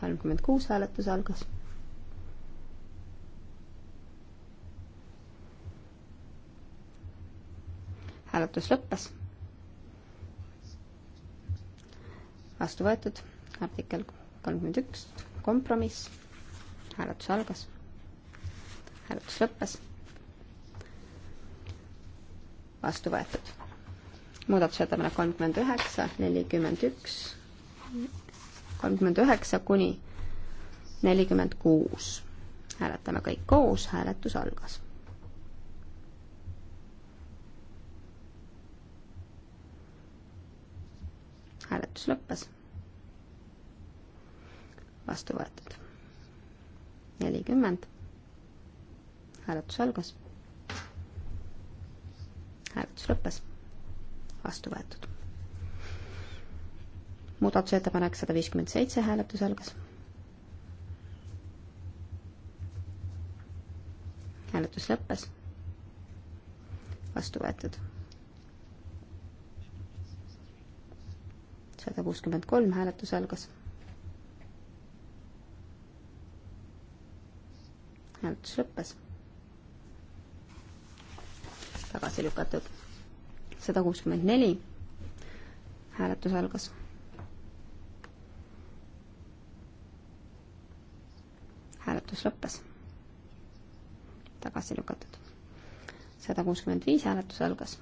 kolmkümmend kuus hääletus algas. hääletus lõppes. vastu võetud artikkel kolmkümmend üks, kompromiss, hääletus algas, hääletus lõppes vastu võetud muudatusettepanek kolmkümmend üheksa, nelikümmend üks, kolmkümmend üheksa kuni nelikümmend kuus. hääletame kõik koos, hääletus algas. hääletus lõppes. vastu võetud. nelikümmend. hääletus algas. hääletus lõppes vastu võetud. muudatusettepanek sada viiskümmend seitse, hääletus algas. hääletus lõppes. vastu võetud. sada kuuskümmend kolm, hääletus algas. hääletus lõppes. tagasi lükatud sada kuuskümmend neli. hääletus algas. hääletus lõppes. tagasi lükatud. sada kuuskümmend viis hääletus algas.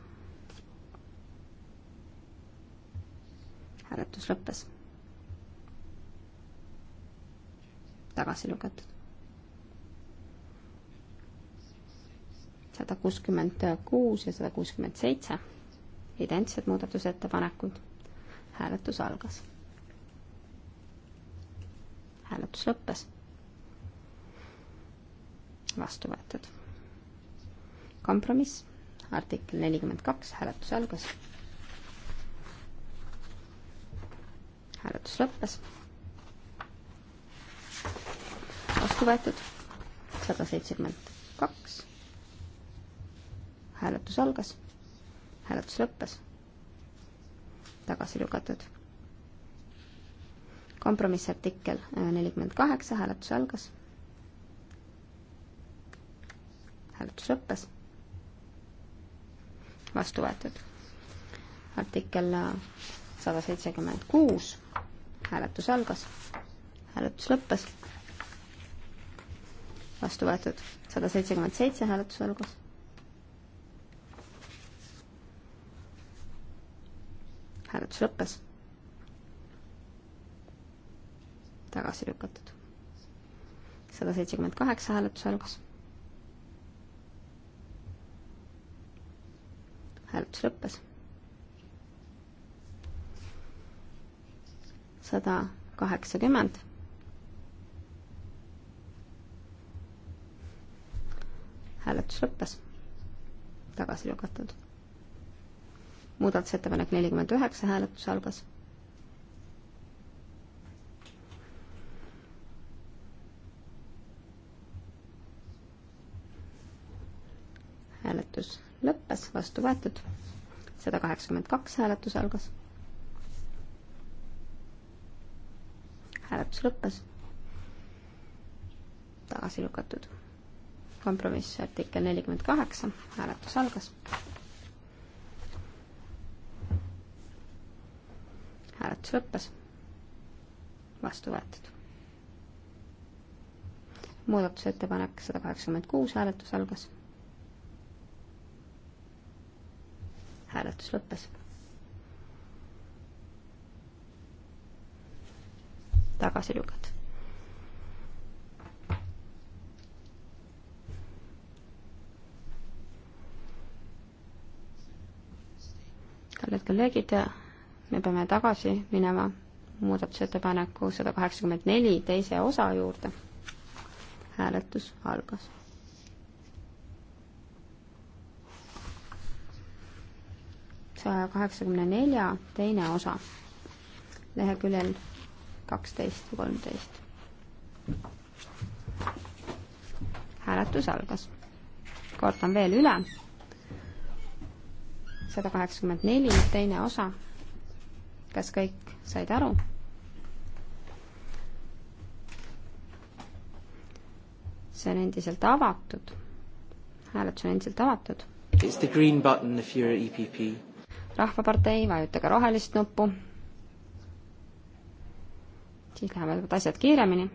hääletus lõppes. tagasi lükatud. sada kuuskümmend kuus ja sada kuuskümmend seitse identsed muudatusettepanekud. hääletus algas. hääletus lõppes. vastu võetud. kompromiss, artikkel nelikümmend kaks, hääletus algas. hääletus lõppes. vastu võetud, sada seitsekümmend kaks. hääletus algas hääletus lõppes. tagasi lükatud. kompromissartikkel äh, nelikümmend kaheksa, hääletus algas. hääletus lõppes. vastu võetud. artikkel äh, sada seitsekümmend kuus, hääletus algas, hääletus lõppes. vastu võetud sada seitsekümmend seitse, hääletus algas hääletus lõppes. tagasi lükatud. sada seitsekümmend kaheksa hääletus algas. hääletus lõppes. sada kaheksakümmend. hääletus lõppes. tagasi lükatud muudatusettepanek nelikümmend üheksa, hääletus algas. hääletus lõppes, vastu võetud. sada kaheksakümmend kaks hääletus algas. hääletus lõppes. tagasi lükatud. kompromiss artikkel nelikümmend kaheksa, hääletus algas hääletus lõppes. vastu võetud. muudatusettepanek sada kaheksakümmend kuus, hääletus algas. hääletus lõppes. tagasi lükata. kallid kolleegid me peame tagasi minema muudatusettepaneku sada kaheksakümmend neli teise osa juurde. hääletus algas. saja kaheksakümne nelja teine osa leheküljel kaksteist või kolmteist. hääletus algas. kordan veel üle. sada kaheksakümmend neli, teine osa kas kõik said aru? see on endiselt avatud, hääletus on endiselt avatud. It's the green button if you are EPP. rahvapartei, vajutage rohelist nuppu. siis lähevad asjad kiiremini.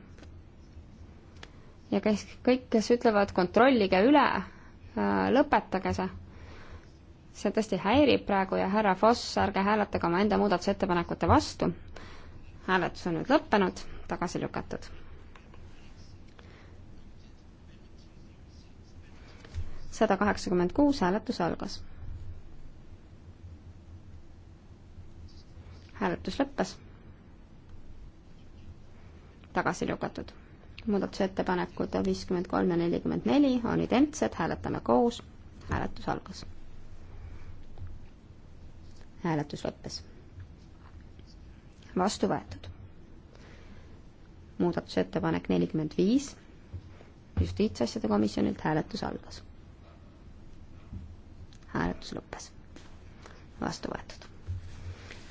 ja kes, kõik, kes ütlevad kontrollige üle, äh, lõpetage see see tõesti häirib praegu ja härra Foss, ärge hääletage omaenda muudatusettepanekute vastu. hääletus on nüüd lõppenud, tagasi lükatud. sada kaheksakümmend kuus hääletus algas. hääletus lõppes. tagasi lükatud. muudatusettepanekud viiskümmend kolm ja nelikümmend neli on identsed, hääletame koos. hääletus algas hääletus lõppes. vastu võetud. muudatusettepanek nelikümmend viis justiitsasjade komisjonilt hääletus algas. hääletus lõppes. vastu võetud.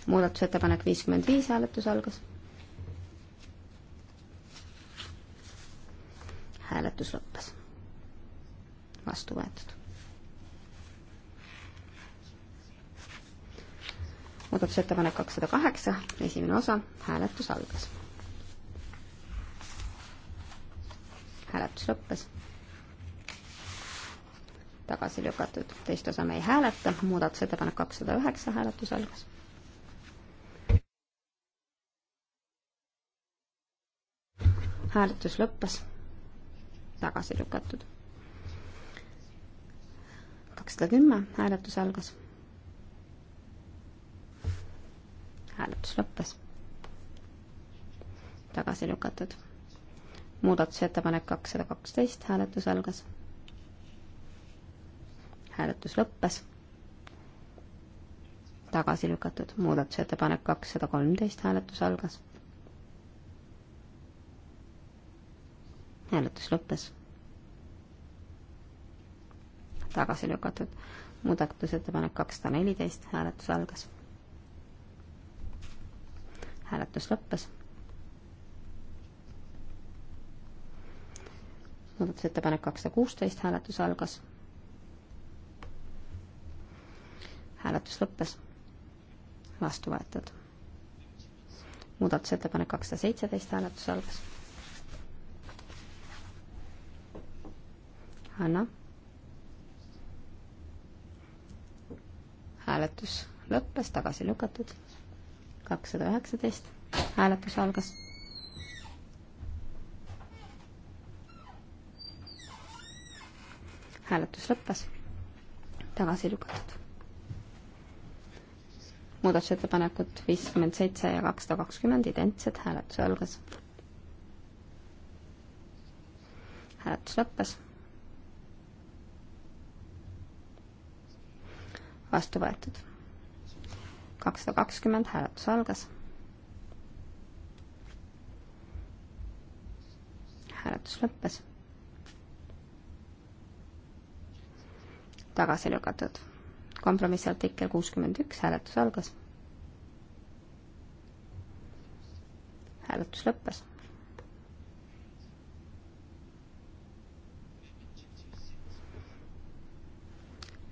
muudatusettepanek viiskümmend viis hääletus algas. hääletus lõppes. vastu võetud muudatusettepanek kakssada kaheksa, esimene osa, hääletus algas. hääletus lõppes. tagasi lükatud, teist osa me ei hääleta, muudatusettepanek kakssada üheksa, hääletus algas. hääletus lõppes, tagasi lükatud. kakssada kümme, hääletus algas hääletus lõppes. tagasi lükatud. muudatusettepanek kakssada kaksteist, hääletus algas. hääletus lõppes. tagasi lükatud. muudatusettepanek kakssada kolmteist, hääletus algas. hääletus lõppes. tagasi lükatud. muudatusettepanek kakssada neliteist, hääletus algas hääletus lõppes. muudatusettepanek kakssada kuusteist, hääletus algas. hääletus lõppes. vastu võetud. muudatusettepanek kakssada seitseteist, hääletus algas. Hanna. hääletus lõppes, tagasi lükatud kakssada üheksateist, hääletus algas. hääletus lõppes, tagasi lükatud. muudatusettepanekud viiskümmend seitse ja kakssada kakskümmend identsed, hääletus algas. hääletus lõppes vastu võetud kakssada kakskümmend hääletus algas. hääletus lõppes. tagasi lükatud. kompromissi artikkel kuuskümmend üks, hääletus algas. hääletus lõppes.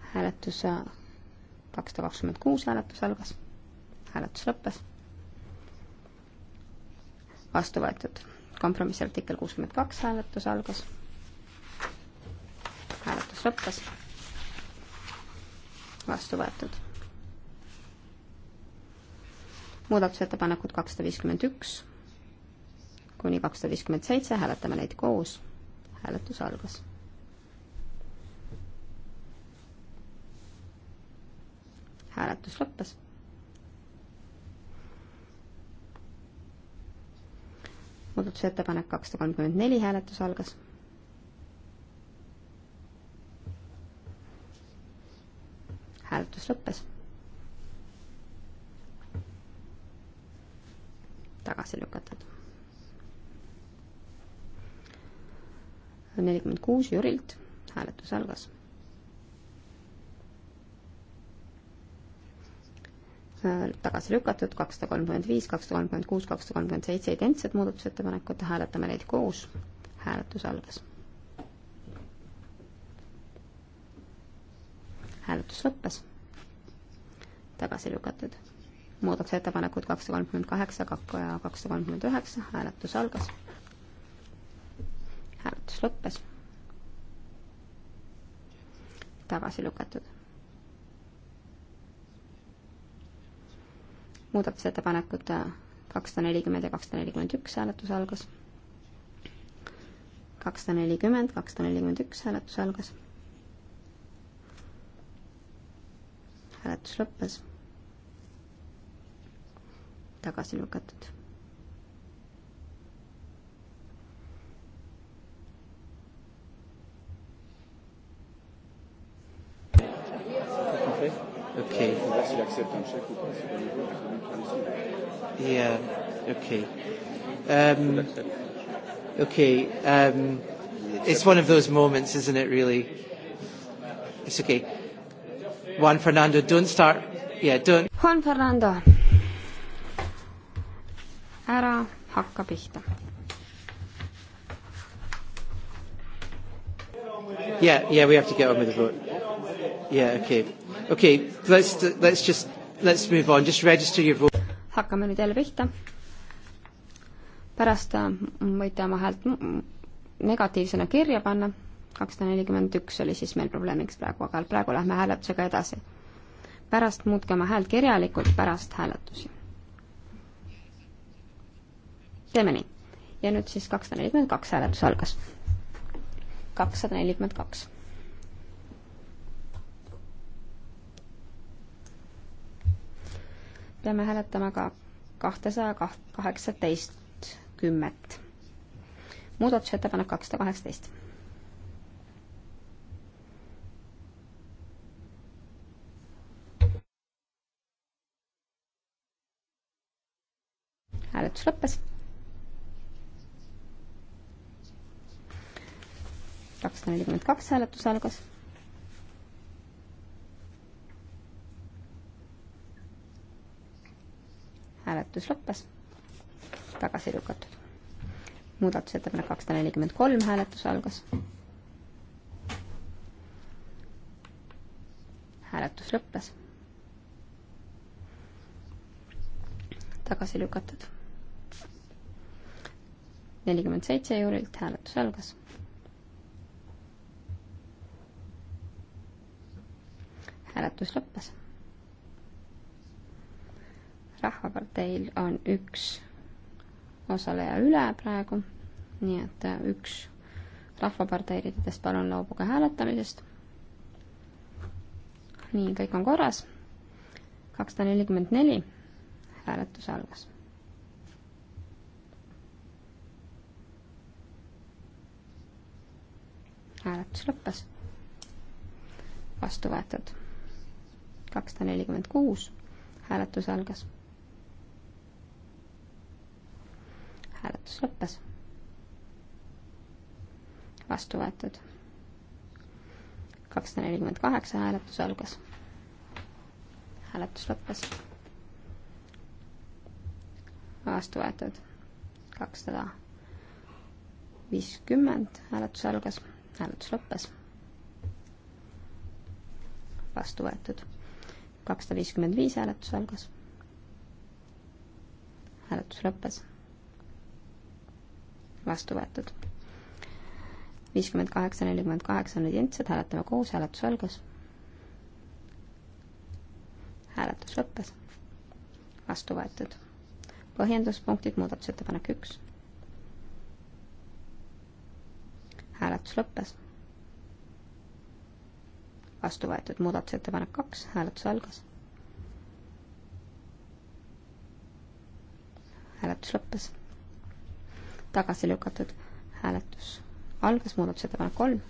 hääletus kakssada kakskümmend kuus hääletus algas, hääletus lõppes. vastu võetud kompromissi artikkel kuuskümmend kaks hääletus algas, hääletus lõppes. vastu võetud. muudatusettepanekud kakssada viiskümmend üks kuni kakssada viiskümmend seitse, hääletame neid koos. hääletus algas hääletus lõppes. muudatusettepanek kakssada kolmkümmend neli hääletus algas. hääletus lõppes. tagasi lükatud. nelikümmend kuus Jürilt hääletus algas tagasi lükatud, kakssada kolmkümmend viis, kakssada kolmkümmend kuus, kakssada kolmkümmend seitse identsed muudatusettepanekud, hääletame neid koos. hääletus algas. hääletus lõppes. tagasi lükatud. muudatusettepanekud kakssada kolmkümmend kaheksa, kakssada kolmkümmend üheksa, hääletus algas. hääletus lõppes. tagasi lükatud muudatusettepanekud äh, kakssada nelikümmend ja kakssada nelikümmend üks hääletus algas. kakssada nelikümmend, kakssada nelikümmend üks hääletus algas. hääletus lõppes. tagasi lükatud accepte un chèque ou pas, c'est au niveau de celui qui décide. Yeah, okay. Um, okay, um, it's one of those moments, isn't it, really? It's okay. Juan Fernando, don't start. Yeah, don't. Juan Fernando. ära hakka pihta. Yeah, yeah, we have to get on with the vote. Yeah, okay. Okay, let's, let's just, let's move on, just register your vote. hakkame nüüd jälle pihta. pärast äh, võite oma häält negatiivsena kirja panna, kakssada nelikümmend üks oli siis meil probleemiks praegu, aga praegu lähme hääletusega edasi. pärast muutke oma häält kirjalikult pärast hääletusi. teeme nii. ja nüüd siis kakssada nelikümmend kaks hääletus algas. kakssada nelikümmend kaks peame hääletama ka kahtesaja kaheksateist kümmet. muudatusettepanek kakssada kaheksateist. hääletus lõppes. kakssada nelikümmend kaks hääletus algas hääletus lõppes, tagasi lükatud. muudatusettepanek kakssada nelikümmend kolm, hääletus algas. hääletus lõppes. tagasi lükatud. nelikümmend seitse juurilt hääletus algas. hääletus lõppes Rahvaparteil on üks osaleja üle praegu, nii et äh, üks Rahvapartei ridadest palun loobuge hääletamisest. nii, kõik on korras. kakssada nelikümmend neli, hääletus algas hääletus lõppes. vastu võetud. kakssada nelikümmend kuus, hääletus algas. hääletus lõppes. vastu võetud. kakssada nelikümmend kaheksa hääletus algas. hääletus lõppes. vastu võetud. kakssada viiskümmend hääletus algas, hääletus lõppes. vastu võetud. kakssada viiskümmend viis hääletus algas. hääletus lõppes vastu võetud. viiskümmend kaheksa, nelikümmend kaheksa on identsed, hääletame koos, hääletus algas. hääletus lõppes. vastu võetud. põhjenduspunktid, muudatusettepanek üks. hääletus lõppes. vastu võetud muudatusettepanek kaks, hääletus algas. hääletus lõppes tagasi lükatud. hääletus algas, muudatusettepanek kolm.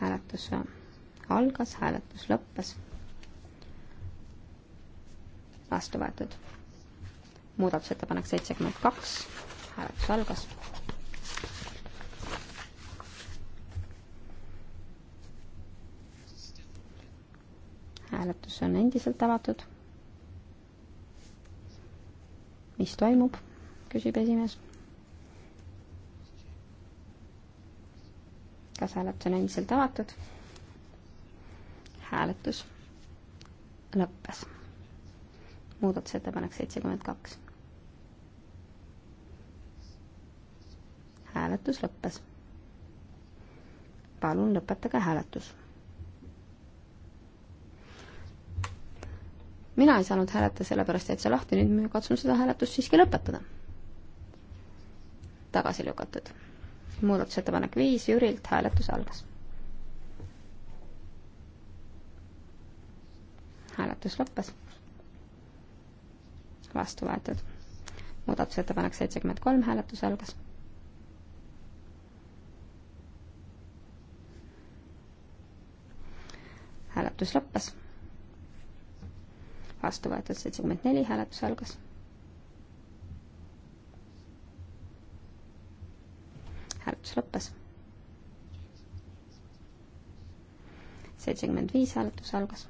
hääletus algas, hääletus lõppes. vastu võetud. muudatusettepanek seitsekümmend kaks, hääletus algas. hääletus on endiselt avatud mis toimub, küsib esimees. kas hääletus on endiselt avatud? hääletus lõppes. muudatusettepanek seitsekümmend kaks. hääletus lõppes. palun lõpetage hääletus mina ei saanud hääletada sellepärast, et see lahti, nüüd ma katsun seda hääletust siiski lõpetada. tagasi lükatud. muudatusettepanek viis, Jürilt hääletus algas. hääletus lõppes. vastu võetud. muudatusettepanek seitsekümmend kolm, hääletus algas. hääletus lõppes vastu võetud seitsekümmend neli, hääletus algas. hääletus lõppes. seitsekümmend viis, hääletus algas.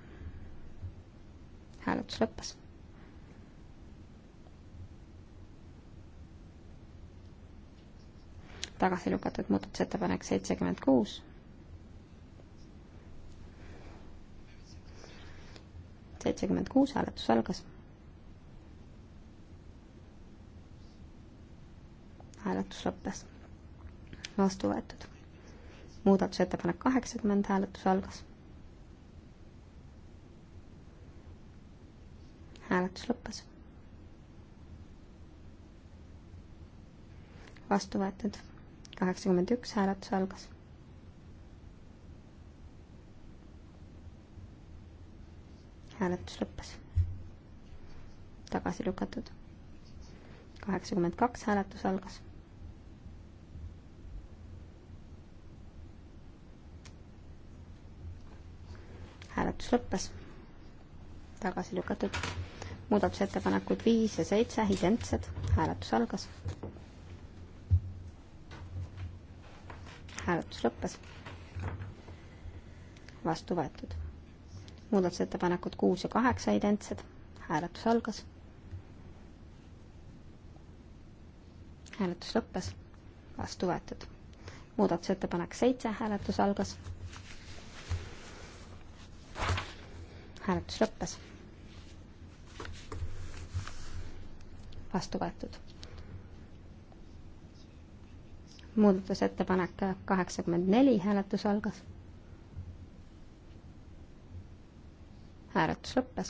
hääletus lõppes. tagasi lükatud muudatusettepanek seitsekümmend kuus seitsekümmend kuus hääletus algas. hääletus lõppes. vastu võetud. muudatusettepanek kaheksakümmend hääletus algas. hääletus lõppes. vastu võetud. kaheksakümmend üks hääletus algas hääletus lõppes. tagasi lükatud. kaheksakümmend kaks hääletus algas. hääletus lõppes. tagasi lükatud. muudatusettepanekud viis ja seitse identsed, hääletus algas. hääletus lõppes. vastu võetud muudatusettepanekud kuus ja kaheksa identsed, hääletus algas. hääletus lõppes, vastu võetud. muudatusettepanek seitse, hääletus algas. hääletus lõppes, vastu võetud. muudatusettepanek kaheksakümmend neli, hääletus algas hääletus lõppes.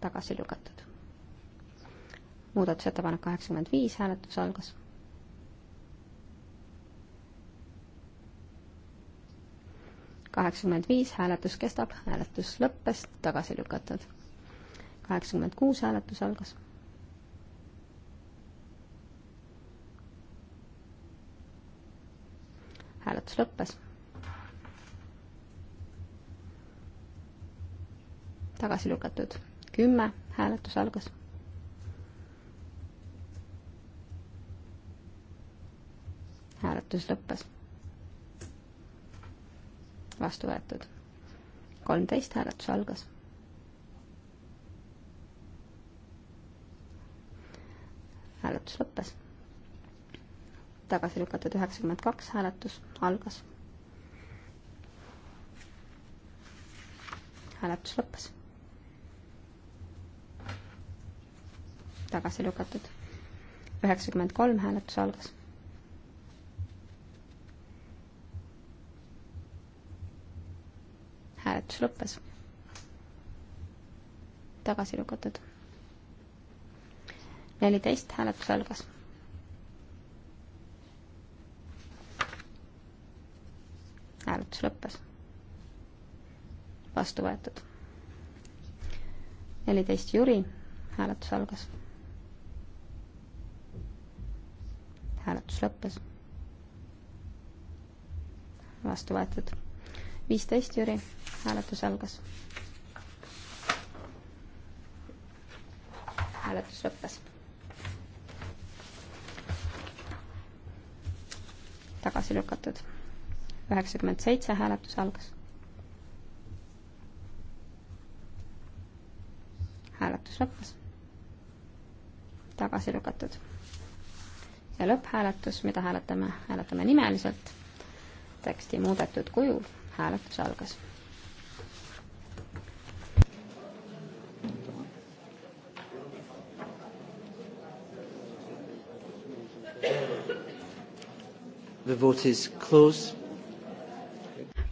tagasi lükatud. muudatusettepanek kaheksakümmend viis, hääletus algas. kaheksakümmend viis, hääletus kestab, hääletus lõppes, tagasi lükatud. kaheksakümmend kuus, hääletus algas hääletus lõppes tagasi lükatud. kümme, hääletus algas. hääletus lõppes. vastu võetud. kolmteist, hääletus algas. hääletus lõppes. tagasi lükatud üheksakümmend kaks, hääletus algas hääletus lõppes tagasi lükatud. üheksakümmend kolm hääletus algas. hääletus lõppes. tagasi lükatud. neliteist hääletus algas. hääletus lõppes. vastu võetud. neliteist Jüri, hääletus algas hääletus lõppes. vastu võetud. viisteist Jüri, hääletus algas. hääletus lõppes. tagasi lükatud. üheksakümmend seitse hääletus algas. hääletus lõppes. tagasi lükatud ja lõpphääletus, mida hääletame, hääletame nimeliselt. teksti muudetud kujul hääletus algas. The vote is closed.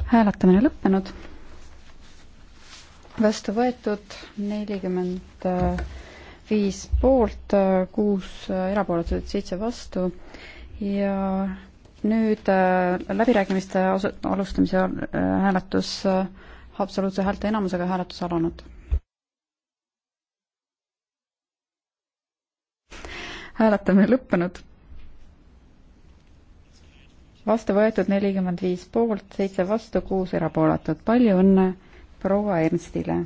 hääletamine lõppenud. vastu võetud nelikümmend 40 viis poolt, kuus erapooletut, seitse vastu ja nüüd äh, läbirääkimiste alustamise äh, hääletus äh, absoluutse häälteenamusega hääletus alanud. hääletamine lõppenud. vastu võetud nelikümmend viis poolt, seitse vastu, kuus erapooletut. palju õnne proua Ernstile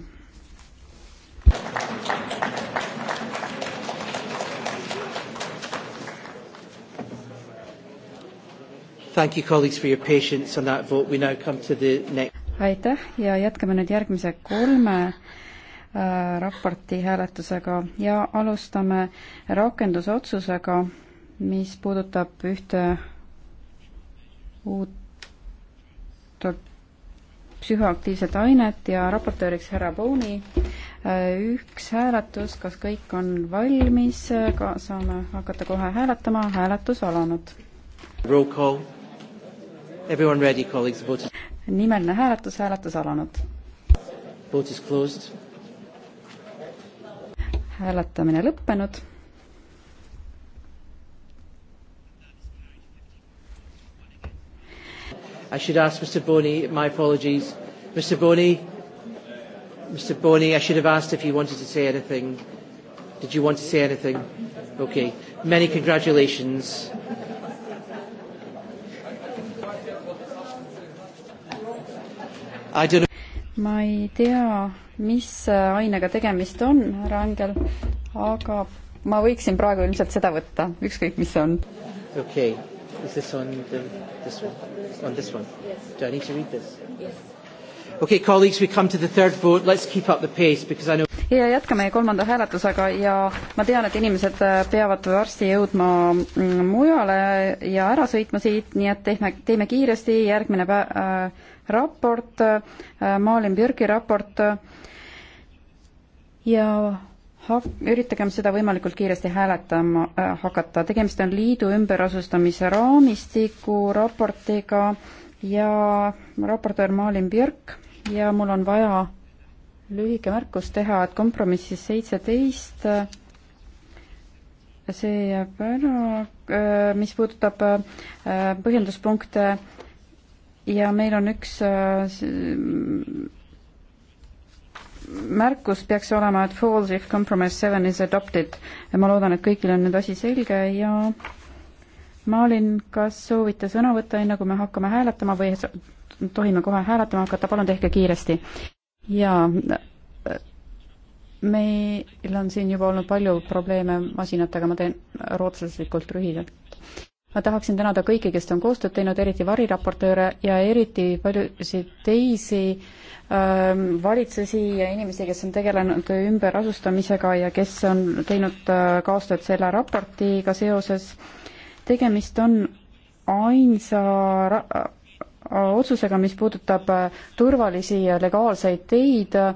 Thank you, colleagues, for your patience on that vote. We now come to the next. aitäh ja jätkame nüüd järgmise kolme äh, raporti hääletusega ja alustame rakendusotsusega, mis puudutab ühte uut psühhoaktiivset ainet ja raportööriks härra Booni. Äh, üks hääletus, kas kõik on valmis, ka saame hakata kohe hääletama, hääletus alanud. Roll call. Everyone ready, colleagues, vote. nimeline hääletus, hääletus alanud. Vote is closed. hääletamine lõppenud. I should ask Mr Boney, my apologies. Mr Boney, Mr Boney, I should have asked if you wanted to say anything. Did you want to say anything? Okay. Many congratulations. ma ei tea, mis ainega tegemist on, härra Angel, aga ma võiksin praegu ilmselt seda võtta, ükskõik mis see on. okei okay., is this on the, this one, on this one yes.? Do I need to read this yes.? Okay, colleagues, we come to the third vote. Let's keep up the pace because I know ja jätkame kolmanda hääletusega ja ma tean, et inimesed äh, peavad varsti jõudma mm, mujale ja ära sõitma siit, nii et teeme, teeme kiiresti, järgmine päev äh, raport, äh, Malin Björgi raport ja hak-, üritagem seda võimalikult kiiresti hääletama äh, hakata. tegemist on liidu ümberasustamise raamistiku raportiga ja raportöör Malin Björk ja mul on vaja lühike märkus teha, et kompromissis seitseteist äh, see jääb ära, äh, mis puudutab põhjenduspunkte ja meil on üks äh, märkus peaks olema, et falls if compromise seven is adopted. ma loodan, et kõigil on nüüd asi selge ja Maalin, kas soovite sõna võtta, enne kui me hakkame hääletama või tohime kohe hääletama hakata, palun tehke kiiresti. jaa, äh, meil on siin juba olnud palju probleeme masinatega, ma teen rootslaslikult lühidalt ma tahaksin tänada kõiki, kes on koostööd teinud, eriti variraportööre ja eriti paljusid teisi ähm, valitsusi ja inimesi, kes on tegelenud ümberasustamisega ja kes on teinud äh, kaastööd selle raportiga seoses. tegemist on ainsa ra-, äh, otsusega, mis puudutab äh, turvalisi ja legaalseid teid äh,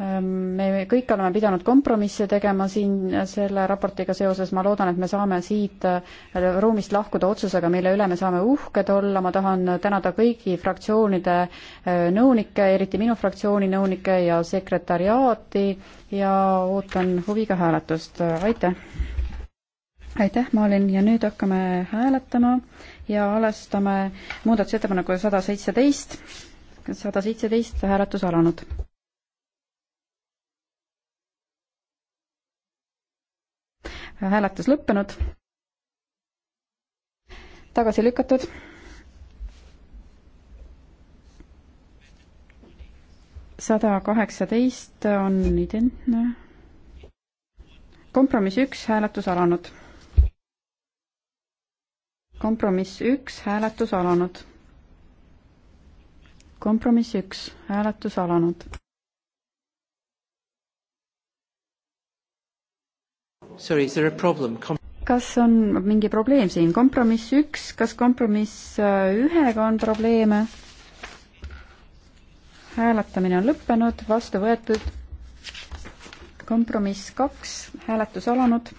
Ehm, me kõik oleme pidanud kompromisse tegema siin selle raportiga seoses, ma loodan, et me saame siit äh, ruumist lahkuda otsusega, mille üle me saame uhked olla, ma tahan tänada kõigi fraktsioonide äh, nõunikke, eriti minu fraktsiooni nõunikke ja sekretariaati ja ootan huviga hääletust, aitäh! aitäh, Malin, ja nüüd hakkame hääletama ja alustame muudatusettepanekuga sada seitseteist, sada seitseteist hääletus alanud. hääletus lõppenud. tagasi lükatud. sada kaheksateist on identne. kompromiss üks, hääletus alanud. kompromiss üks, hääletus alanud. kompromiss üks, hääletus alanud. kas on mingi probleem siin, kompromiss üks, kas kompromiss äh, ühega on probleeme? hääletamine on lõppenud, vastu võetud. kompromiss kaks, hääletus alanud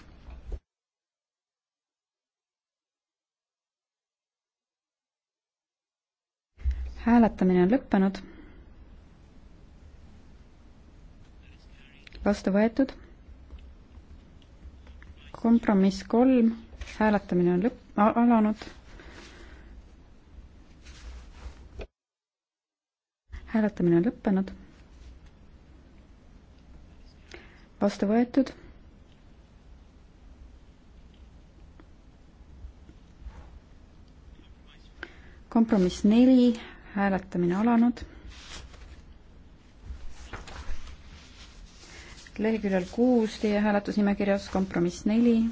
hääletamine on lõppenud. vastu võetud kompromiss kolm, hääletamine on lõpp, alanud. hääletamine on lõppenud. vastu võetud kompromiss neli, hääletamine alanud leheküljel kuus teie hääletusnimekirjas kompromiss neli.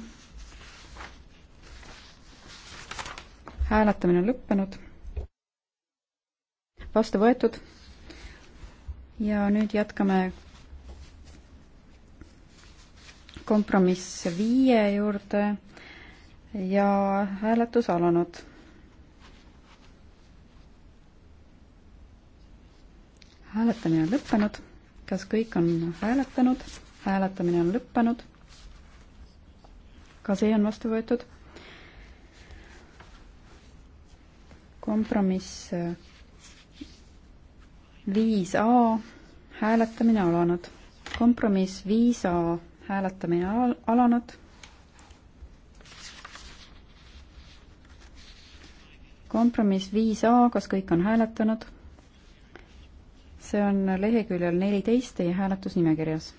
hääletamine on lõppenud. vastu võetud. ja nüüd jätkame kompromiss viie juurde ja hääletus alanud hääletamine on lõppenud kas kõik on hääletanud? hääletamine on lõppenud. ka see on vastu võetud. kompromiss äh, viis A, hääletamine alanud. kompromiss viis A, hääletamine al-, alanud. kompromiss viis A, kas kõik on hääletanud? see on leheküljel neliteist teie hääletusnimekirjas.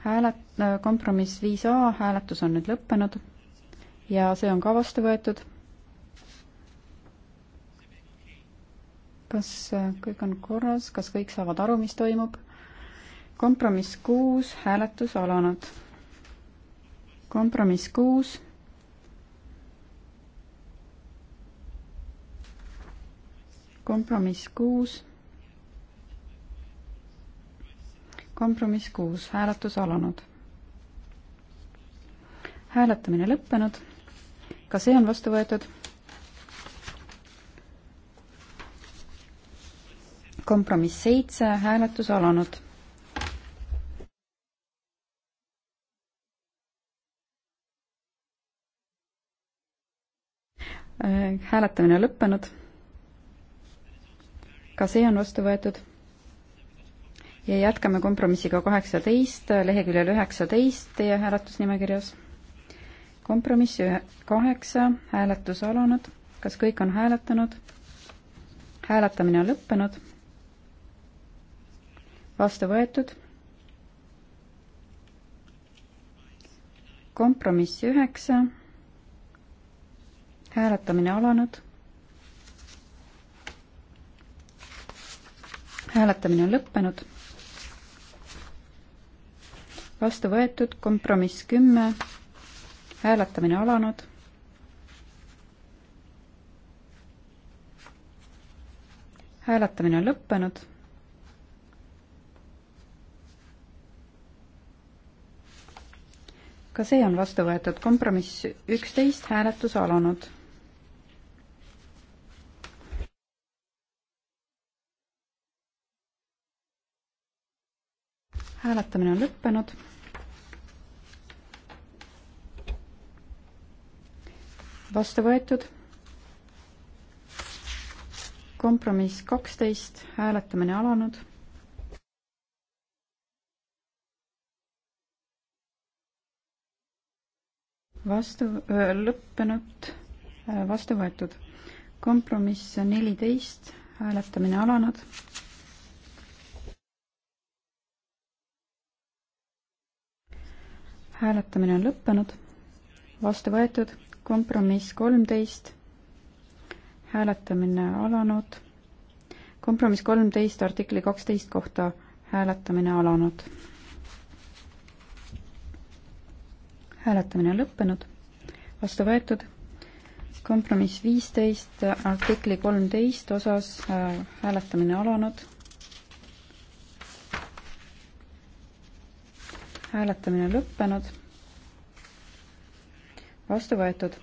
Häälet-, äh, kompromiss viis A, hääletus on nüüd lõppenud ja see on ka vastu võetud. kas äh, kõik on korras, kas kõik saavad aru, mis toimub? kompromiss kuus, hääletus alanud. kompromiss kuus kompromiss kuus. kompromiss kuus, hääletus alanud. hääletamine lõppenud. ka see on vastu võetud. kompromiss seitse, hääletus alanud äh, hääletamine lõppenud. ka see on vastu võetud ja jätkame kompromissiga kaheksateist, leheküljel üheksateist teie hääletusnimekirjas. kompromiss ühe, kaheksa, hääletus alanud, kas kõik on hääletanud? hääletamine on lõppenud. vastu võetud. kompromiss üheksa, hääletamine alanud hääletamine on lõppenud vastu võetud, kompromiss kümme, hääletamine alanud. hääletamine on lõppenud. ka see on vastu võetud, kompromiss üksteist, hääletus alanud hääletamine on lõppenud. vastu võetud. kompromiss kaksteist, hääletamine alanud. vastu, lõppenud, vastu võetud. kompromiss neliteist, hääletamine alanud hääletamine on lõppenud, vastu võetud, kompromiss kolmteist, hääletamine alanud, kompromiss kolmteist artikli kaksteist kohta hääletamine alanud. hääletamine on lõppenud, vastu võetud, kompromiss viisteist artikli kolmteist osas äh, hääletamine alanud hääletamine lõppenud. vastu võetud.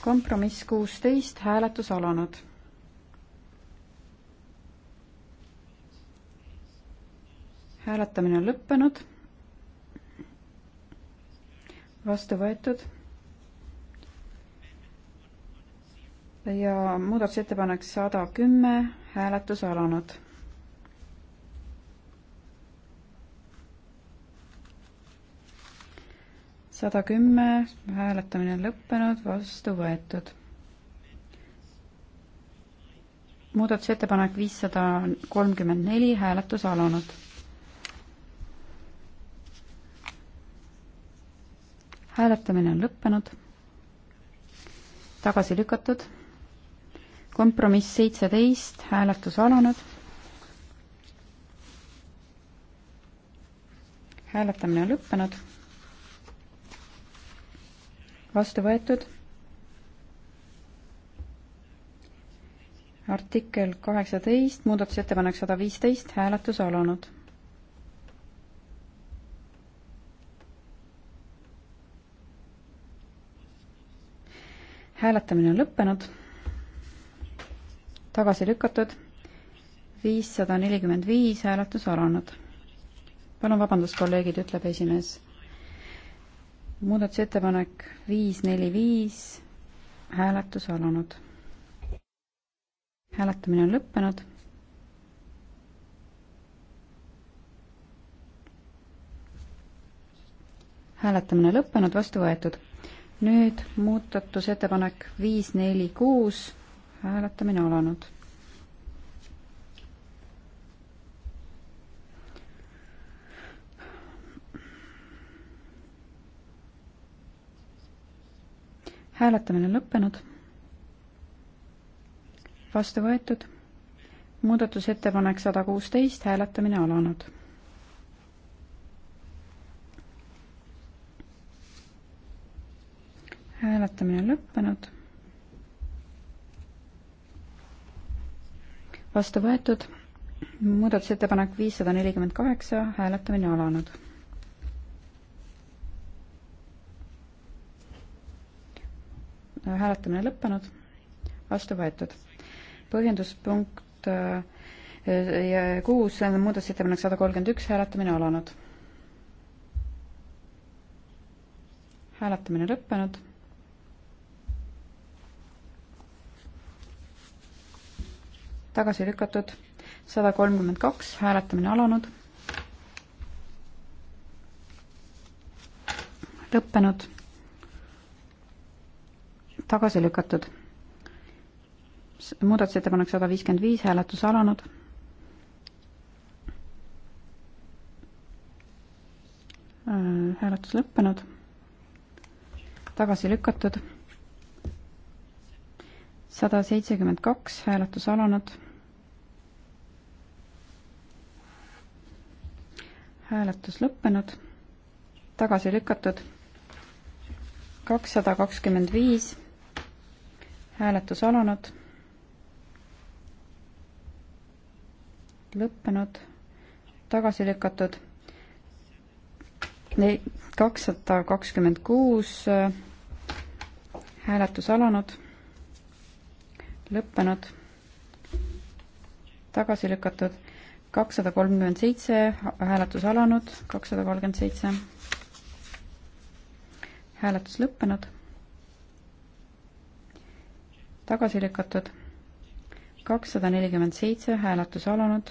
kompromiss kuusteist, hääletus alanud. hääletamine on lõppenud. vastu võetud ja muudatusettepanek sada kümme, hääletus alanud sada kümme, hääletamine on lõppenud, vastu võetud. muudatusettepanek viissada kolmkümmend neli, hääletus alanud. hääletamine on lõppenud, tagasi lükatud, kompromiss seitseteist, hääletus alanud hääletamine on lõppenud vastu võetud. artikkel kaheksateist, muudatusettepanek sada viisteist, hääletus alanud. hääletamine on lõppenud, tagasi lükatud, viissada nelikümmend viis hääletus alanud. palun vabandust, kolleegid, ütleb esimees muudatusettepanek viis, neli, viis, hääletus alanud. hääletamine on lõppenud. hääletamine lõppenud, vastu võetud. nüüd muudatusettepanek viis, neli, kuus, hääletamine alanud hääletamine on lõppenud. vastu võetud. muudatusettepanek sada kuusteist, hääletamine alanud hääletamine on lõppenud. vastu võetud muudatusettepanek viissada nelikümmend kaheksa, hääletamine alanud hääletamine lõppenud, vastu võetud. põhjenduspunkt äh, kuus, muudatusettepanek sada kolmkümmend üks, hääletamine alanud. hääletamine lõppenud. tagasi lükatud sada kolmkümmend kaks, hääletamine alanud lõppenud tagasi lükatud. muudatusettepanek sada viiskümmend viis, hääletus alanud. Äh, hääletus lõppenud. tagasi lükatud. sada seitsekümmend kaks, hääletus alanud. hääletus lõppenud. tagasi lükatud. kakssada kakskümmend viis hääletus alanud. lõppenud, tagasi lükatud. kakssada kakskümmend kuus hääletus alanud, lõppenud, tagasi lükatud, kakssada kolmkümmend seitse hääletus alanud, kakssada kolmkümmend seitse hääletus lõppenud tagasi lükatud, kakssada nelikümmend seitse, hääletus alanud.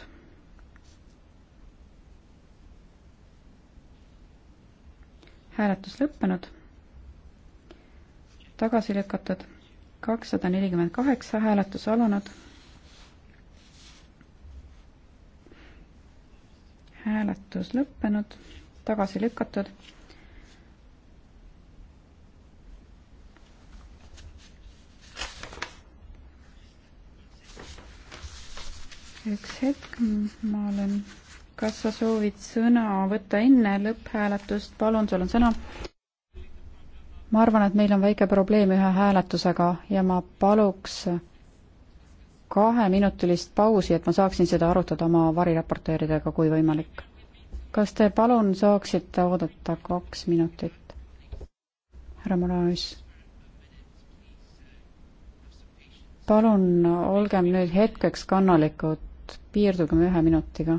hääletus lõppenud, tagasi lükatud, kakssada nelikümmend kaheksa, hääletus alanud. hääletus lõppenud, tagasi lükatud üks hetk, ma olen, kas sa soovid sõna võtta enne lõpphääletust, palun, sul on sõna. ma arvan, et meil on väike probleem ühe hääletusega ja ma paluks kaheminutilist pausi, et ma saaksin seda arutada oma variraportööridega, kui võimalik. kas te palun saaksite oodata kaks minutit? härra Mulanis. palun olgem nüüd hetkeks kannalikud minut, piirdugem ühe minutiga.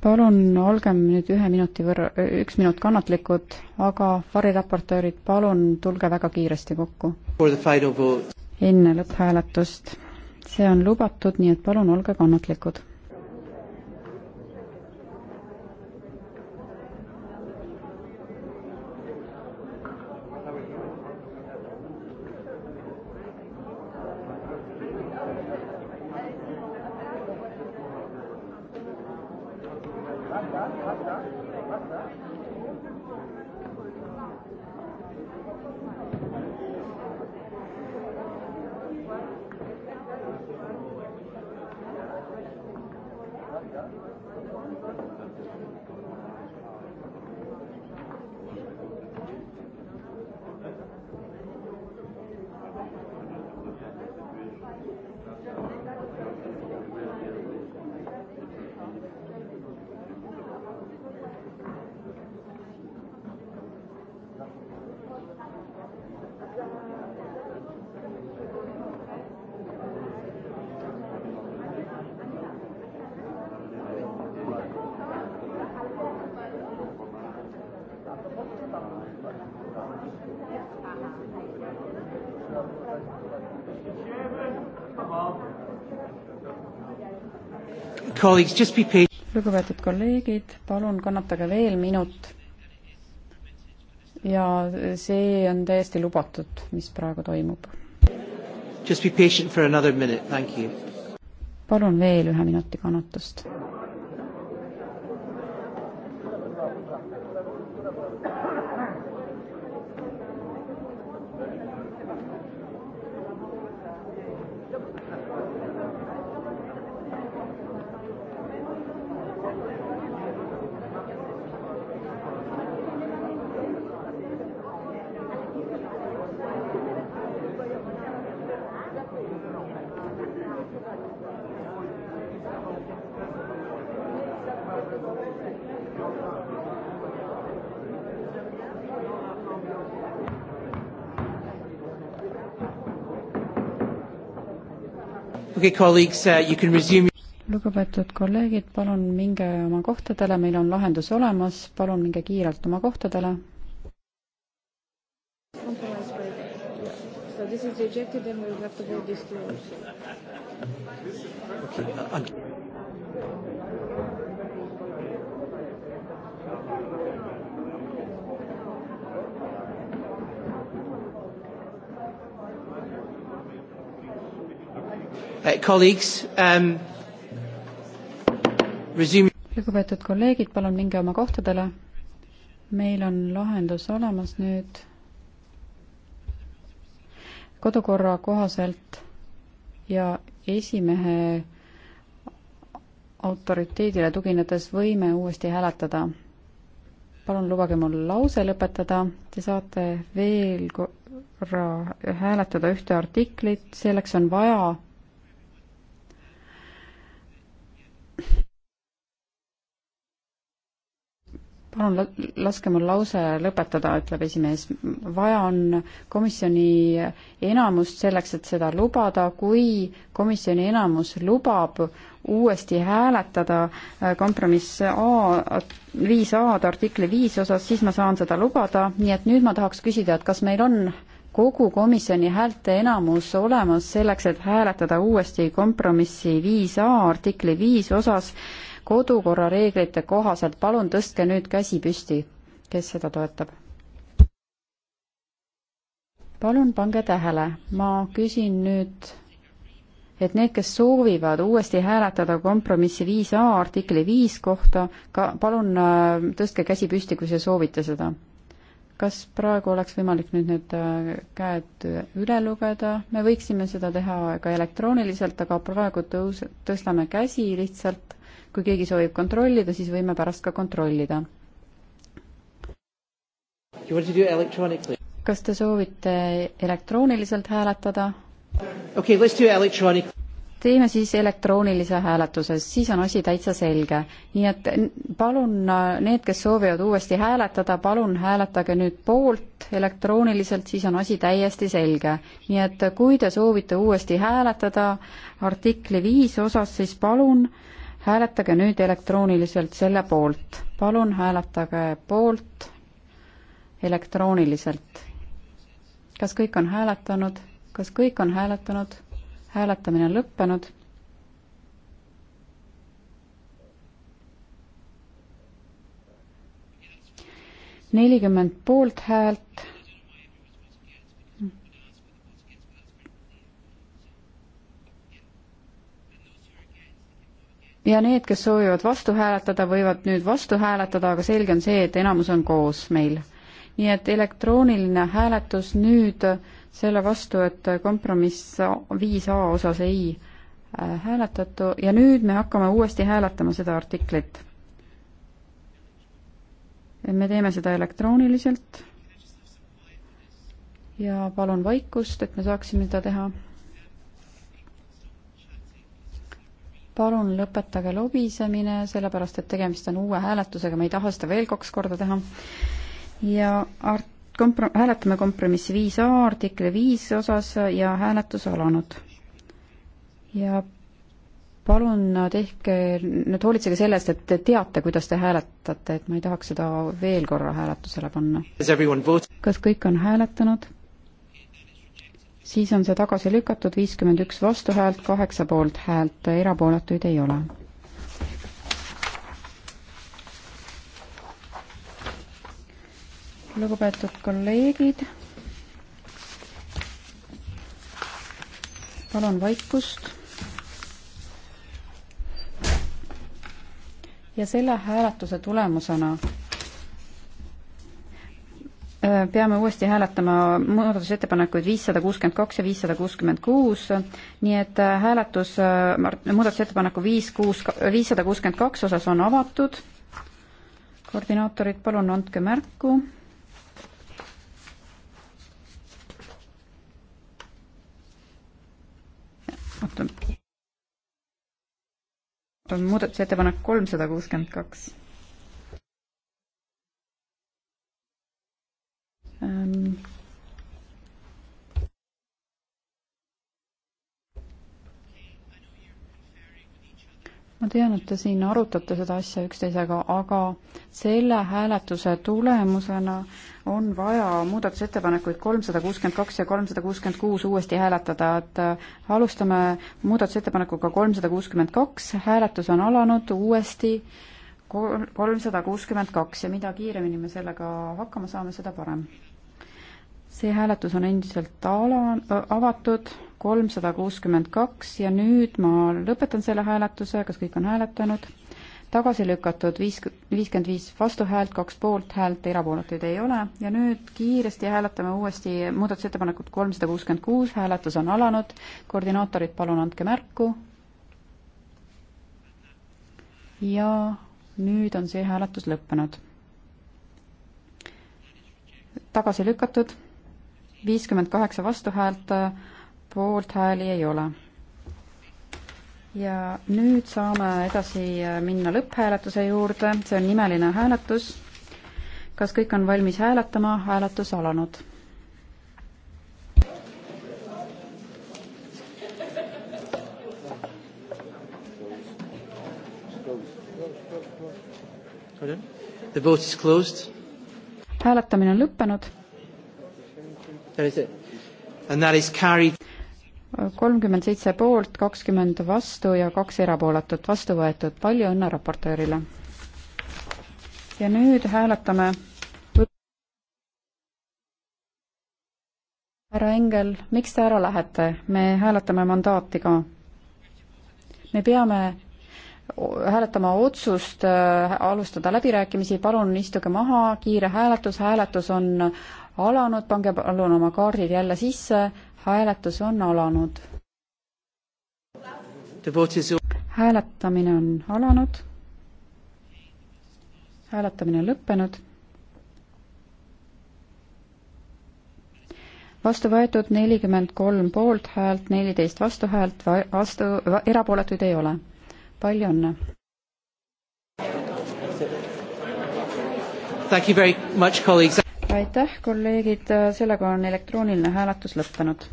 palun olgem nüüd ühe minuti võrra, üks minut kannatlikud, aga variraportöörid, palun tulge väga kiiresti kokku. enne lõpphääletust. see on lubatud, nii et palun olge kannatlikud lugupeetud kolleegid, palun kannatage veel minut. ja see on täiesti lubatud, mis praegu toimub. palun veel ühe minuti kannatust okay, colleagues, uh, you can resume lugupeetud kolleegid, palun minge oma kohtadele, meil on lahendus olemas, palun minge kiirelt oma kohtadele. So this is rejected and we will have to vote this through. Okay. Uh, colleagues, um, resume... lugupeetud kolleegid, palun minge oma kohtadele. meil on lahendus olemas nüüd. kodukorra kohaselt ja esimehe autoriteedile tuginedes võime uuesti hääletada. palun lubage mul lause lõpetada, te saate veel korra hääletada ühte artiklit, selleks on vaja palun laske mul lause lõpetada, ütleb esimees. vaja on komisjoni enamust selleks, et seda lubada, kui komisjoni enamus lubab uuesti hääletada äh, kompromiss A, viis A-d artikli viis osas, siis ma saan seda lubada, nii et nüüd ma tahaks küsida, et kas meil on kogu komisjoni häälte enamus olemas selleks, et hääletada uuesti kompromissi viis A artikli viis osas äh, kodukorra reeglite kohaselt, palun tõstke nüüd käsi püsti, kes seda toetab. palun pange tähele, ma küsin nüüd, et need, kes soovivad uuesti hääletada kompromissi viis A artikli viis kohta, ka palun äh, tõstke käsi püsti, kui te soovite seda. kas praegu oleks võimalik nüüd need äh, käed üle lugeda, me võiksime seda teha ka elektrooniliselt, aga praegu tõus-, tõstame käsi lihtsalt kui keegi soovib kontrollida, siis võime pärast ka kontrollida. kas te soovite elektrooniliselt hääletada okay,? teeme siis elektroonilise hääletuse, siis on asi täitsa selge. nii et palun äh, need, kes soovivad uuesti hääletada, palun hääletage nüüd poolt elektrooniliselt, siis on asi täiesti selge. nii et kui te soovite uuesti hääletada artikli viis osas, siis palun äh, hääletage nüüd elektrooniliselt selle poolt. palun hääletage poolt elektrooniliselt. kas kõik on hääletanud? kas kõik on hääletanud? hääletamine on lõppenud. nelikümmend poolthäält ja need, kes soovivad vastu hääletada, võivad nüüd vastu hääletada, aga selge on see, et enamus on koos meil. nii et elektrooniline hääletus nüüd selle vastu, et kompromiss viis A osas ei äh, hääletatu ja nüüd me hakkame uuesti hääletama seda artiklit. me teeme seda elektrooniliselt. ja palun vaikust, et me saaksime seda teha palun lõpetage lobisemine, sellepärast et tegemist on uue hääletusega, me ei taha seda veel kaks korda teha. ja art-, kompro-, hääletame kompromissi viis A artikli viis osas ja hääletus alanud. ja palun tehke, nüüd hoolitsege selle eest, et te teate, kuidas te hääletate, et ma ei tahaks seda veel korra hääletusele panna. kas kõik on hääletanud? siis on see tagasi lükatud, viiskümmend üks vastuhäält, kaheksa poolthäält, erapooletuid ei ole. lugupeetud kolleegid, palun vaikust. ja selle hääletuse tulemusena Äh, peame uuesti hääletama muudatusettepanekuid viissada kuuskümmend kaks ja viissada kuuskümmend kuus, nii et äh, hääletus äh, muudatusettepaneku viis kuus, viissada kuuskümmend kaks osas on avatud. koordinaatorid, palun andke märku. oota, muudatusettepanek kolmsada kuuskümmend kaks ähm, ma tean, et te siin arutate seda asja üksteisega, aga selle hääletuse tulemusena on vaja muudatusettepanekuid kolmsada kuuskümmend kaks ja kolmsada kuuskümmend kuus uuesti hääletada, et äh, alustame muudatusettepanekuga kolmsada kuuskümmend kaks, hääletus on alanud uuesti kolmsada kuuskümmend kaks ja mida kiiremini me sellega hakkama saame, seda parem see hääletus on endiselt ala, avatud, kolmsada kuuskümmend kaks ja nüüd ma lõpetan selle hääletuse, kas kõik on hääletanud? tagasi lükatud viis, viiskümmend viis vastuhäält, kaks poolthäält, erapooletuid ei ole ja nüüd kiiresti hääletame uuesti muudatusettepanekut kolmsada kuuskümmend kuus, hääletus on alanud, koordinaatorid, palun andke märku. ja nüüd on see hääletus lõppenud. tagasi lükatud viiskümmend kaheksa vastuhäält, poolthääli ei ole. ja nüüd saame edasi minna lõpphääletuse juurde, see on nimeline hääletus. kas kõik on valmis hääletama, hääletus alanud? The vote is closed. hääletamine on lõppenud that is it. And that is carried kolmkümmend seitse poolt, kakskümmend vastu ja kaks erapooletut vastu võetud. palju õnne raportöörile! ja nüüd hääletame härra Engel, miks te ära lähete? me hääletame mandaati ka. me peame hääletama otsust äh, alustada läbirääkimisi, palun istuge maha, kiire hääletus, hääletus on alanud, pange palun oma kaardid jälle sisse, hääletus on alanud. hääletamine on alanud. hääletamine on lõppenud. vastu võetud nelikümmend kolm poolthäält, neliteist vastuhäält, vastu, vastu, erapooletuid ei ole. palju õnne! Thank you very much, colleagues aitäh, kolleegid, sellega on elektrooniline hääletus lõppenud.